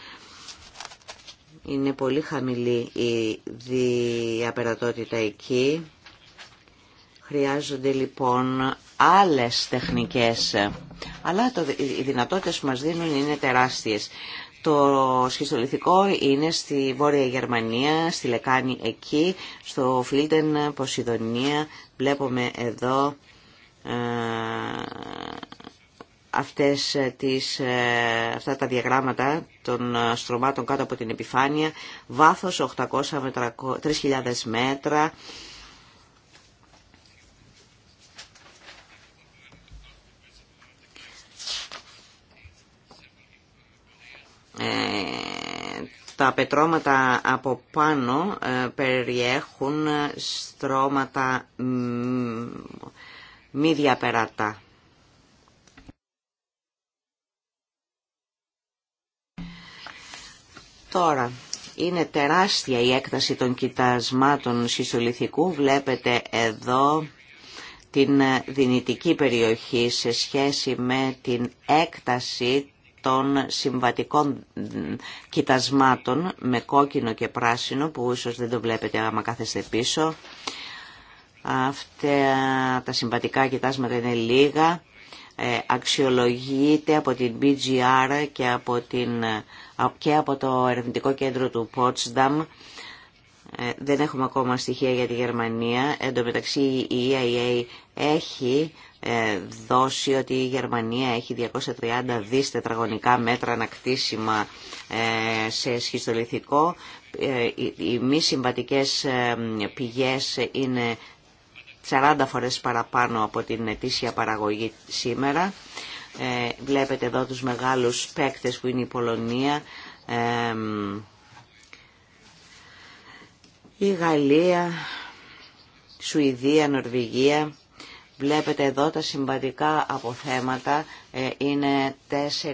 Είναι πολύ χαμηλή η διαπερατότητα εκεί. Χρειάζονται λοιπόν άλλες τεχνικές. Αλλά οι δυνατότητες που μας δίνουν είναι τεράστιες. Το σχιστολιθικό είναι στη Βόρεια Γερμανία, στη Λεκάνη εκεί, στο Φίλτεν, Ποσειδονία. Βλέπουμε εδώ ε, αυτές τις, ε, αυτά τα διαγράμματα των ε, στρωμάτων κάτω από την επιφάνεια, βάθος 800 3.000 μέτρα, Ε, τα πετρώματα από πάνω ε, περιέχουν στρώματα μη διαπερατά. Τώρα, είναι τεράστια η έκταση των κοιτασμάτων σχιστολιθικού. Βλέπετε εδώ την δυνητική περιοχή σε σχέση με την έκταση των συμβατικών κοιτασμάτων με κόκκινο και πράσινο που ίσως δεν το βλέπετε άμα κάθεστε πίσω. Αυτά τα συμβατικά κοιτάσματα είναι λίγα. Ε, αξιολογείται από την BGR και από, την, ε, και από το ερευνητικό κέντρο του Potsdam. Ε, δεν έχουμε ακόμα στοιχεία για τη Γερμανία. Εν τω μεταξύ η EIA έχει ε, δώσει ότι η Γερμανία έχει 230 δις τετραγωνικά μέτρα ανακτήσιμα ε, σε σχιστολιθικό. Ε, οι μη συμβατικές πηγές είναι 40 φορές παραπάνω από την ετήσια παραγωγή σήμερα. Βλέπετε εδώ τους μεγάλους παίκτες που είναι η Πολωνία, η Γαλλία, Σουηδία, Νορβηγία Βλέπετε εδώ τα συμβατικά αποθέματα ε, είναι 4.500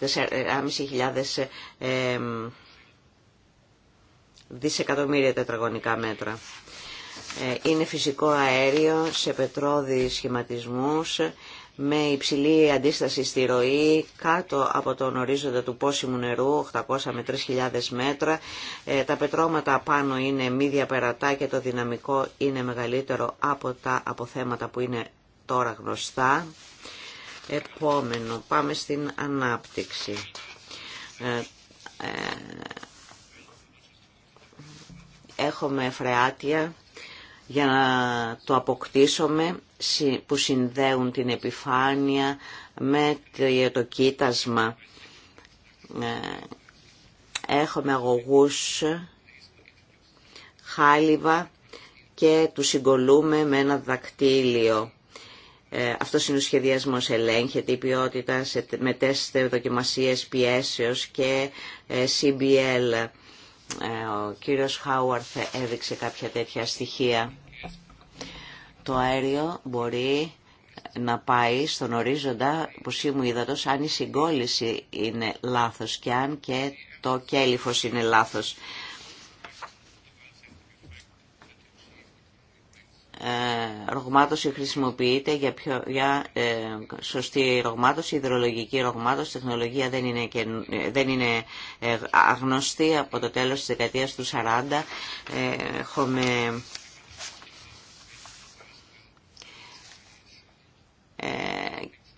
ε, ε, δισεκατομμύρια τετραγωνικά μέτρα. Είναι φυσικό αέριο σε πετρώδη σχηματισμούς με υψηλή αντίσταση στη ροή κάτω από τον ορίζοντα του πόσιμου νερού, 800 με 3.000 μέτρα. Ε, τα πετρώματα πάνω είναι μη διαπερατά και το δυναμικό είναι μεγαλύτερο από τα αποθέματα που είναι τώρα γνωστά. Επόμενο, πάμε στην ανάπτυξη. Ε, ε, έχουμε φρεάτια για να το αποκτήσουμε που συνδέουν την επιφάνεια με το κοίτασμα. Ε, έχουμε αγωγούς, χάλιβα και του συγκολούμε με ένα δακτύλιο. Ε, αυτός αυτό είναι ο σχεδιασμό ελέγχεται η ποιότητα με τεστ δοκιμασίες πιέσεως και ε, CBL ε, ο κύριος Χάουαρθ έδειξε κάποια τέτοια στοιχεία. Το αέριο μπορεί να πάει στον ορίζοντα ήμουν είδατος, αν η συγκόλληση είναι λάθος και αν και το κέλυφος είναι λάθος. Ε, ρογμάτωση χρησιμοποιείται για, για ε, σωστή ρογμάτωση, υδρολογική ρογμάτωση. Η τεχνολογία δεν είναι, και, ε, δεν είναι αγνωστή από το τέλος της δεκαετίας του 40. Ε, έχουμε ε,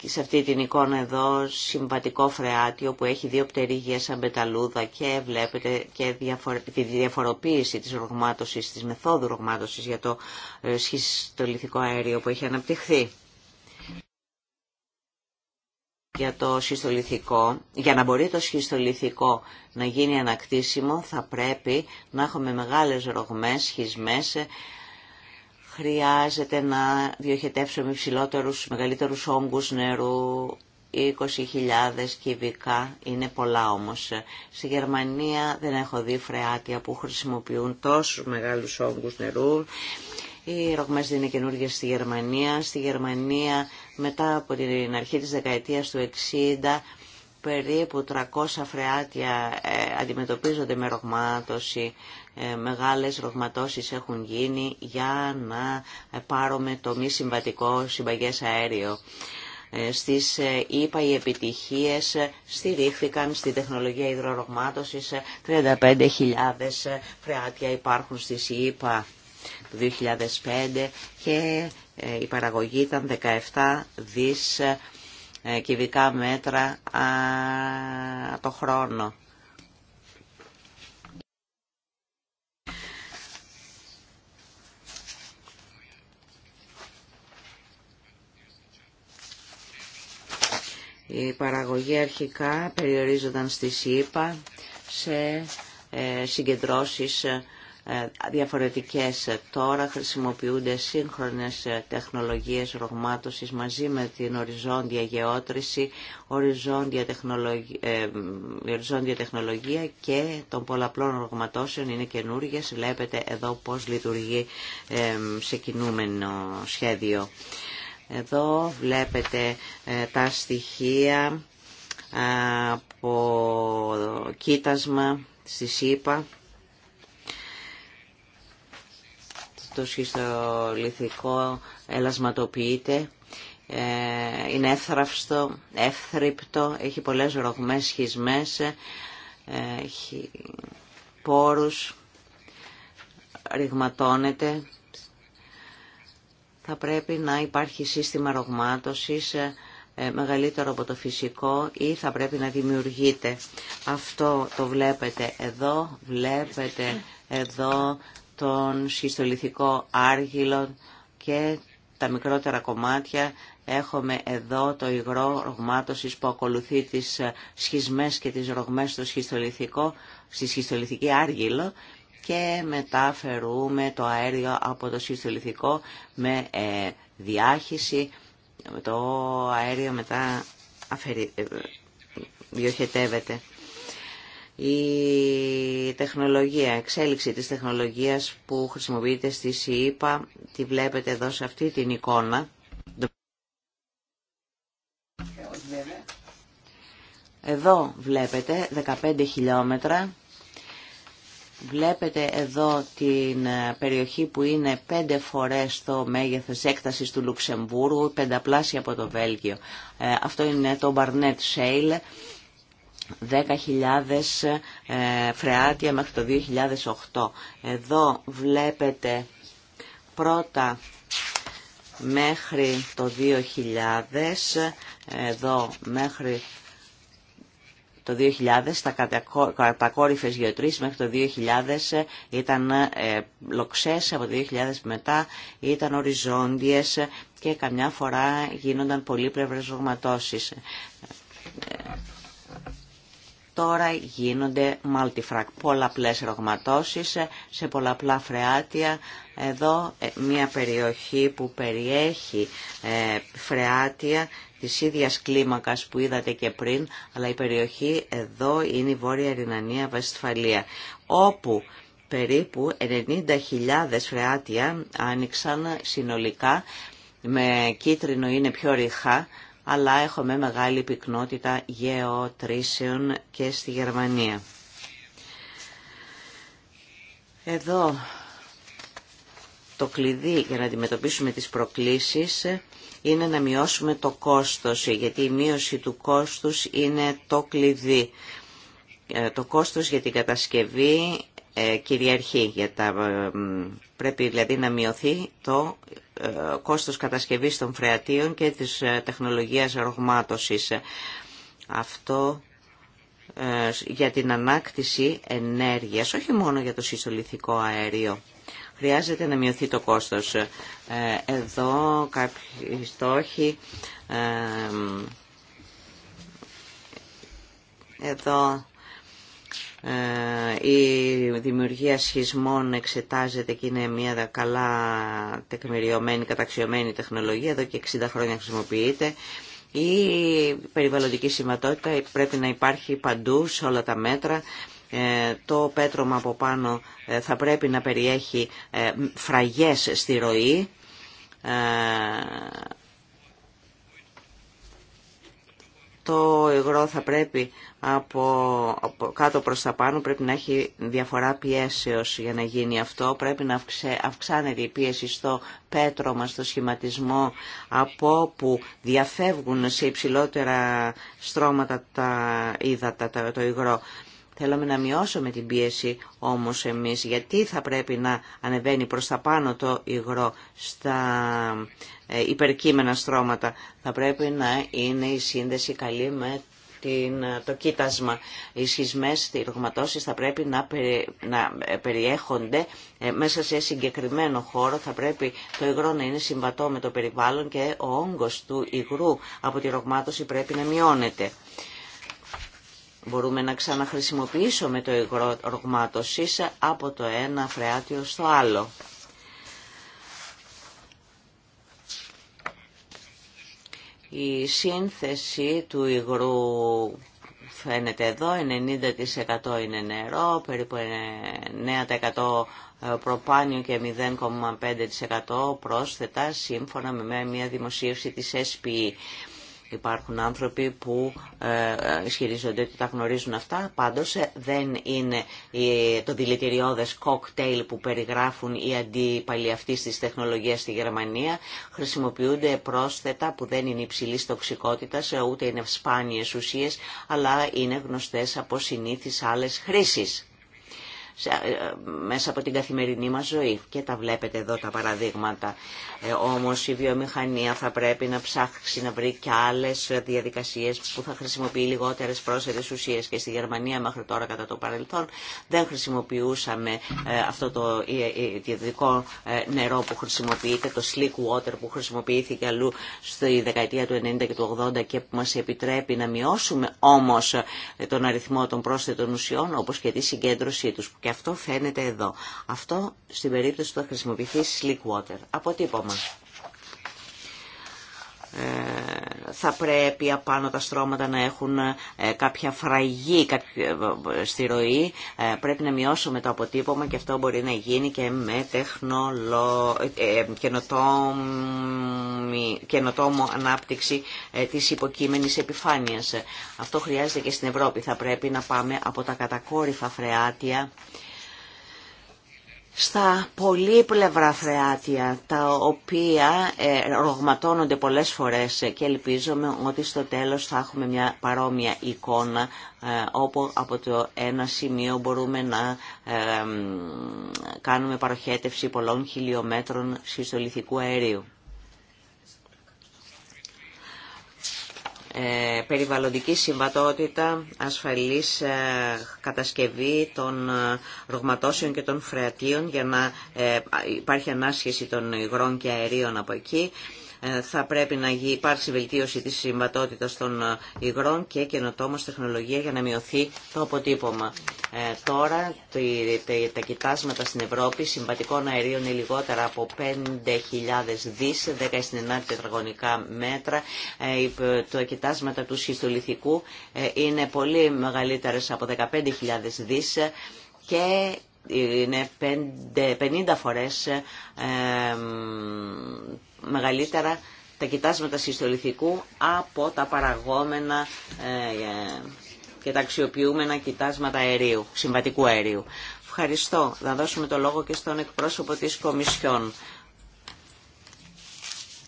και σε αυτή την εικόνα εδώ συμβατικό φρεάτιο που έχει δύο πτερίγια σαν πεταλούδα και βλέπετε και τη διαφοροποίηση της ρογμάτωσης, της μεθόδου ρογμάτωσης για το ε, σχιστολιθικό αέριο που έχει αναπτυχθεί. Για, το για να μπορεί το σχιστολιθικό να γίνει ανακτήσιμο θα πρέπει να έχουμε μεγάλες ρογμές, σχισμές, ε, χρειάζεται να διοχετεύσουμε υψηλότερους, μεγαλύτερους όγκους νερού, 20.000 κυβικά, είναι πολλά όμως. Στη Γερμανία δεν έχω δει φρεάτια που χρησιμοποιούν τόσους μεγάλους όγκους νερού. Οι ρογμές δεν είναι καινούργια στη Γερμανία. Στη Γερμανία μετά από την αρχή της δεκαετίας του 60 περίπου 300 φρεάτια ε, αντιμετωπίζονται με ρογμάτωση ε, μεγάλες ρογματώσεις έχουν γίνει για να πάρουμε το μη συμβατικό συμπαγές αέριο. Ε, στις ΕΠΑ οι επιτυχίες ε, στηρίχθηκαν στη τεχνολογία υδρορογμάτωσης. 35.000 φρεάτια υπάρχουν στις ΕΠΑ το 2005 και η παραγωγή ήταν 17 δις κυβικά μέτρα το χρόνο. Η παραγωγή αρχικά περιορίζονταν στη ΣΥΠΑ σε ε, συγκεντρώσεις ε, διαφορετικές. Τώρα χρησιμοποιούνται σύγχρονες ε, τεχνολογίες ρογμάτωσης μαζί με την οριζόντια γεώτρηση, οριζόντια τεχνολογία, οριζόντια τεχνολογία και των πολλαπλών ρογματώσεων είναι καινούργιες. Βλέπετε εδώ πώς λειτουργεί σε κινούμενο σχέδιο. Εδώ βλέπετε ε, τα στοιχεία ε, από κοίτασμα στη ΣΥΠΑ. Το σχιστολιθικό ελασματοποιείται, ε, είναι εύθραυστο, εύθρυπτο, έχει πολλές ρογμές, σχισμές, έχει πόρους, ρηγματώνεται θα πρέπει να υπάρχει σύστημα ρογμάτωσης ε, ε, μεγαλύτερο από το φυσικό ή θα πρέπει να δημιουργείται. Αυτό το βλέπετε εδώ, βλέπετε εδώ τον σχιστολιθικό άργυλο και τα μικρότερα κομμάτια. Έχουμε εδώ το υγρό ρογμάτωσης που ακολουθεί τις ε, σχισμές και τις ρογμές στο σχιστολιθικό, στη σχιστολιθική άργυλο και μεταφερούμε το αέριο από το συστολιθικό με ε, διάχυση. Το αέριο μετά αφαιρεί, ε, διοχετεύεται. Η τεχνολογία, εξέλιξη της τεχνολογίας που χρησιμοποιείται στη ΣΥΠΑ, τη βλέπετε εδώ σε αυτή την εικόνα. Εδώ βλέπετε 15 χιλιόμετρα Βλέπετε εδώ την ε, περιοχή που είναι πέντε φορές το μέγεθος έκτασης του Λουξεμβούργου, πενταπλάσια από το Βέλγιο. Ε, αυτό είναι το Barnett Shale, 10.000 ε, φρεάτια μέχρι το 2008. Εδώ βλέπετε πρώτα μέχρι το 2000, εδώ μέχρι το 2000, τα κατακόρυφες γεωτρήσεις μέχρι το 2000 ε, ήταν ε, λοξές, από το 2000 μετά ήταν οριζόντιες ε, και καμιά φορά γίνονταν πολλοί πλευρές Τώρα γίνονται multifrac, πολλαπλές ρογματώσεις σε πολλαπλά φρεάτια. Εδώ ε, μια περιοχή που περιέχει ε, φρεάτια της ίδιας κλίμακας που είδατε και πριν, αλλά η περιοχή εδώ είναι η Βόρεια Ρινανία Βεσφαλία, όπου περίπου 90.000 φρεάτια άνοιξαν συνολικά, με κίτρινο είναι πιο ρηχά, αλλά έχουμε μεγάλη πυκνότητα γεωτρήσεων και στη Γερμανία. Εδώ το κλειδί για να αντιμετωπίσουμε τις προκλήσεις είναι να μειώσουμε το κόστος, γιατί η μείωση του κόστους είναι το κλειδί. Ε, το κόστος για την κατασκευή ε, κυριαρχεί. Για τα, ε, πρέπει δηλαδή να μειωθεί το ε, κόστος κατασκευής των φρεατίων και της τεχνολογίας ρογμάτωσης. Αυτό για την ανάκτηση ενέργειας, όχι μόνο για το συστολιθικό αέριο. Χρειάζεται να μειωθεί το κόστος. Εδώ κάποιοι στόχοι... Εδώ ε, η δημιουργία σχισμών εξετάζεται και είναι μια καλά τεκμηριωμένη, καταξιωμένη τεχνολογία, εδώ και 60 χρόνια χρησιμοποιείται. Η περιβαλλοντική συμβατότητα πρέπει να υπάρχει παντού σε όλα τα μέτρα. Ε, το πέτρωμα από πάνω ε, θα πρέπει να περιέχει φραγές στη ροή το υγρό θα πρέπει από, από κάτω προς τα πάνω, πρέπει να έχει διαφορά πιέσεως για να γίνει αυτό, πρέπει να αυξάνεται η πίεση στο πέτρωμα, στο σχηματισμό, από όπου διαφεύγουν σε υψηλότερα στρώματα τα ύδατα, το υγρό. Θέλουμε να μειώσουμε την πίεση όμως εμείς, γιατί θα πρέπει να ανεβαίνει προς τα πάνω το υγρό στα ε, υπερκείμενα στρώματα. Θα πρέπει να είναι η σύνδεση καλή με την, ε, το κοίτασμα. Οι σχισμές, οι θα πρέπει να, να ε, περιέχονται μέσα σε συγκεκριμένο χώρο. Θα πρέπει το υγρό να είναι συμβατό με το περιβάλλον και ο όγκος του υγρού από τη ρογμάτωση πρέπει να μειώνεται. Μπορούμε να ξαναχρησιμοποιήσουμε το υγρό ρογμάτωσης από το ένα φρεάτιο στο άλλο. Η σύνθεση του υγρού φαίνεται εδώ, 90% είναι νερό, περίπου 9% ε, προπάνιο και 0,5% πρόσθετα, σύμφωνα με μια δημοσίευση της SPE. Υπάρχουν άνθρωποι που ε, ε, ισχυρίζονται ότι τα γνωρίζουν αυτά, πάντως ε, δεν είναι το δηλητηριώδες κόκτέιλ που περιγράφουν οι αντίπαλοι αυτή τη τεχνολογία στη Γερμανία. Χρησιμοποιούνται πρόσθετα που δεν είναι υψηλή τοξικότητας, ούτε είναι σπάνιες ουσίες, αλλά είναι γνωστές από συνήθεις άλλες χρήσεις. Ε, μέσα από την καθημερινή μας ζωή. Και τα βλέπετε εδώ τα παραδείγματα. Ε, όμως η βιομηχανία θα πρέπει να ψάξει να βρει και άλλες διαδικασίες που θα χρησιμοποιεί λιγότερες πρόσθετες ουσίες. Και στη Γερμανία μέχρι τώρα κατά το παρελθόν δεν χρησιμοποιούσαμε ε, αυτό το ε, ιδιωτικό νερό που χρησιμοποιείται, το slick water που χρησιμοποιήθηκε αλλού στη δεκαετία του 90 και του 80 και που μας επιτρέπει να μειώσουμε όμως τον αριθμό των πρόσθετων ουσιών όπως και τη συγκέντρωσή τους. Και αυτό φαίνεται εδώ. Αυτό στην περίπτωση που θα χρησιμοποιηθεί slick water. Αποτύπωμα θα πρέπει απάνω τα στρώματα να έχουν ε, κάποια φραγή ε, ε, στη ροή. Πρέπει να μειώσουμε το αποτύπωμα και αυτό μπορεί να γίνει και με τεχνολο... καινοτόμη... καινοτόμο ανάπτυξη της υποκείμενης επιφάνειας. Αυτό χρειάζεται και στην Ευρώπη. Θα πρέπει να πάμε από τα κατακόρυφα φρεάτια στα πολύπλευρα φρεάτια τα οποία ε, ρογματώνονται πολλές φορές και ελπίζομαι ότι στο τέλος θα έχουμε μια παρόμοια εικόνα ε, όπου από το ένα σημείο μπορούμε να ε, κάνουμε παροχέτευση πολλών χιλιόμετρων συστολιθικού αερίου. Ε, περιβαλλοντική συμβατότητα, ασφαλής ε, κατασκευή των ε, ρογματώσεων και των φρεατίων για να υπάρχει ανάσχεση των υγρών και αερίων από εκεί, ε, θα πρέπει να υπάρξει βελτίωση της συμβατότητας των ε, υγρών και καινοτόμως τεχνολογία για να μειωθεί το αποτύπωμα. Ε, τώρα τα κοιτάσματα στην Ευρώπη συμβατικών αερίων είναι λιγότερα από 5.000 δις, 10 στην 9 τετραγωνικά μέτρα. τα κοιτάσματα του σχιστολιθικού είναι πολύ μεγαλύτερες από 15.000 δις και είναι 50 φορές μεγαλύτερα τα κοιτάσματα συστολιθικού από τα παραγόμενα ε, ε, και τα αξιοποιούμενα κοιτάσματα αερίου, συμβατικού αερίου. Ευχαριστώ. Θα δώσουμε το λόγο και στον εκπρόσωπο της Κομισιόν.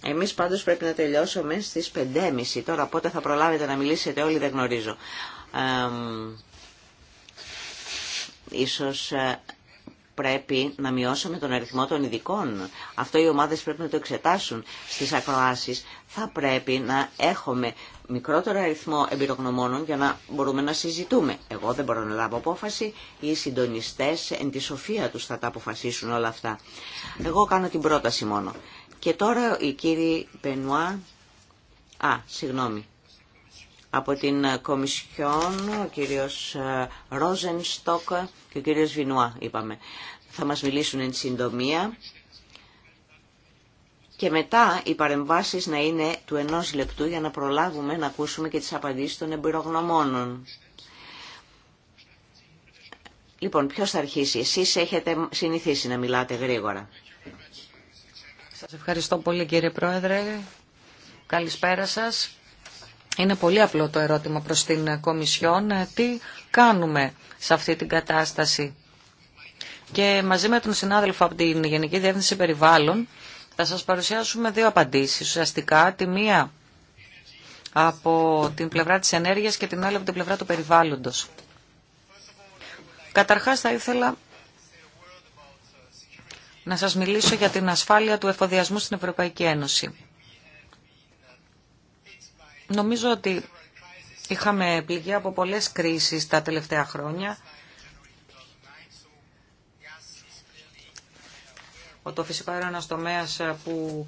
Εμείς πάντως πρέπει να τελειώσουμε στις 5.30. Τώρα πότε θα προλάβετε να μιλήσετε όλοι δεν γνωρίζω. ίσως ε, πρέπει να μειώσουμε τον αριθμό των ειδικών. Αυτό οι ομάδες πρέπει να το εξετάσουν στις ακροάσεις. Θα πρέπει να έχουμε μικρότερο αριθμό εμπειρογνωμόνων για να μπορούμε να συζητούμε. Εγώ δεν μπορώ να λάβω απόφαση, οι συντονιστές εν τη σοφία τους θα τα αποφασίσουν όλα αυτά. Εγώ κάνω την πρόταση μόνο. Και τώρα η κύριοι Πενουά... Α, συγγνώμη από την Κομισιόν, ο κύριος ε, Ρόζενστοκ και ο κύριος Βινουά, είπαμε. Θα μας μιλήσουν εν συντομία και μετά οι παρεμβάσεις να είναι του ενός λεπτού για να προλάβουμε να ακούσουμε και τις απαντήσεις των εμπειρογνωμόνων. Λοιπόν, ποιος θα αρχίσει. Εσείς έχετε συνηθίσει να μιλάτε γρήγορα. Σας ευχαριστώ πολύ κύριε Πρόεδρε. Καλησπέρα σας. Είναι πολύ απλό το ερώτημα προς την Κομισιόν. Ε, τι κάνουμε σε αυτή την κατάσταση. Και μαζί με τον συνάδελφο από την Γενική Διεύθυνση Περιβάλλον θα σας παρουσιάσουμε δύο απαντήσεις. Ουσιαστικά τη μία από την πλευρά της ενέργειας και την άλλη από την πλευρά του περιβάλλοντος. Καταρχάς θα ήθελα να σας μιλήσω για την ασφάλεια του εφοδιασμού στην Ευρωπαϊκή Ένωση. Νομίζω ότι είχαμε πληγεί από πολλές κρίσεις τα τελευταία χρόνια. Το φυσικό αέριο τομέας που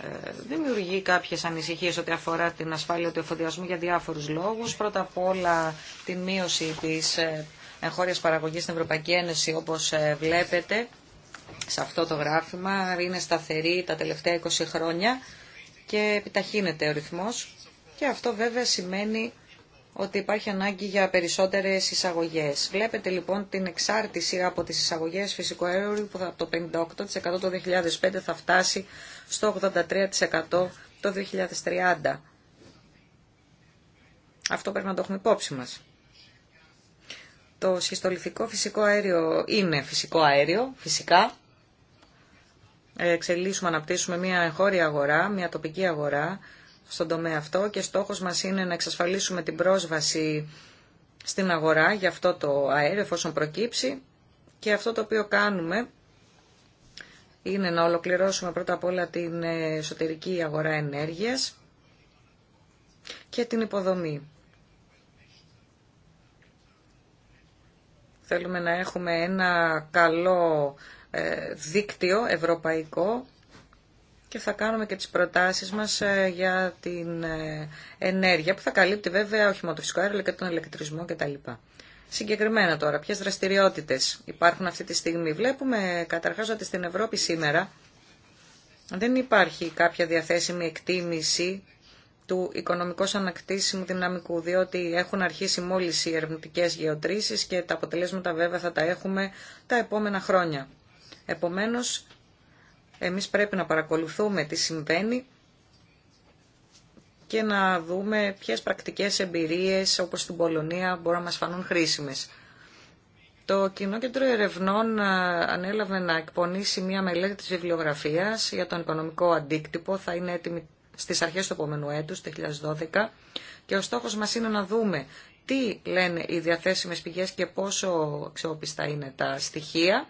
ε, δημιουργεί κάποιες ανησυχίες ό,τι αφορά την ασφάλεια του εφοδιασμού για διάφορους λόγους. Πρώτα απ' όλα την μείωση της ε, εγχώριας παραγωγής στην Ευρωπαϊκή Ένωση όπως ε, βλέπετε σε αυτό το γράφημα είναι σταθερή τα τελευταία 20 χρόνια και επιταχύνεται ο ρυθμός και αυτό βέβαια σημαίνει ότι υπάρχει ανάγκη για περισσότερες εισαγωγές. Βλέπετε λοιπόν την εξάρτηση από τις εισαγωγές φυσικού αέριου που από το 58% το 2005 θα φτάσει στο 83% το 2030. Αυτό πρέπει να το έχουμε υπόψη μας. Το σχιστολιθικό φυσικό αέριο είναι φυσικό αέριο, φυσικά. Ε, εξελίσσουμε, αναπτύσσουμε μια χώρια αγορά, μια τοπική αγορά στον τομέα αυτό και στόχος μας είναι να εξασφαλίσουμε την πρόσβαση στην αγορά για αυτό το αέριο εφόσον προκύψει και αυτό το οποίο κάνουμε είναι να ολοκληρώσουμε πρώτα απ' όλα την εσωτερική αγορά ενέργειας και την υποδομή. Θέλουμε να έχουμε ένα καλό ε, δίκτυο ευρωπαϊκό και θα κάνουμε και τις προτάσεις μας ε, για την ε, ενέργεια που θα καλύπτει βέβαια όχι μόνο το φυσικό αέριο αλλά και τον ηλεκτρισμό κτλ. Συγκεκριμένα τώρα, ποιες δραστηριότητες υπάρχουν αυτή τη στιγμή. Βλέπουμε καταρχάς ότι στην Ευρώπη σήμερα δεν υπάρχει κάποια διαθέσιμη εκτίμηση του οικονομικού ανακτήσιμου δυναμικού, διότι έχουν αρχίσει μόλις οι ερευνητικέ γεωτρήσεις και τα αποτελέσματα βέβαια θα τα έχουμε τα επόμενα χρόνια. Επομένως, εμείς πρέπει να παρακολουθούμε τι συμβαίνει και να δούμε ποιες πρακτικές εμπειρίες όπως στην Πολωνία μπορούν να μας φανούν χρήσιμες. Το Κοινό Κέντρο Ερευνών ε, ανέλαβε να εκπονήσει μια μελέτη της βιβλιογραφίας για τον οικονομικό αντίκτυπο. Θα είναι έτοιμη στις αρχές του επόμενου έτους, το 2012. Και ο στόχος μας είναι να δούμε τι λένε οι διαθέσιμες πηγές και πόσο αξιόπιστα είναι τα στοιχεία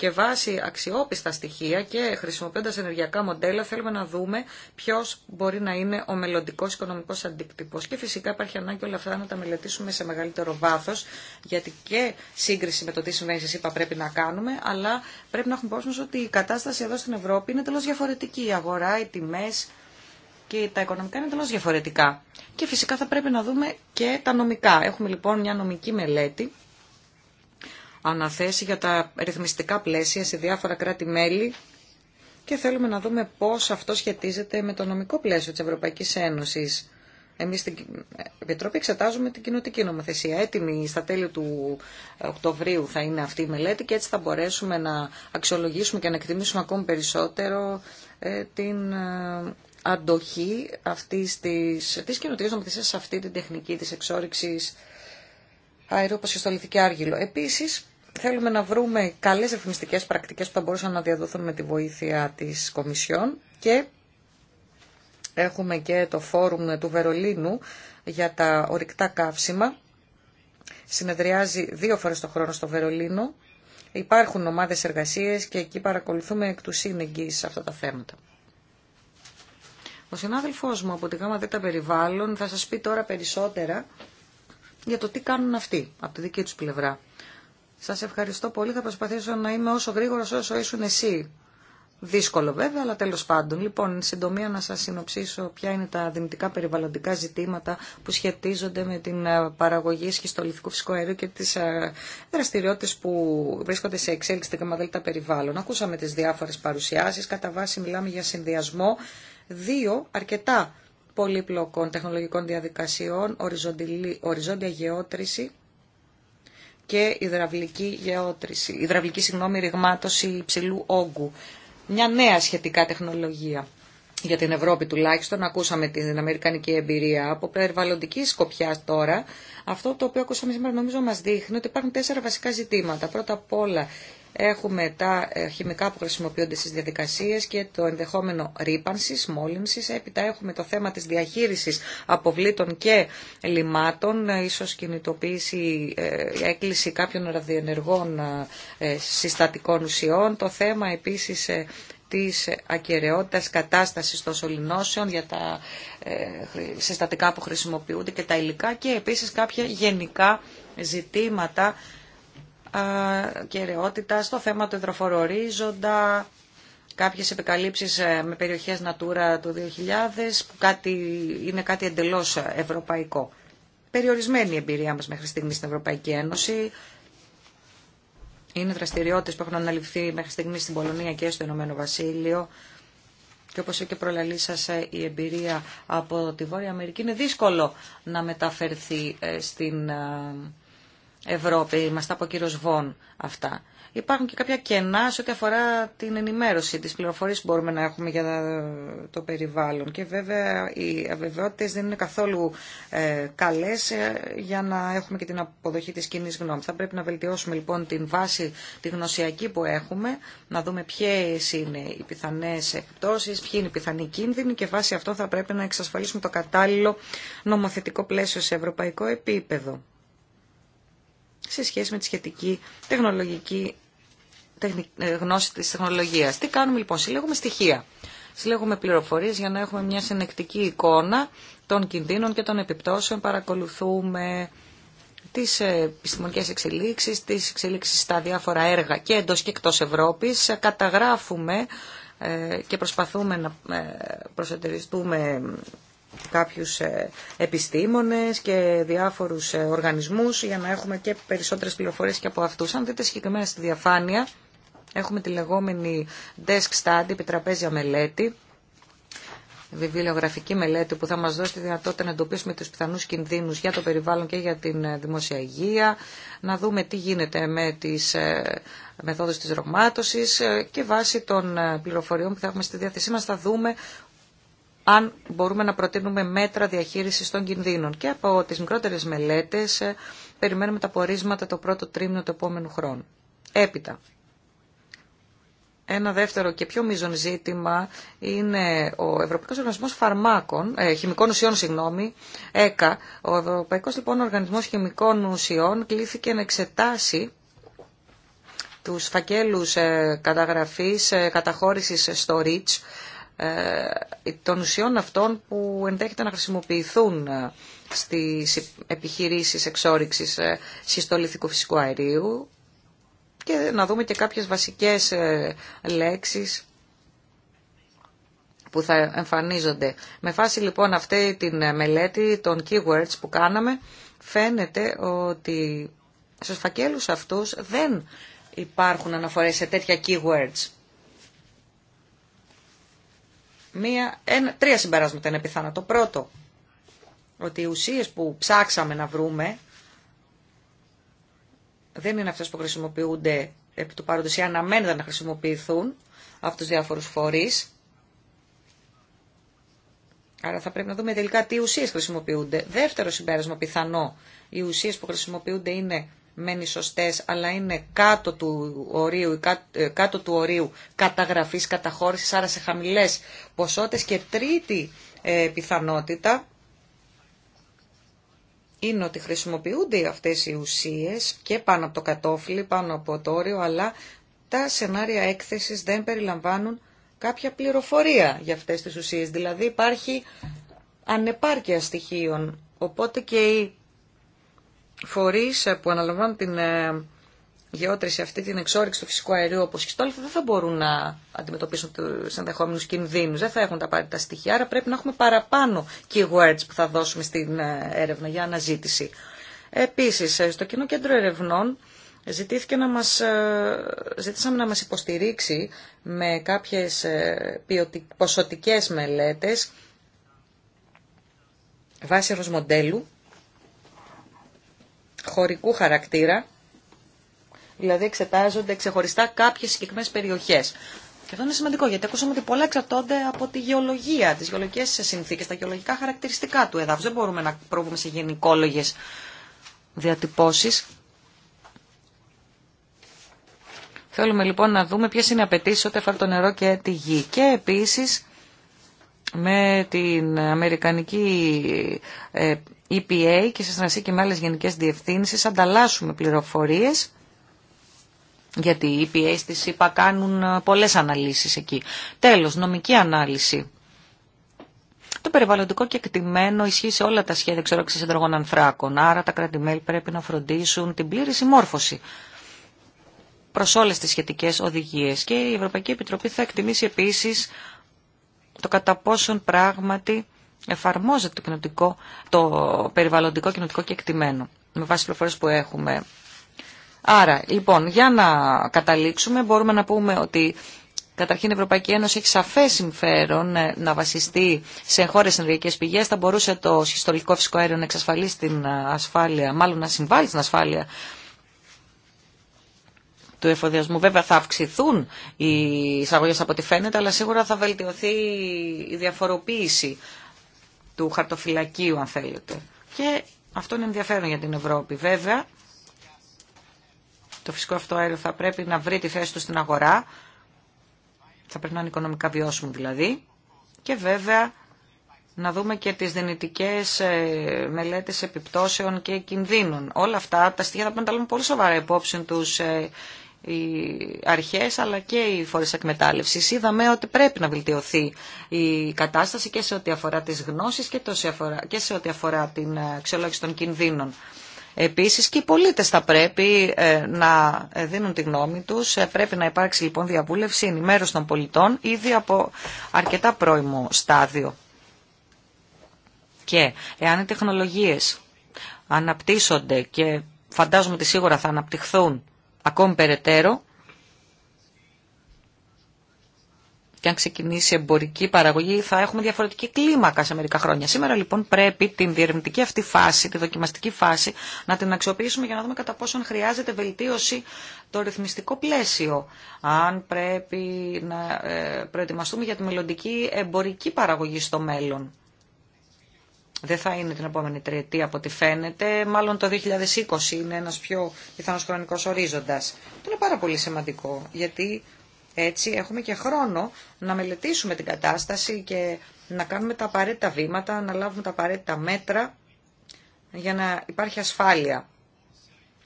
και βάσει αξιόπιστα στοιχεία και χρησιμοποιώντας ενεργειακά μοντέλα θέλουμε να δούμε ποιος μπορεί να είναι ο μελλοντικό οικονομικός αντίκτυπος. Και φυσικά υπάρχει ανάγκη όλα αυτά να τα μελετήσουμε σε μεγαλύτερο βάθος, γιατί και σύγκριση με το τι συμβαίνει σα είπα πρέπει να κάνουμε, αλλά πρέπει να έχουμε υπόψη ότι η κατάσταση εδώ στην Ευρώπη είναι τελώς διαφορετική. Η αγορά, οι τιμές, και τα οικονομικά είναι τελώς διαφορετικά. Και φυσικά θα πρέπει να δούμε και τα νομικά. Έχουμε λοιπόν μια νομική μελέτη αναθέσει για τα ρυθμιστικά πλαίσια σε διάφορα κράτη-μέλη και θέλουμε να δούμε πώς αυτό σχετίζεται με το νομικό πλαίσιο της Ευρωπαϊκής Ένωσης. Εμείς στην Επιτροπή εξετάζουμε την κοινωτική νομοθεσία. Έτοιμη στα τέλη του Οκτωβρίου θα είναι αυτή η μελέτη και έτσι θα μπορέσουμε να αξιολογήσουμε και να εκτιμήσουμε ακόμη περισσότερο ε, την ε, αντοχή αυτής της, της κοινωτικής νομοθεσίας σε αυτή την τεχνική της εξόριξης αερόπωσης στο Λιθική Άργυλο. Επίσης, θέλουμε να βρούμε καλές εφημιστικές πρακτικές που θα μπορούσαν να διαδοθούν με τη βοήθεια της Κομισιόν και έχουμε και το φόρουμ του Βερολίνου για τα ορυκτά καύσιμα. Συνεδριάζει δύο φορές το χρόνο στο Βερολίνο. Υπάρχουν ομάδες εργασίες και εκεί παρακολουθούμε εκ του αυτά τα θέματα. Ο συνάδελφός μου από τη ΓΑΜΑ Περιβάλλον θα σας πει τώρα περισσότερα για το τι κάνουν αυτοί από τη δική τους πλευρά. Σας ευχαριστώ πολύ. Θα προσπαθήσω να είμαι όσο γρήγορο όσο ήσουν εσύ. Δύσκολο βέβαια, αλλά τέλος πάντων. Λοιπόν, συντομία να σας συνοψίσω ποια είναι τα δυνητικά περιβαλλοντικά ζητήματα που σχετίζονται με την ε, παραγωγή σχιστολιθικού φυσικού αερίου και τις ε, δραστηριότητες που βρίσκονται σε εξέλιξη στην Καμαδέλτα Περιβάλλον. Ακούσαμε τις διάφορες παρουσιάσεις. Κατά βάση μιλάμε για συνδυασμό δύο αρκετά πολύπλοκων τεχνολογικών διαδικασιών, οριζόντια γεώτρηση και υδραυλική γεώτρηση, υδραυλική συγγνώμη ρηγμάτωση υψηλού όγκου. Μια νέα σχετικά τεχνολογία για την Ευρώπη τουλάχιστον, ακούσαμε την αμερικανική εμπειρία. Από περιβαλλοντική σκοπιά τώρα, αυτό το οποίο ακούσαμε σήμερα νομίζω μας δείχνει ότι υπάρχουν τέσσερα βασικά ζητήματα. Πρώτα απ' όλα Έχουμε τα ε, χημικά που χρησιμοποιούνται στις διαδικασίες και το ενδεχόμενο ρήπανσης, μόλυνσης. Έπειτα έχουμε το θέμα της διαχείρισης αποβλήτων και λιμάτων, ε, ίσως κινητοποίηση, ε, έκκληση κάποιων ραδιενεργών συστατικών ουσιών. Το θέμα επίσης της ακαιρεότητας κατάστασης των σωληνώσεων για τα συστατικά που χρησιμοποιούνται και τα υλικά και επίσης κάποια γενικά ζητήματα κεραιότητα, στο θέμα του υδροφορου κάποιες επικαλύψεις ε, με περιοχές Natura του 2000, που κάτι, είναι κάτι εντελώς ευρωπαϊκό. Περιορισμένη η εμπειρία μας μέχρι στιγμή στην Ευρωπαϊκή Ένωση. Είναι δραστηριότητες που έχουν αναλυφθεί μέχρι στιγμή στην Πολωνία και στο Ηνωμένο Βασίλειο. Και όπως και προλαλή η εμπειρία από τη Βόρεια Αμερική είναι δύσκολο να μεταφερθεί ε, στην ε, Ευρώπη, είμαστε από κύριο Βον αυτά. Υπάρχουν και κάποια κενά σε ό,τι αφορά την ενημέρωση, τις πληροφορίες που μπορούμε να έχουμε για το περιβάλλον. Και βέβαια οι αβεβαιότητες δεν είναι καθόλου ε, καλές ε, για να έχουμε και την αποδοχή της κοινή γνώμη. Θα πρέπει να βελτιώσουμε λοιπόν την βάση, τη γνωσιακή που έχουμε, να δούμε ποιες είναι οι πιθανές εκπτώσεις, ποιοι είναι οι πιθανοί κίνδυνοι και βάσει αυτό θα πρέπει να εξασφαλίσουμε το κατάλληλο νομοθετικό πλαίσιο σε ευρωπαϊκό επίπεδο σε σχέση με τη σχετική τεχνολογική ε, γνώση της τεχνολογίας. Τι κάνουμε λοιπόν, συλλέγουμε στοιχεία. Συλλέγουμε πληροφορίες για να έχουμε μια συνεκτική εικόνα των κινδύνων και των επιπτώσεων. Παρακολουθούμε τις ε, επιστημονικές εξελίξεις, τις εξελίξεις στα διάφορα έργα και εντός και εκτός Ευρώπης. Καταγράφουμε ε, και προσπαθούμε να προσετεριστούμε κάποιους ε, επιστήμονες και διάφορους ε, οργανισμούς για να έχουμε και περισσότερες πληροφορίες και από αυτούς. Αν δείτε συγκεκριμένα στη διαφάνεια, έχουμε τη λεγόμενη desk study, επιτραπέζια μελέτη, βιβλιογραφική μελέτη που θα μας δώσει τη δυνατότητα να εντοπίσουμε τους πιθανούς κινδύνους για το περιβάλλον και για την ε, δημόσια υγεία, να δούμε τι γίνεται με τις μεθόδους της ρωμάτωσης και βάσει των πληροφοριών που θα έχουμε στη διάθεσή μας θα δούμε αν μπορούμε να προτείνουμε μέτρα διαχείρισης των κινδύνων. Και από τις μικρότερες μελέτες ε, περιμένουμε τα πορίσματα το πρώτο τρίμηνο του επόμενου χρόνου. Έπειτα, ένα δεύτερο και πιο μείζον ζήτημα είναι ο Ευρωπαϊκός Οργανισμός Φαρμάκων, ε, Χημικών Ουσιών, συγγνώμη, ΕΚΑ. Ο Ευρωπαϊκός λοιπόν, Οργανισμός Χημικών Ουσιών κλήθηκε να εξετάσει τους φακέλους ε, καταγραφής καταχώρησης στο REACH ε, των ουσιών αυτών που ενδέχεται να χρησιμοποιηθούν ε, στις επιχειρήσεις εξόριξης ε, συστολιθικού φυσικού αερίου και να δούμε και κάποιες βασικές λέξεις που θα εμφανίζονται. Με φάση λοιπόν αυτή την μελέτη των keywords που κάναμε, φαίνεται ότι στους φακέλους αυτούς δεν υπάρχουν αναφορές σε τέτοια keywords μία, ένα, τρία συμπεράσματα είναι πιθάνα. Το πρώτο, ότι οι ουσίες που ψάξαμε να βρούμε δεν είναι αυτές που χρησιμοποιούνται επί του παρόντος ή αναμένεται να χρησιμοποιηθούν από τους διάφορους φορείς. Άρα θα πρέπει να δούμε τελικά τι ουσίες χρησιμοποιούνται. Δεύτερο συμπέρασμα πιθανό, οι ουσίες που χρησιμοποιούνται είναι μένει σωστές, αλλά είναι κάτω του ορίου, ε, κάτω, του ορίου καταγραφής, καταχώρησης, άρα σε χαμηλές ποσότητες. Και τρίτη ε, πιθανότητα είναι ότι χρησιμοποιούνται αυτές οι ουσίες και πάνω από το κατόφλι, πάνω από το όριο, αλλά τα σενάρια έκθεσης δεν περιλαμβάνουν κάποια πληροφορία για αυτές τις ουσίες. Δηλαδή υπάρχει ανεπάρκεια στοιχείων, οπότε και φορείς ε, που αναλαμβάνουν την ε, γεώτρηση αυτή, την εξόρυξη του φυσικού αερίου όπως και δεν θα μπορούν να αντιμετωπίσουν τους ενδεχόμενους κινδύνους, δεν θα έχουν τα τα στοιχεία, άρα πρέπει να έχουμε παραπάνω keywords που θα δώσουμε στην ε, έρευνα για αναζήτηση. Επίσης, στο Κοινό Κέντρο Ερευνών ζητήθηκε να μας, ζήτησαμε να μας υποστηρίξει με κάποιες ποσοτικές μελέτες βάσει ενός μοντέλου χωρικού χαρακτήρα, δηλαδή εξετάζονται ξεχωριστά κάποιες συγκεκριμένες περιοχές. Και αυτό είναι σημαντικό γιατί ακούσαμε ότι πολλά εξαρτώνται από τη γεωλογία, τις γεωλογικές συνθήκες, τα γεωλογικά χαρακτηριστικά του εδάφους. Δεν μπορούμε να προβούμε σε γενικόλογες διατυπώσεις. Θέλουμε λοιπόν να δούμε ποιες είναι οι απαιτήσει ό,τι αφορά το νερό και τη γη. Και επίσης με την Αμερικανική ε, EPA και σε συνεργασία και με άλλες γενικές διευθύνσεις ανταλλάσσουμε πληροφορίες γιατί οι EPA στις είπα, κάνουν ε, πολλές αναλύσεις εκεί. Τέλος, νομική ανάλυση. Το περιβαλλοντικό κεκτημένο ισχύει σε όλα τα σχέδια εξορρόξης συντρογών ανθράκων, άρα τα κράτη-μέλη πρέπει να φροντίσουν την πλήρη συμμόρφωση προς όλες τις σχετικές οδηγίες. Και η Ευρωπαϊκή Επιτροπή θα εκτιμήσει επίσης το κατά πόσον πράγματι εφαρμόζεται το, κοινωτικό, το περιβαλλοντικό κοινωτικό κεκτημένο με βάση πληροφορίες που έχουμε. Άρα, λοιπόν, για να καταλήξουμε μπορούμε να πούμε ότι Καταρχήν η Ευρωπαϊκή Ένωση έχει σαφέ συμφέρον ε, να βασιστεί σε χώρε ενεργειακέ πηγέ. Θα μπορούσε το συστολικό φυσικό αέριο να εξασφαλίσει την ε, ασφάλεια, μάλλον να συμβάλλει στην ασφάλεια του εφοδιασμού. Βέβαια θα αυξηθούν οι εισαγωγέ από ό,τι φαίνεται, αλλά σίγουρα θα βελτιωθεί η διαφοροποίηση του χαρτοφυλακίου, αν θέλετε. Και αυτό είναι ενδιαφέρον για την Ευρώπη. Βέβαια, το φυσικό αυτό αέριο θα πρέπει να βρει τη θέση του στην αγορά, θα πρέπει να είναι οικονομικά βιώσιμο δηλαδή, και βέβαια να δούμε και τις δυνητικές ε, μελέτες επιπτώσεων και κινδύνων. Όλα αυτά τα στοιχεία θα πρέπει να τα λέμε πολύ σοβαρά υπόψη τους ε, οι αρχές αλλά και οι φορές εκμετάλλευσης. Είδαμε ότι πρέπει να βελτιωθεί η κατάσταση και σε ό,τι αφορά τις γνώσεις και, και σε ό,τι αφορά την ε, αξιολόγηση των κινδύνων. Επίσης και οι πολίτες θα πρέπει ε, να ε, δίνουν τη γνώμη τους. Πρέπει να υπάρξει λοιπόν διαβούλευση, ενημέρωση των πολιτών ήδη από αρκετά πρώιμο στάδιο. Και εάν οι τεχνολογίες αναπτύσσονται και φαντάζομαι ότι σίγουρα θα αναπτυχθούν ακόμη περαιτέρω και αν ξεκινήσει εμπορική παραγωγή θα έχουμε διαφορετική κλίμακα σε μερικά χρόνια. Σήμερα λοιπόν πρέπει την διερευνητική αυτή φάση, τη δοκιμαστική φάση, να την αξιοποιήσουμε για να δούμε κατά πόσον χρειάζεται βελτίωση το ρυθμιστικό πλαίσιο. Αν πρέπει να ε, προετοιμαστούμε για τη μελλοντική εμπορική παραγωγή στο μέλλον δεν θα είναι την επόμενη τριετία από ό,τι φαίνεται. Μάλλον το 2020 είναι ένας πιο πιθανός χρονικός ορίζοντας. Το είναι πάρα πολύ σημαντικό, γιατί έτσι έχουμε και χρόνο να μελετήσουμε την κατάσταση και να κάνουμε τα απαραίτητα βήματα, να λάβουμε τα απαραίτητα μέτρα για να υπάρχει ασφάλεια.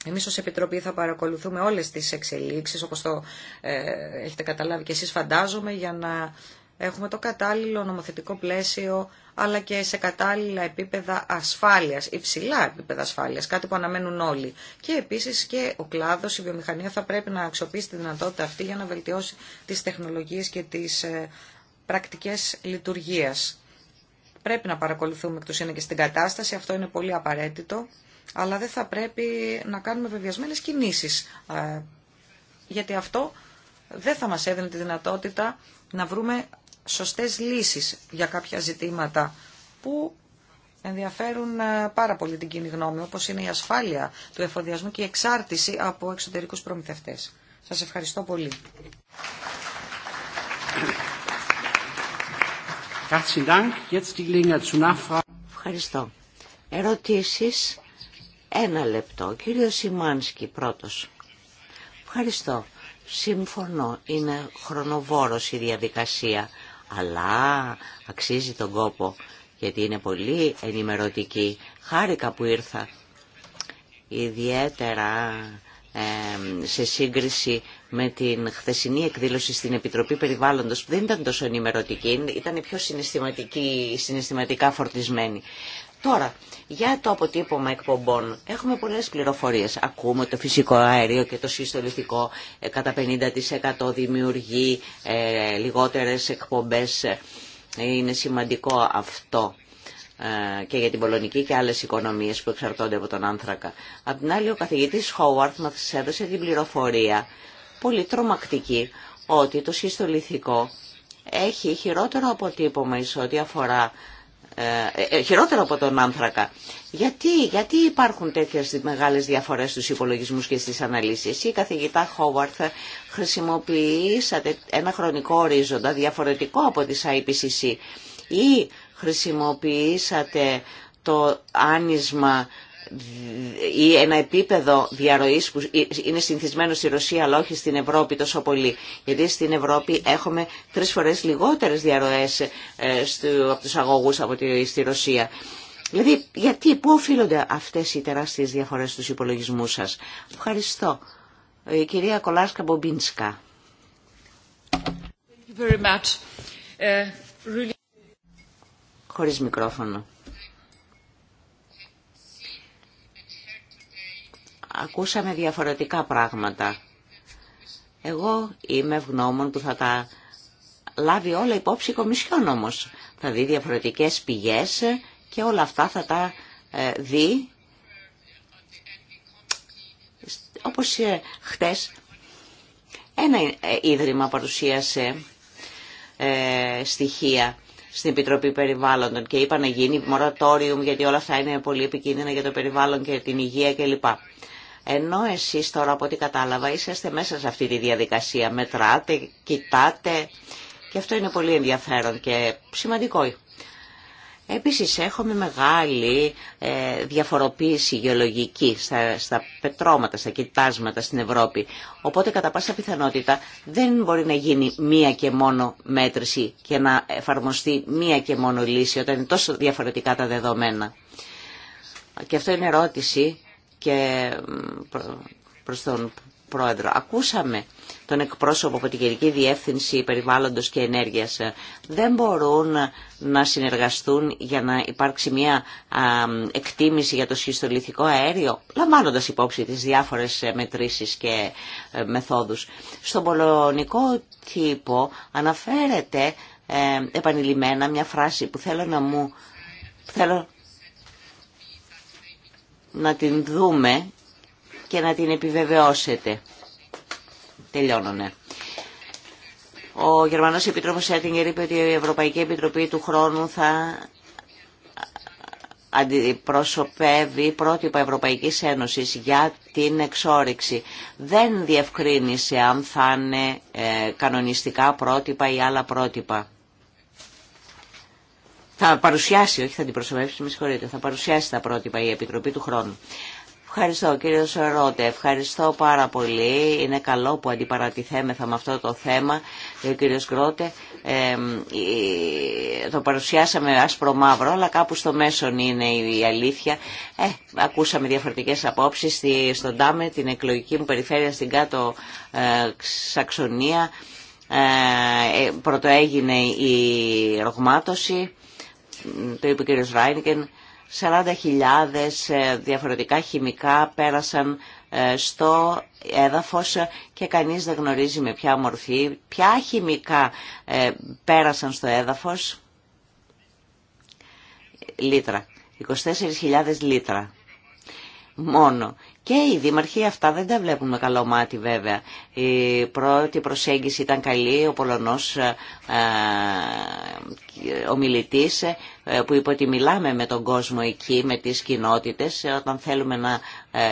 Εμείς ως Επιτροπή θα παρακολουθούμε όλες τις εξελίξεις, όπως το ε, έχετε καταλάβει και εσείς φαντάζομαι, για να έχουμε το κατάλληλο νομοθετικό πλαίσιο αλλά και σε κατάλληλα επίπεδα ασφάλειας, υψηλά επίπεδα ασφάλειας, κάτι που αναμένουν όλοι. Και επίσης και ο κλάδος, η βιομηχανία θα πρέπει να αξιοποιήσει τη δυνατότητα αυτή για να βελτιώσει τις τεχνολογίες και τις ε, πρακτικές λειτουργίας. Πρέπει να παρακολουθούμε εκ του και στην κατάσταση, αυτό είναι πολύ απαραίτητο, αλλά δεν θα πρέπει να κάνουμε βεβαιασμένες κινήσεις, ε, γιατί αυτό δεν θα μας έδινε τη δυνατότητα να βρούμε σωστές λύσεις για κάποια ζητήματα που ενδιαφέρουν ε, πάρα πολύ την κοινή γνώμη, όπως είναι η ασφάλεια του εφοδιασμού και η εξάρτηση από εξωτερικούς προμηθευτές. Σας ευχαριστώ πολύ. Ευχαριστώ. Ερωτήσεις. Ένα λεπτό. Κύριο Σιμάνσκι πρώτος. Ευχαριστώ. Συμφωνώ. Είναι χρονοβόρος η διαδικασία αλλά αξίζει τον κόπο γιατί είναι πολύ ενημερωτική. Χάρηκα που ήρθα ιδιαίτερα σε σύγκριση με την χθεσινή εκδήλωση στην Επιτροπή Περιβάλλοντος που δεν ήταν τόσο ενημερωτική, ήταν πιο συναισθηματική, συναισθηματικά φορτισμένη. Τώρα, για το αποτύπωμα εκπομπών έχουμε πολλές πληροφορίες. Ακούμε το φυσικό αέριο και το συστολιστικό ε, κατά 50% δημιουργεί ε, λιγότερες εκπομπές. Ε, είναι σημαντικό αυτό ε, και για την Πολωνική και άλλες οικονομίες που εξαρτώνται από τον άνθρακα. Απ' την άλλη ο καθηγητής Χόουαρθ μας έδωσε την πληροφορία πολύ τρομακτική ότι το συστολιστικό έχει χειρότερο αποτύπωμα εις ό,τι αφορά ε, ε, χειρότερο από τον άνθρακα. Γιατί, γιατί υπάρχουν τέτοιες μεγάλες διαφορές στους υπολογισμού και στι αναλύσεις. Η καθηγητά Χόβαρθ, χρησιμοποιήσατε ένα χρονικό ορίζοντα διαφορετικό από τις IPCC ή χρησιμοποιήσατε το άνισμα ή ένα επίπεδο διαρροής που είναι συνηθισμένο στη Ρωσία αλλά όχι στην Ευρώπη τόσο πολύ. Γιατί στην Ευρώπη έχουμε τρεις φορές λιγότερες διαρροές ε, από τους αγωγούς από τη, στη Ρωσία. Δηλαδή γιατί, πού οφείλονται αυτές οι τεράστιες διαφορές στους υπολογισμούς σας. Ευχαριστώ. Η ε, κυρία Κολάσκα Μπομπίνσκα. Ε, Χωρίς μικρόφωνο. ακούσαμε διαφορετικά πράγματα. Εγώ είμαι ευγνώμων που θα τα λάβει όλα υπόψη η Κομισιόν όμως. Θα δει διαφορετικές πηγές και όλα αυτά θα τα ε, δει όπως ε, χτες ένα ε, ίδρυμα παρουσίασε στοιχεία στην Επιτροπή Περιβάλλοντων και είπα να γίνει μορατόριουμ γιατί όλα αυτά είναι πολύ επικίνδυνα για το περιβάλλον και την υγεία κλπ. Ενώ εσείς τώρα από ό,τι κατάλαβα είσαστε μέσα σε αυτή τη διαδικασία, μετράτε, κοιτάτε και αυτό είναι πολύ ενδιαφέρον και σημαντικό. Επίσης έχουμε μεγάλη ε, διαφοροποίηση γεωλογική στα, στα πετρώματα, στα κοιτάσματα στην Ευρώπη. Οπότε κατά πάσα πιθανότητα δεν μπορεί να γίνει μία και μόνο μέτρηση και να εφαρμοστεί μία και μόνο λύση όταν είναι τόσο διαφορετικά τα δεδομένα. Και αυτό είναι ερώτηση και προς τον Πρόεδρο. Ακούσαμε τον εκπρόσωπο από την Γενική Διεύθυνση Περιβάλλοντος και Ενέργειας. Δεν μπορούν να συνεργαστούν για να υπάρξει μια εκτίμηση για το σχιστολιθικό αέριο, λαμβάνοντας υπόψη τις διάφορες ε, μετρήσεις και ε, μεθόδους. Στον πολωνικό τύπο αναφέρεται ε, επανειλημμένα μια φράση που θέλω να μου να την δούμε και να την επιβεβαιώσετε. Τελειώνουνε. Ο Γερμανός Επιτρόπος Σέτιγκερ είπε ότι η Ευρωπαϊκή Επιτροπή του χρόνου θα αντιπροσωπεύει πρότυπα Ευρωπαϊκής Ένωσης για την εξόριξη. Δεν διευκρίνησε αν θα είναι ε, κανονιστικά πρότυπα ή άλλα πρότυπα θα παρουσιάσει, όχι θα την προσωπεύσει, με συγχωρείτε, θα παρουσιάσει τα πρότυπα η Επιτροπή του χρόνου. Ευχαριστώ κύριο Ρότε, ευχαριστώ πάρα πολύ. Είναι καλό που αντιπαρατηθέμεθα με αυτό το θέμα. Ο κύριος Γκρότε ε, το παρουσιάσαμε άσπρο μαύρο, αλλά κάπου στο μέσον είναι η αλήθεια. Ε, ακούσαμε διαφορετικές απόψεις στη, στον Τάμε, την εκλογική μου περιφέρεια στην κάτω ε, Σαξονία. Ε, ε, πρωτοέγινε η ρογμάτωση το είπε ο κ. Ράινικεν, 40.000 ε, διαφορετικά χημικά πέρασαν ε, στο έδαφος και κανείς δεν γνωρίζει με ποια μορφή, ποια χημικά ε, πέρασαν στο έδαφος. Λίτρα, 24.000 λίτρα μόνο. Και οι δήμαρχοι αυτά δεν τα βλέπουν με καλό μάτι βέβαια. Η πρώτη προσέγγιση ήταν καλή, ο Πολωνός ε, ε, ομιλητής ε, που είπε ότι μιλάμε με τον κόσμο εκεί, με τις κοινότητες. Όταν θέλουμε να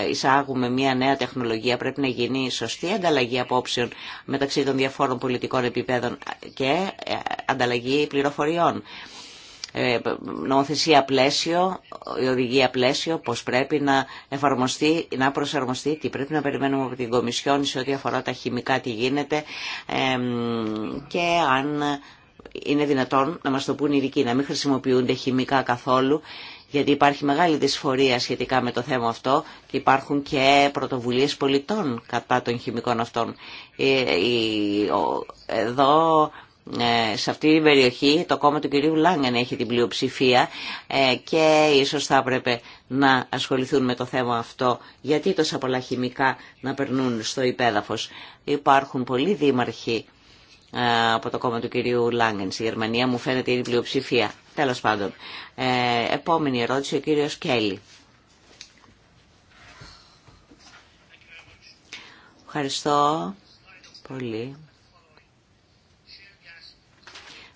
εισάγουμε μια νέα τεχνολογία πρέπει να γίνει σωστή ανταλλαγή απόψεων μεταξύ των διαφόρων πολιτικών επιπέδων και ανταλλαγή πληροφοριών. Ε, νομοθεσία πλαίσιο, η οδηγία πλαίσιο, πώς πρέπει να εφαρμοστεί, να προσαρμοστεί, τι πρέπει να περιμένουμε από την Κομισιόν σε ό,τι αφορά τα χημικά, τι γίνεται και αν είναι δυνατόν να μας το πούν οι ειδικοί, να μην χρησιμοποιούνται χημικά καθόλου, γιατί υπάρχει μεγάλη δυσφορία σχετικά με το θέμα αυτό και υπάρχουν και πρωτοβουλίες πολιτών κατά των χημικών αυτών. Ε, εδώ ε, σε αυτή την περιοχή το κόμμα του κυρίου Λάγκεν έχει την πλειοψηφία ε, και ίσως θα έπρεπε να ασχοληθούν με το θέμα αυτό γιατί τόσα πολλά χημικά να περνούν στο υπέδαφος. Υπάρχουν πολλοί δήμαρχοι ε, από το κόμμα του κυρίου Λάγκεν στη Γερμανία μου φαίνεται η πλειοψηφία. Τέλος πάντων. επόμενη ερώτηση ο κύριος Κέλλη. Ευχαριστώ πολύ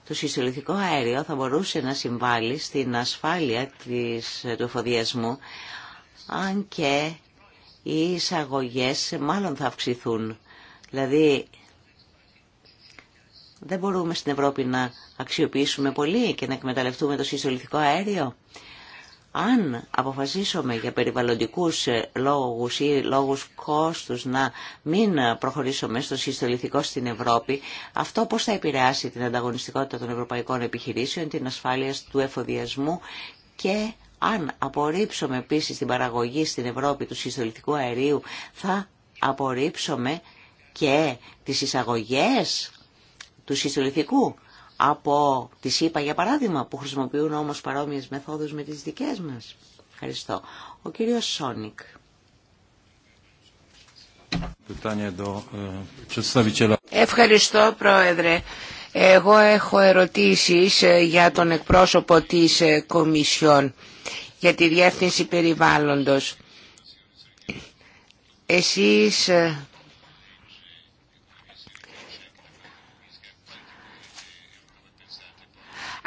το συσυλλητικό αέριο θα μπορούσε να συμβάλλει στην ασφάλεια της, του εφοδιασμού, αν και οι εισαγωγές μάλλον θα αυξηθούν. Δηλαδή, δεν μπορούμε στην Ευρώπη να αξιοποιήσουμε πολύ και να εκμεταλλευτούμε το συσυλλητικό αέριο. Αν αποφασίσουμε για περιβαλλοντικούς ε, λόγους ή λόγους κόστους να μην προχωρήσουμε στο συστολιθικό στην Ευρώπη, αυτό πώς θα επηρεάσει την ανταγωνιστικότητα των ευρωπαϊκών επιχειρήσεων, την ασφάλεια του εφοδιασμού και αν απορρίψουμε επίσης την παραγωγή στην Ευρώπη του συστολιθικού αερίου, θα απορρίψουμε και τις εισαγωγές του συστολιθικού από τη ΣΥΠΑ για παράδειγμα που χρησιμοποιούν όμως παρόμοιες μεθόδους με τις δικές μας. Ευχαριστώ. Ο κύριος Σόνικ. Ε, Ευχαριστώ Πρόεδρε. Εγώ έχω ερωτήσεις ε, για τον εκπρόσωπο της ε, Κομισιόν για τη Διεύθυνση Περιβάλλοντος. Εσείς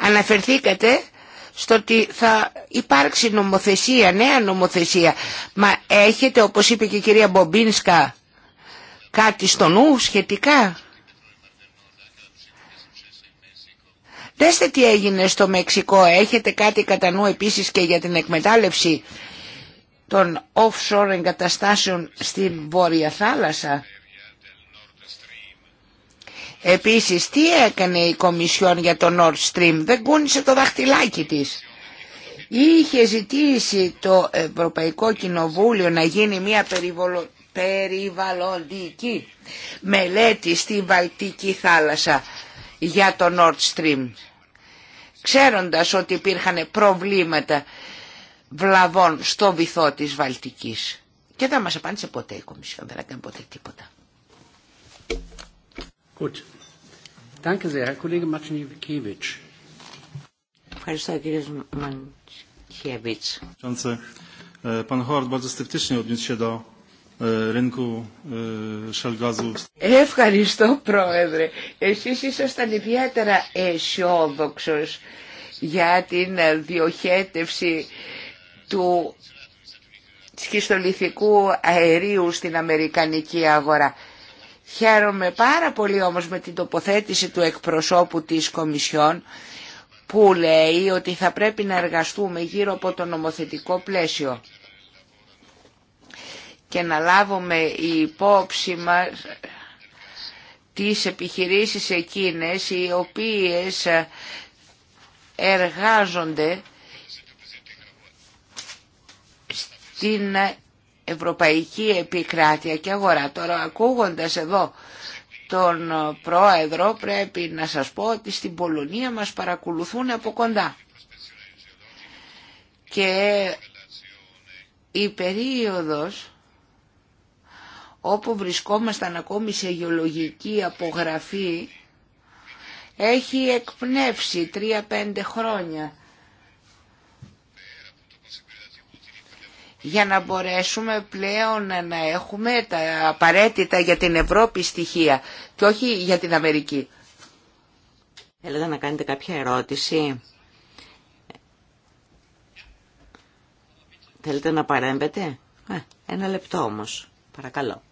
Αναφερθήκατε στο ότι θα υπάρξει νομοθεσία, νέα νομοθεσία. Μα έχετε, όπως είπε και η κυρία Μπομπίνσκα, κάτι στο νου σχετικά. Δέστε τι έγινε στο Μεξικό. Έχετε κάτι κατά νου επίσης και για την εκμετάλλευση των offshore εγκαταστάσεων στην Βόρεια Θάλασσα. Επίσης, τι έκανε η Κομισιόν για το Nord Stream, δεν κούνησε το δαχτυλάκι της. Είχε ζητήσει το Ευρωπαϊκό Κοινοβούλιο να γίνει μια περιβαλλοντική μελέτη στη Βαλτική θάλασσα για το Nord Stream, ξέροντας ότι υπήρχαν προβλήματα βλαβών στο βυθό της Βαλτικής. Και δεν μας απάντησε ποτέ η Κομισιόν, δεν έκανε ποτέ τίποτα. Gut. Danke sehr, Ευχαριστώ, e, Pan Ευχαριστώ πρόεδρε. Εσείς ήσασταν ιδιαίτερα αισιόδοξο για την διοχέτευση του σχιστολιθικού αερίου στην Αμερικανική αγορά. Χαίρομαι πάρα πολύ όμως με την τοποθέτηση του εκπροσώπου της Κομισιόν που λέει ότι θα πρέπει να εργαστούμε γύρω από το νομοθετικό πλαίσιο και να λάβουμε υπόψη μας τις επιχειρήσεις εκείνες οι οποίες εργάζονται στην ευρωπαϊκή επικράτεια και αγορά. Τώρα ακούγοντας εδώ τον πρόεδρο πρέπει να σας πω ότι στην Πολωνία μας παρακολουθούν από κοντά. Και η περίοδος όπου βρισκόμασταν ακόμη σε γεωλογική απογραφή έχει εκπνεύσει τρία-πέντε χρόνια. για να μπορέσουμε πλέον να έχουμε τα απαραίτητα για την Ευρώπη στοιχεία και όχι για την Αμερική. Θέλετε να κάνετε κάποια ερώτηση. Θέλετε να παρέμβετε. Ε, ένα λεπτό όμως. Παρακαλώ.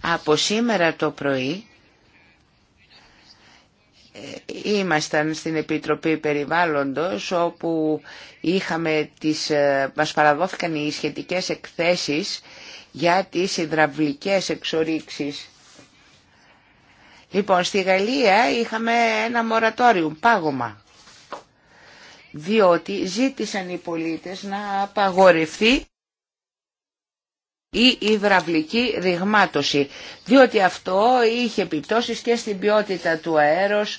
Από σήμερα το πρωί ήμασταν στην Επιτροπή Περιβάλλοντος όπου είχαμε τις, ε, μας παραδόθηκαν οι σχετικές εκθέσεις για τις υδραυλικές εξορίξεις. Λοιπόν, στη Γαλλία είχαμε ένα μορατόριο, πάγωμα, διότι ζήτησαν οι πολίτες να απαγορευτεί ή υδραυλική ρηγμάτωση, διότι αυτό είχε επιπτώσεις και στην ποιότητα του αέρος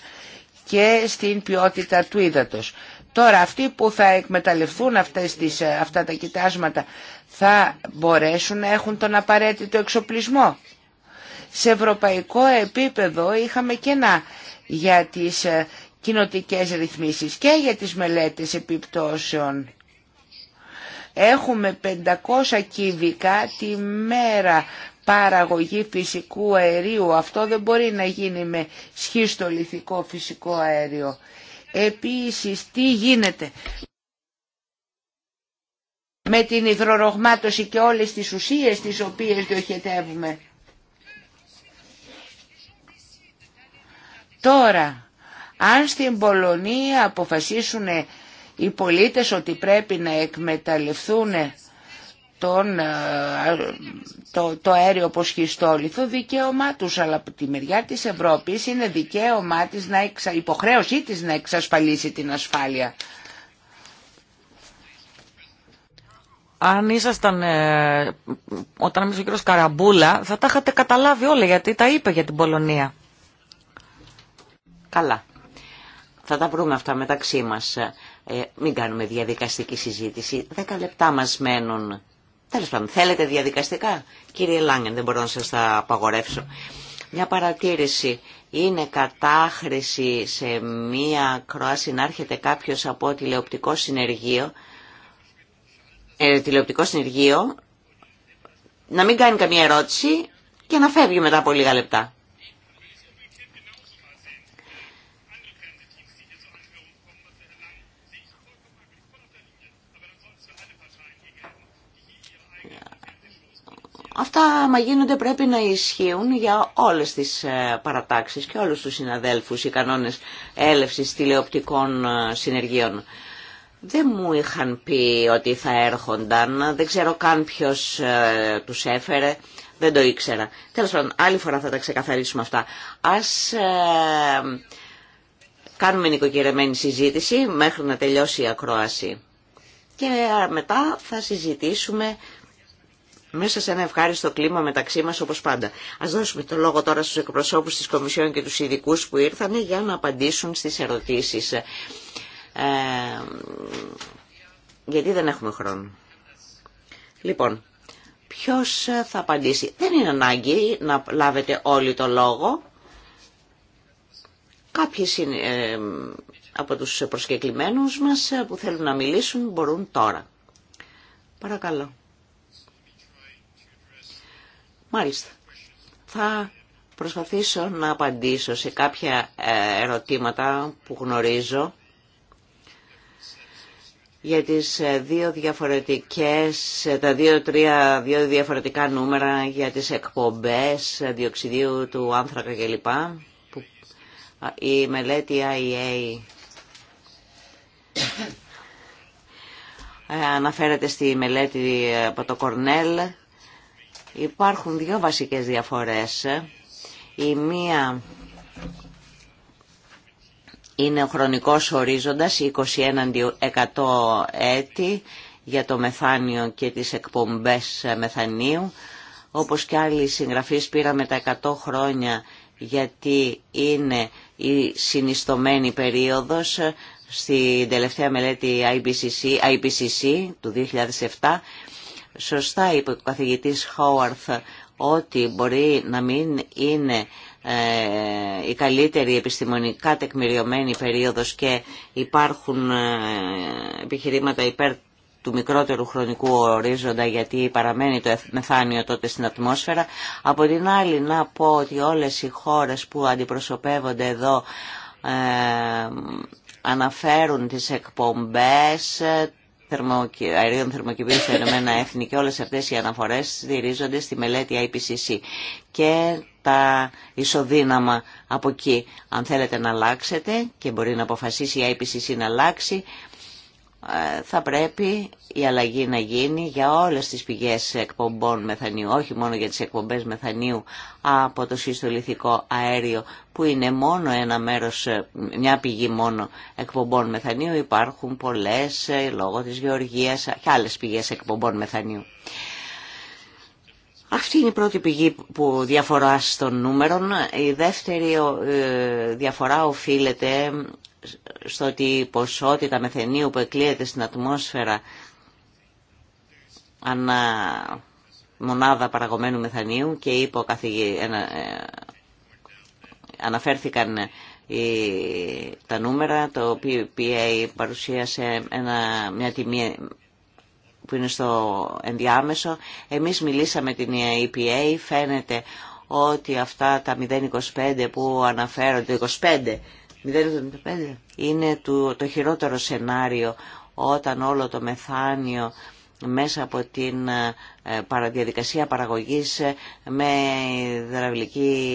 και στην ποιότητα του ύδατος. Τώρα αυτοί που θα εκμεταλλευτούν αυτές τις, ε, αυτά τα κοιτάσματα θα μπορέσουν να έχουν τον απαραίτητο εξοπλισμό. Σε ευρωπαϊκό επίπεδο είχαμε κενά για τις ε, κοινοτικές ρυθμίσεις και για τις μελέτες επιπτώσεων. Έχουμε 500 κυβικά τη μέρα παραγωγή φυσικού αερίου. Αυτό δεν μπορεί να γίνει με σχίστολιθικό φυσικό αέριο. Επίσης, τι γίνεται με την υδρορογμάτωση και όλες τις ουσίες τις οποίες διοχετεύουμε. Τώρα, αν στην Πολωνία αποφασίσουν οι πολίτες ότι πρέπει να εκμεταλλευτούν τον, ε, το, το αέριο ποσχιστόλιθο δικαίωμά τους αλλά από τη μεριά της Ευρώπης είναι δικαίωμά της να εξα, υποχρέωσή της να εξασφαλίσει την ασφάλεια. Αν ήσασταν ε, όταν ήμουν ο Καραμπούλα θα τα είχατε καταλάβει όλα γιατί τα είπε για την Πολωνία. Καλά. Θα τα βρούμε αυτά μεταξύ μας. Ε, μην κάνουμε διαδικαστική συζήτηση. Δέκα λεπτά μας μένουν. Τέλος πάντων, θέλετε διαδικαστικά. Κύριε Λάγκεν, δεν μπορώ να σας τα απαγορεύσω. Μια παρατήρηση. Είναι κατάχρηση σε μία κροάση να έρχεται κάποιος από τηλεοπτικό συνεργείο, ε, τηλεοπτικό συνεργείο να μην κάνει καμία ερώτηση και να φεύγει μετά από λίγα λεπτά. Αυτά, μα γίνονται, πρέπει να ισχύουν για όλες τις ε, παρατάξεις και όλους τους συναδέλφους οι κανόνες έλευσης τηλεοπτικών ε, συνεργείων. Δεν μου είχαν πει ότι θα έρχονταν, δεν ξέρω καν ποιος ε, τους έφερε, δεν το ήξερα. Τέλος πάντων, άλλη φορά θα τα ξεκαθαρίσουμε αυτά. Ας κάνουμε νοικοκυρεμένη συζήτηση μέχρι να τελειώσει η ακρόαση. Και μετά θα συζητήσουμε μέσα σε ένα ευχάριστο κλίμα μεταξύ μας όπως πάντα. Ας δώσουμε το λόγο τώρα στους εκπροσώπους της Κομισιόν και τους ειδικού που ήρθαν για να απαντήσουν στις ερωτήσεις. Ε, γιατί δεν έχουμε χρόνο. Λοιπόν, ποιος θα απαντήσει. Δεν είναι ανάγκη να λάβετε όλοι το λόγο. Κάποιοι ε, από τους προσκεκλημένους μας ε, που θέλουν να μιλήσουν μπορούν τώρα. Παρακαλώ. Μάλιστα. Θα προσπαθήσω να απαντήσω σε κάποια ε, ερωτήματα που γνωρίζω για τις ε, δύο διαφορετικές, ε, τα δύο, τρία, δύο διαφορετικά νούμερα για τις εκπομπές διοξιδίου του άνθρακα κλπ. Η μελέτη IEA αναφέρεται στη μελέτη από το Κορνέλ Υπάρχουν δύο βασικές διαφορές. Η μία είναι ο χρονικός ορίζοντας, 21% έτη για το μεθάνιο και τις εκπομπές μεθανίου. Όπως και άλλοι συγγραφείς πήραμε τα 100 χρόνια γιατί είναι η συνιστομένη περίοδος στην τελευταία μελέτη IPCC, IPCC του 2007 Σωστά είπε ο καθηγητής Χόαρθ ότι μπορεί να μην είναι ε, η καλύτερη επιστημονικά τεκμηριωμένη περίοδος και υπάρχουν ε, επιχειρήματα υπέρ του μικρότερου χρονικού ορίζοντα γιατί παραμένει το μεθάνιο τότε στην ατμόσφαιρα. Από την άλλη να πω ότι όλες οι χώρες που αντιπροσωπεύονται εδώ ε, αναφέρουν τις εκπομπές αερίων θερμοκηπίου στα Ηνωμένα Έθνη και όλες αυτές οι αναφορές στηρίζονται στη μελέτη IPCC και τα ισοδύναμα από εκεί. Αν θέλετε να αλλάξετε και μπορεί να αποφασίσει η IPCC να αλλάξει, ε, θα πρέπει η αλλαγή να γίνει για όλες τις πηγές εκπομπών μεθανίου, όχι μόνο για τις εκπομπές μεθανίου από το συστολιθικό αέριο που είναι μόνο ένα μέρος, ε, μια πηγή μόνο εκπομπών μεθανίου, υπάρχουν πολλές ε, λόγω της γεωργίας και άλλες πηγές εκπομπών μεθανίου. Αυτή είναι η πρώτη πηγή που διαφορά στον νούμερων. Η δεύτερη διαφορά οφείλεται στο ότι η ποσότητα μεθενίου που εκλείεται στην ατμόσφαιρα ανά μονάδα παραγωμένου μεθανίου και είπε καθηγη... Ε, αναφέρθηκαν ε, τα νούμερα, το PPA παρουσίασε ένα, μια τιμή ε, που είναι στο ενδιάμεσο. Εμείς μιλήσαμε την EPA, φαίνεται ότι αυτά τα 0,25 που αναφέρονται, είναι το χειρότερο σενάριο όταν όλο το μεθάνιο μέσα από την ε, διαδικασία παραγωγής ε, με υδραυλική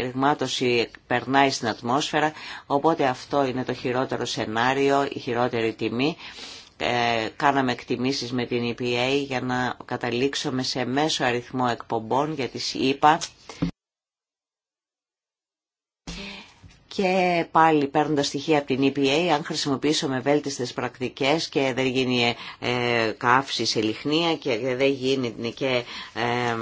ρηγμάτωση περνάει στην ατμόσφαιρα, οπότε αυτό είναι το χειρότερο σενάριο, η χειρότερη τιμή. Ε, κάναμε εκτιμήσεις με την EPA για να καταλήξουμε σε μέσο αριθμό εκπομπών για τις ΕΠΑ και πάλι παίρνοντας στοιχεία από την EPA, αν χρησιμοποιήσουμε βέλτιστες πρακτικές και δεν γίνει ε, καύση σε λιχνία και δεν γίνει και ε,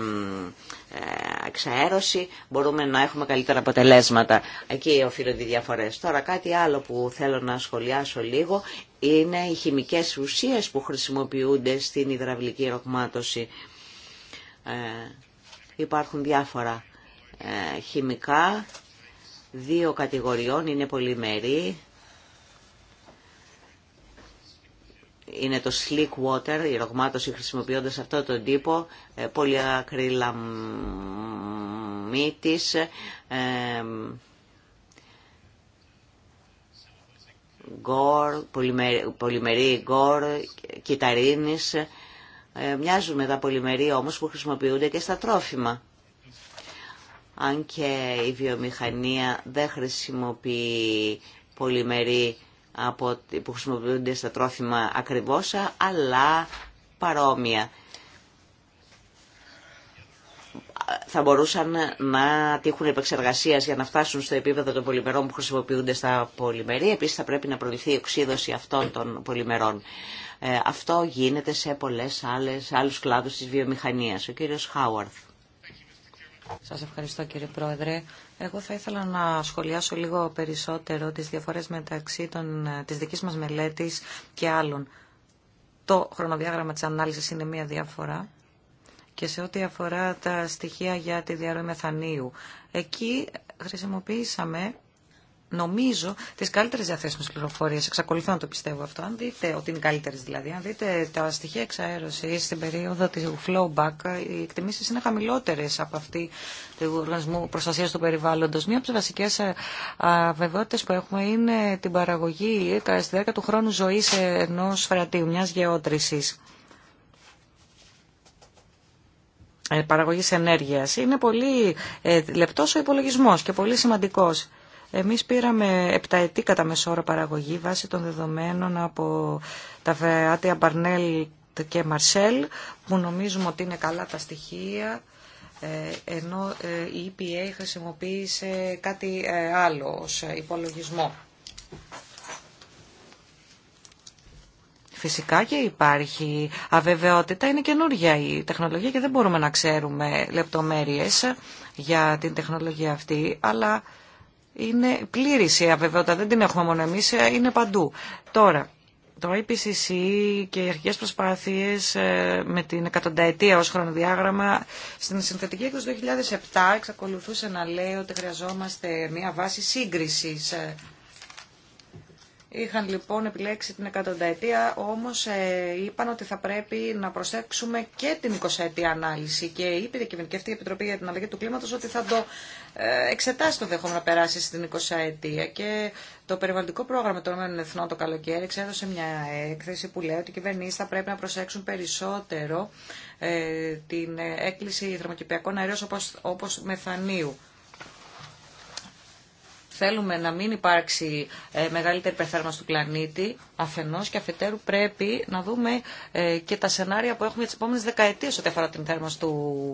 εξαέρωση, μπορούμε να έχουμε καλύτερα αποτελέσματα. Εκεί οφείλονται οι διαφορές. Τώρα κάτι άλλο που θέλω να σχολιάσω λίγο είναι οι χημικές ουσίες που χρησιμοποιούνται στην υδραυλική ρογμάτωση. Ε, υπάρχουν διάφορα ε, χημικά δύο κατηγοριών είναι πολυμερή. Είναι το slick water, η ρογμάτωση χρησιμοποιώντας αυτό τον τύπο, ε, πολυακρυλαμίτης, ε, γκορ, πολυμερή γκορ, κυταρίνης. Ε, μοιάζουν με τα πολυμερή όμως που χρησιμοποιούνται και στα τρόφιμα αν και η βιομηχανία δεν χρησιμοποιεί πολυμερή από, που χρησιμοποιούνται στα τρόφιμα ακριβώς, αλλά παρόμοια. Θα μπορούσαν να τύχουν επεξεργασία για να φτάσουν στο επίπεδο των πολυμερών που χρησιμοποιούνται στα πολυμερή. Επίσης θα πρέπει να προληφθεί η οξύδωση αυτών των πολυμερών. Ε, αυτό γίνεται σε πολλές άλλες, άλλους κλάδους της βιομηχανίας. Ο κύριος Χάουαρθ. Σας ευχαριστώ κύριε Πρόεδρε. Εγώ θα ήθελα να σχολιάσω λίγο περισσότερο τις διαφορές μεταξύ των, της δικής μας μελέτης και άλλων. Το χρονοδιάγραμμα της ανάλυσης είναι μία διαφορά και σε ό,τι αφορά τα στοιχεία για τη διαρροή μεθανίου. Εκεί χρησιμοποίησαμε νομίζω τι καλύτερε διαθέσιμε πληροφορίε. Εξακολουθώ να το πιστεύω αυτό. Αν δείτε ότι είναι καλύτερε δηλαδή, αν δείτε τα στοιχεία εξαέρωση στην περίοδο του flowback, οι εκτιμήσει είναι χαμηλότερε από αυτή του Οργανισμού Προστασία του Περιβάλλοντο. Μία από τι βασικέ ε, βεβαιότητε που έχουμε είναι την παραγωγή ε, στη διάρκεια του χρόνου ζωή ενό φρεατίου, μια γεώτρηση. Ε, παραγωγής ενέργειας. Είναι πολύ λεπτός ο υπολογισμός και πολύ σημαντικός. Εμείς πήραμε επταετή κατά παραγωγή βάσει των δεδομένων από τα Βεάτια Μπαρνέλ και Μαρσέλ που νομίζουμε ότι είναι καλά τα στοιχεία ε, ενώ ε, η EPA χρησιμοποίησε κάτι ε, άλλο ως υπολογισμό. Φυσικά και υπάρχει αβεβαιότητα, είναι καινούργια η τεχνολογία και δεν μπορούμε να ξέρουμε λεπτομέρειες για την τεχνολογία αυτή, αλλά είναι πλήρης η αβεβαιότητα, δεν την έχουμε μόνο ε, είναι παντού. Τώρα, το IPCC και οι αρχικέ προσπάθειες ε, με την εκατονταετία ως χρονοδιάγραμμα στην συνθετική έκδοση 2007 εξακολουθούσε να λέει ότι χρειαζόμαστε μια βάση σύγκρισης ε, Είχαν λοιπόν επιλέξει την εκατονταετία, όμως ε, είπαν ότι θα πρέπει να προσέξουμε και την 20ετία ανάλυση και είπε η Κυβερνητική Επιτροπή για την Αλλαγή του Κλίματος ότι θα το ε, εξετάσει το δεχόμενο να περάσει στην 20ετία και το περιβαλλοντικό πρόγραμμα των Εθνών το καλοκαίρι εξέδωσε μια έκθεση που λέει ότι οι κυβερνήσει θα πρέπει να προσέξουν περισσότερο ε, την έκκληση θερμοκηπιακών αερίων όπως, όπως μεθανίου θέλουμε να μην υπάρξει ε, μεγαλύτερη υπερθέρμανση του πλανήτη αφενός και αφετέρου πρέπει να δούμε ε, και τα σενάρια που έχουμε για τις επόμενες δεκαετίες ό,τι αφορά την θέρμανση του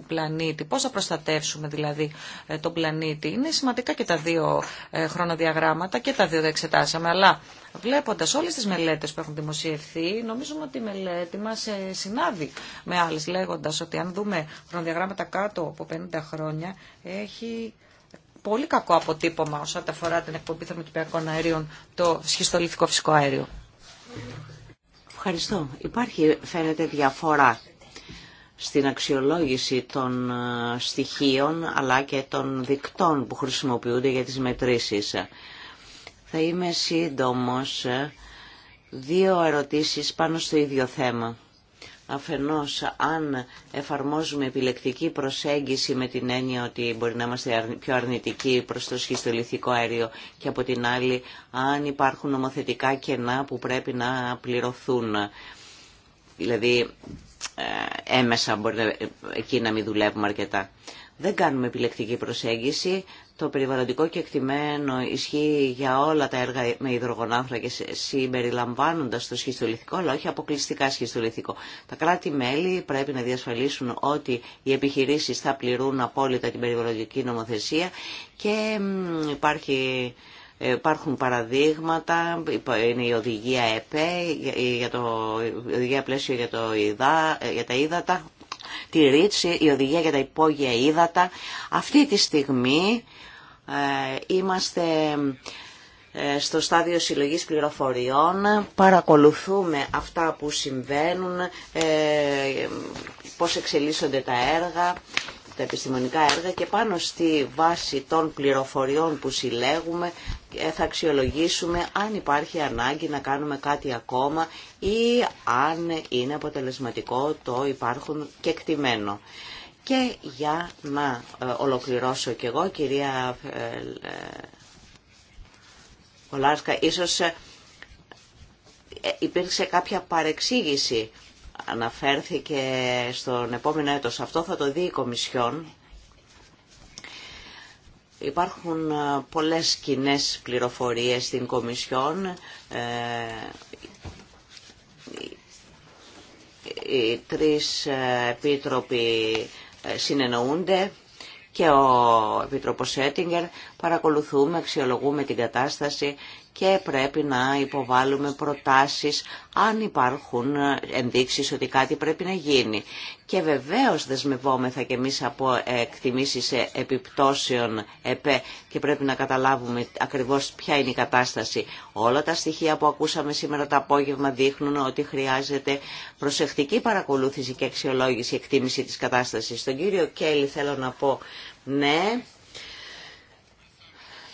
πλανήτη. Πώς θα προστατεύσουμε δηλαδή ε, τον πλανήτη. Είναι σημαντικά και τα δύο χρονοδιαγράμματα και τα δύο τα εξετάσαμε, αλλά βλέποντας όλες τις μελέτες που έχουν δημοσιευθεί, νομίζουμε ότι η μελέτη μας συνάδει με άλλες, λέγοντας ότι αν δούμε χρονοδιαγράμματα κάτω από 50 χρόνια, έχει πολύ κακό αποτύπωμα όσον αφορά την εκπομπή θερμοκηπιακών αερίων, το σχιστολιθικό φυσικό αέριο. Ευχαριστώ. Υπάρχει, φαίνεται, διαφορά στην αξιολόγηση των ε, στοιχείων αλλά και των δικτών που χρησιμοποιούνται για τις μετρήσεις. Θα είμαι σύντομος. Δύο ερωτήσεις πάνω στο ίδιο θέμα αφενός αν εφαρμόζουμε επιλεκτική προσέγγιση με την έννοια ότι μπορεί να είμαστε πιο αρνητικοί προς το σχιστολιθικό αέριο και από την άλλη αν υπάρχουν νομοθετικά κενά που πρέπει να πληρωθούν. Δηλαδή ε, έμεσα μπορεί ε, εκεί να μην δουλεύουμε αρκετά. Δεν κάνουμε επιλεκτική προσέγγιση, το περιβαλλοντικό κεκτημένο ισχύει για όλα τα έργα με υδρογονάνθρακε συμπεριλαμβάνοντα το σχιστολιθικό, αλλά όχι αποκλειστικά σχιστολιθικό. Τα κράτη-μέλη πρέπει να διασφαλίσουν ότι οι επιχειρήσει θα πληρούν απόλυτα την περιβαλλοντική νομοθεσία και υπάρχει ε, υπάρχουν παραδείγματα, είναι η οδηγία ΕΠΕ, για το, η οδηγία πλαίσιο για, το υδά, ε, για τα ύδατα, τη ΡΙΤΣ, η οδηγία για τα υπόγεια ύδατα. Αυτή τη στιγμή ε, είμαστε ε, στο στάδιο συλλογής πληροφοριών, παρακολουθούμε αυτά που συμβαίνουν, ε, πώς εξελίσσονται τα έργα, τα επιστημονικά έργα και πάνω στη βάση των πληροφοριών που συλλέγουμε θα αξιολογήσουμε αν υπάρχει ανάγκη να κάνουμε κάτι ακόμα ή αν είναι αποτελεσματικό το υπάρχουν και εκτιμένο. Και για να ε, ολοκληρώσω κι εγώ, κυρία ε, ε, Ολάρσκα, ίσως υπήρξε κάποια παρεξήγηση. Αναφέρθηκε στον επόμενο έτος. Αυτό θα το δει η Κομισιόν. Υπάρχουν πολλές κοινέ πληροφορίες στην Κομισιόν. Οι τρεις επίτροποι ε, συνεννοούνται και ο Επιτροπός Έτιγκερ παρακολουθούμε, αξιολογούμε την κατάσταση και πρέπει να υποβάλουμε προτάσεις αν υπάρχουν ενδείξεις ότι κάτι πρέπει να γίνει. Και βεβαίως δεσμευόμεθα και εμείς από εκτιμήσεις ε, επιπτώσεων ΕΠΕ και πρέπει να καταλάβουμε ακριβώς ποια είναι η κατάσταση. Όλα τα στοιχεία που ακούσαμε σήμερα το απόγευμα δείχνουν ότι χρειάζεται προσεκτική παρακολούθηση και αξιολόγηση, εκτίμηση της κατάστασης. Στον κύριο Κέλλη θέλω να πω ναι,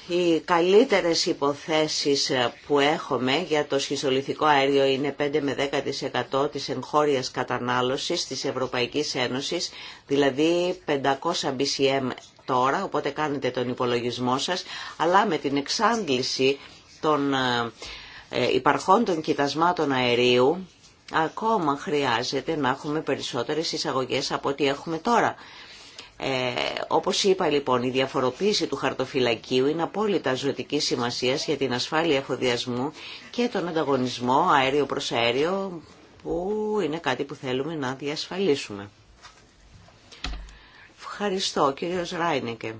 οι καλύτερες υποθέσεις που έχουμε για το σχιστολιθικό αέριο είναι 5 με 10% της εγχώριας κατανάλωσης της Ευρωπαϊκής Ένωσης, δηλαδή 500 BCM τώρα, οπότε κάνετε τον υπολογισμό σας, αλλά με την εξάντληση των ε, υπαρχών των κοιτασμάτων αερίου, ακόμα χρειάζεται να έχουμε περισσότερες εισαγωγές από ό,τι έχουμε τώρα. Ε, όπως είπα λοιπόν, η διαφοροποίηση του χαρτοφυλακίου είναι απόλυτα ζωτική σημασία για την ασφάλεια εφοδιασμού και τον ανταγωνισμό αέριο προς αέριο που είναι κάτι που θέλουμε να διασφαλίσουμε. Ευχαριστώ, κύριος Ράινικε.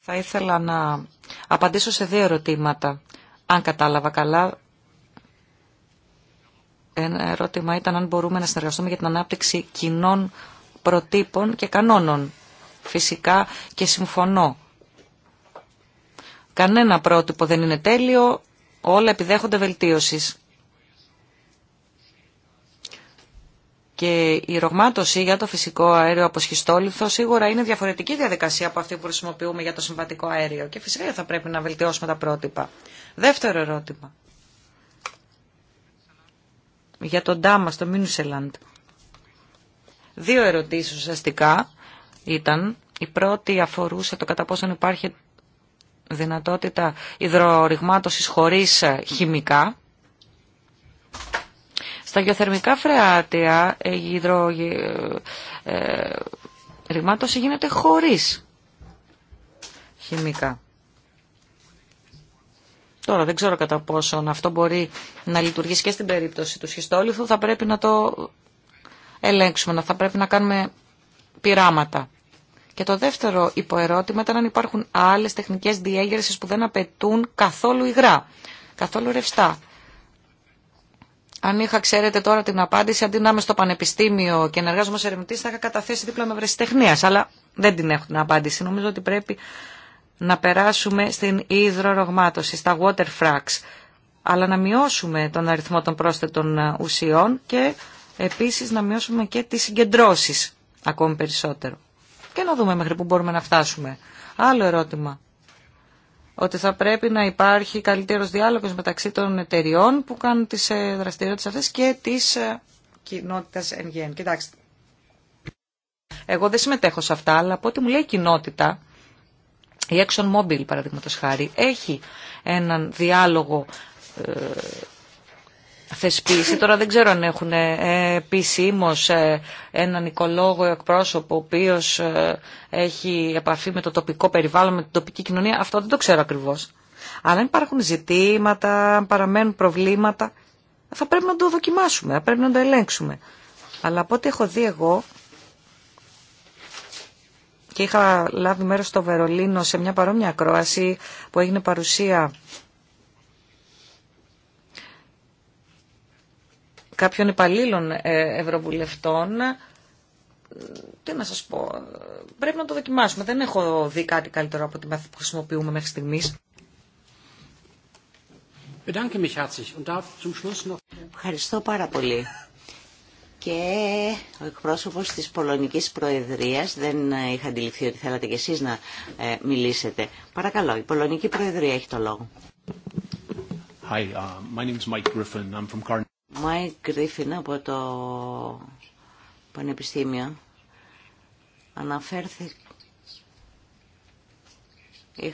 Θα ήθελα να απαντήσω σε δύο ερωτήματα, αν κατάλαβα καλά. Ένα ερώτημα ήταν αν μπορούμε να συνεργαστούμε για την ανάπτυξη κοινών προτύπων και κανόνων. Φυσικά και συμφωνώ. Κανένα πρότυπο δεν είναι τέλειο, όλα επιδέχονται βελτίωσης. Και η ρογμάτωση για το φυσικό αέριο από σίγουρα είναι διαφορετική διαδικασία από αυτή που χρησιμοποιούμε για το συμβατικό αέριο. Και φυσικά θα πρέπει να βελτιώσουμε τα πρότυπα. Δεύτερο ερώτημα. Για τον Ντάμα στο Μίνουσελαντ. Δύο ερωτήσεις ουσιαστικά ήταν. Η πρώτη αφορούσε το κατά πόσον υπάρχει δυνατότητα υδρορυγμάτωσης χωρίς χημικά. Στα γεωθερμικά φρεάτια η υδρορυγμάτωση ε, ε, γίνεται χωρίς χημικά. Τώρα δεν ξέρω κατά πόσον αυτό μπορεί να λειτουργήσει και στην περίπτωση του σχιστόλιθου, θα πρέπει να το ελέγξουμε, να θα πρέπει να κάνουμε πειράματα. Και το δεύτερο υποερώτημα ήταν αν υπάρχουν άλλες τεχνικές διέγερσεις που δεν απαιτούν καθόλου υγρά, καθόλου ρευστά. Αν είχα, ξέρετε τώρα την απάντηση, αντί να είμαι στο πανεπιστήμιο και να εργάζομαι ως ερευνητής, θα είχα καταθέσει δίπλα με βρεσιτεχνία. αλλά δεν την έχω την απάντηση. Νομίζω ότι πρέπει να περάσουμε στην υδρορογμάτωση, στα water fracks, αλλά να μειώσουμε τον αριθμό των πρόσθετων ε, ουσιών και Επίσης να μειώσουμε και τις συγκεντρώσεις ακόμη περισσότερο. Και να δούμε μέχρι που μπορούμε να φτάσουμε. Άλλο ερώτημα. Ότι θα πρέπει να υπάρχει καλύτερος διάλογος μεταξύ των εταιριών που κάνουν τις ε, δραστηριότητες αυτές και της ε, κοινότητας εν γέν. Κοιτάξτε, εγώ δεν συμμετέχω σε αυτά, αλλά από ό,τι μου λέει η κοινότητα, η ExxonMobil, παραδείγματος χάρη, έχει έναν διάλογο ε, θεσπίσει. Τώρα δεν ξέρω αν έχουν ε, ε έναν οικολόγο εκπρόσωπο ο οποίο ε, έχει επαφή με το τοπικό περιβάλλον, με την τοπική κοινωνία. Αυτό δεν το ξέρω ακριβώς. Αλλά αν υπάρχουν ζητήματα, αν παραμένουν προβλήματα, θα πρέπει να το δοκιμάσουμε, θα πρέπει να το ελέγξουμε. Αλλά από ό,τι έχω δει εγώ και είχα λάβει μέρος στο Βερολίνο σε μια παρόμοια ακρόαση που έγινε παρουσία κάποιων υπαλλήλων ε, ευρωβουλευτών, τι να σας πω, πρέπει να το δοκιμάσουμε. Δεν έχω δει κάτι καλύτερο από τη μάθη που χρησιμοποιούμε μέχρι στιγμής. Ευχαριστώ πάρα πολύ. Και ο εκπρόσωπος της Πολωνικής Προεδρίας, δεν ε, είχα αντιληφθεί ότι θέλατε κι εσείς να ε, μιλήσετε. Παρακαλώ, η Πολωνική Προεδρία έχει το λόγο. Hi, uh, my name Mike Griffin. I'm from Μάικ Γκρίφιν από το Πανεπιστήμιο αναφέρθηκα ε,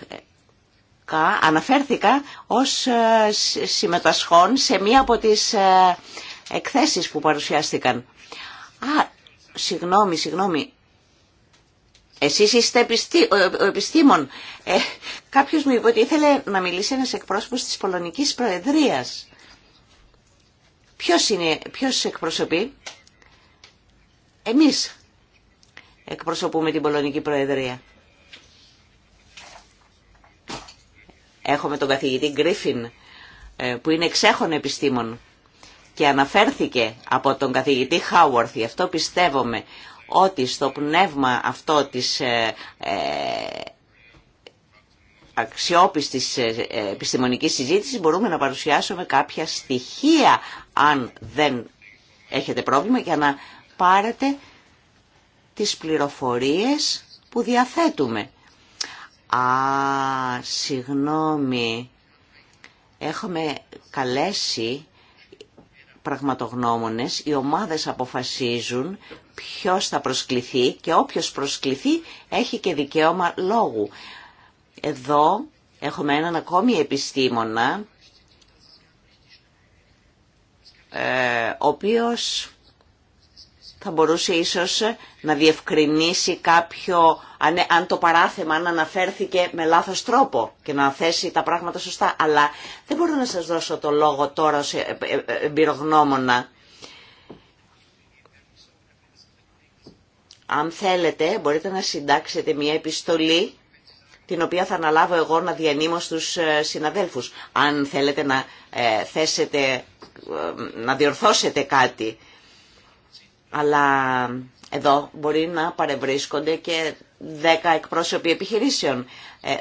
αναφέρθηκα ως ε, συμμετασχόν σε μία από τις ε, εκθέσεις που παρουσιάστηκαν. Α, συγγνώμη, συγγνώμη. Εσείς είστε επιστή, ο επιστήμον. Ε, κάποιος μου είπε ότι ήθελε να μιλήσει ένας εκπρόσωπος της Πολωνικής Προεδρίας. Ποιος, είναι, ποιος εκπροσωπεί? Εμείς εκπροσωπούμε την Πολωνική Προεδρία. Έχουμε τον καθηγητή Γκρίφιν ε, που είναι εξέχων επιστήμων και αναφέρθηκε από τον καθηγητή Χάουαρθ. Γι' αυτό πιστεύομαι ότι στο πνεύμα αυτό της ε, ε, αξιόπιστη ε, ε, επιστημονική συζήτηση μπορούμε να παρουσιάσουμε κάποια στοιχεία αν δεν έχετε πρόβλημα για να πάρετε τις πληροφορίες που διαθέτουμε. Α, συγγνώμη, έχουμε καλέσει πραγματογνώμονες, οι ομάδες αποφασίζουν ποιος θα προσκληθεί και όποιος προσκληθεί έχει και δικαίωμα λόγου. Εδώ έχουμε έναν ακόμη επιστήμονα, ε, ο οποίος θα μπορούσε ίσως να διευκρινίσει κάποιο, αν, το παράθεμα αν αναφέρθηκε με λάθος τρόπο και να θέσει τα πράγματα σωστά. Αλλά δεν μπορώ να σας δώσω το λόγο τώρα σε ε, ε, εμπειρογνώμονα. Αν θέλετε μπορείτε να συντάξετε μια επιστολή την οποία θα αναλάβω εγώ να διανύμω στους ε, συναδέλφους. Αν θέλετε να ε, θέσετε, ε, να διορθώσετε κάτι. Αλλά εδώ μπορεί να παρευρίσκονται και δέκα εκπρόσωποι επιχειρήσεων.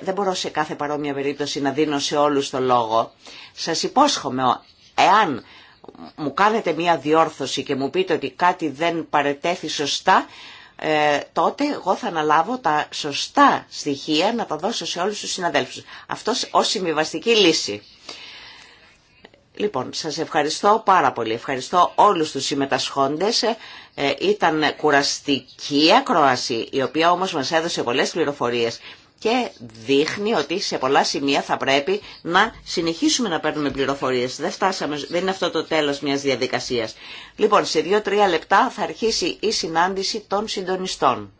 δεν μπορώ σε κάθε παρόμοια περίπτωση να δίνω σε όλους το λόγο. Σας υπόσχομαι, εάν μου κάνετε μία διόρθωση και μου πείτε ότι κάτι δεν παρετέθη σωστά, ε, τότε εγώ θα αναλάβω τα σωστά στοιχεία να τα δώσω σε όλους τους συναδέλφους. Αυτό ως συμβιβαστική λύση. Λοιπόν, σας ευχαριστώ πάρα πολύ. Ευχαριστώ όλους τους συμμετασχόντες. Ε, ε, ήταν κουραστική ακρόαση, η οποία όμως μας έδωσε πολλές πληροφορίες και δείχνει ότι σε πολλά σημεία θα πρέπει να συνεχίσουμε να παίρνουμε πληροφορίες. Δεν, φτάσαμε, δεν είναι αυτό το τέλος μιας διαδικασίας. Λοιπόν, σε δύο-τρία λεπτά θα αρχίσει η συνάντηση των συντονιστών.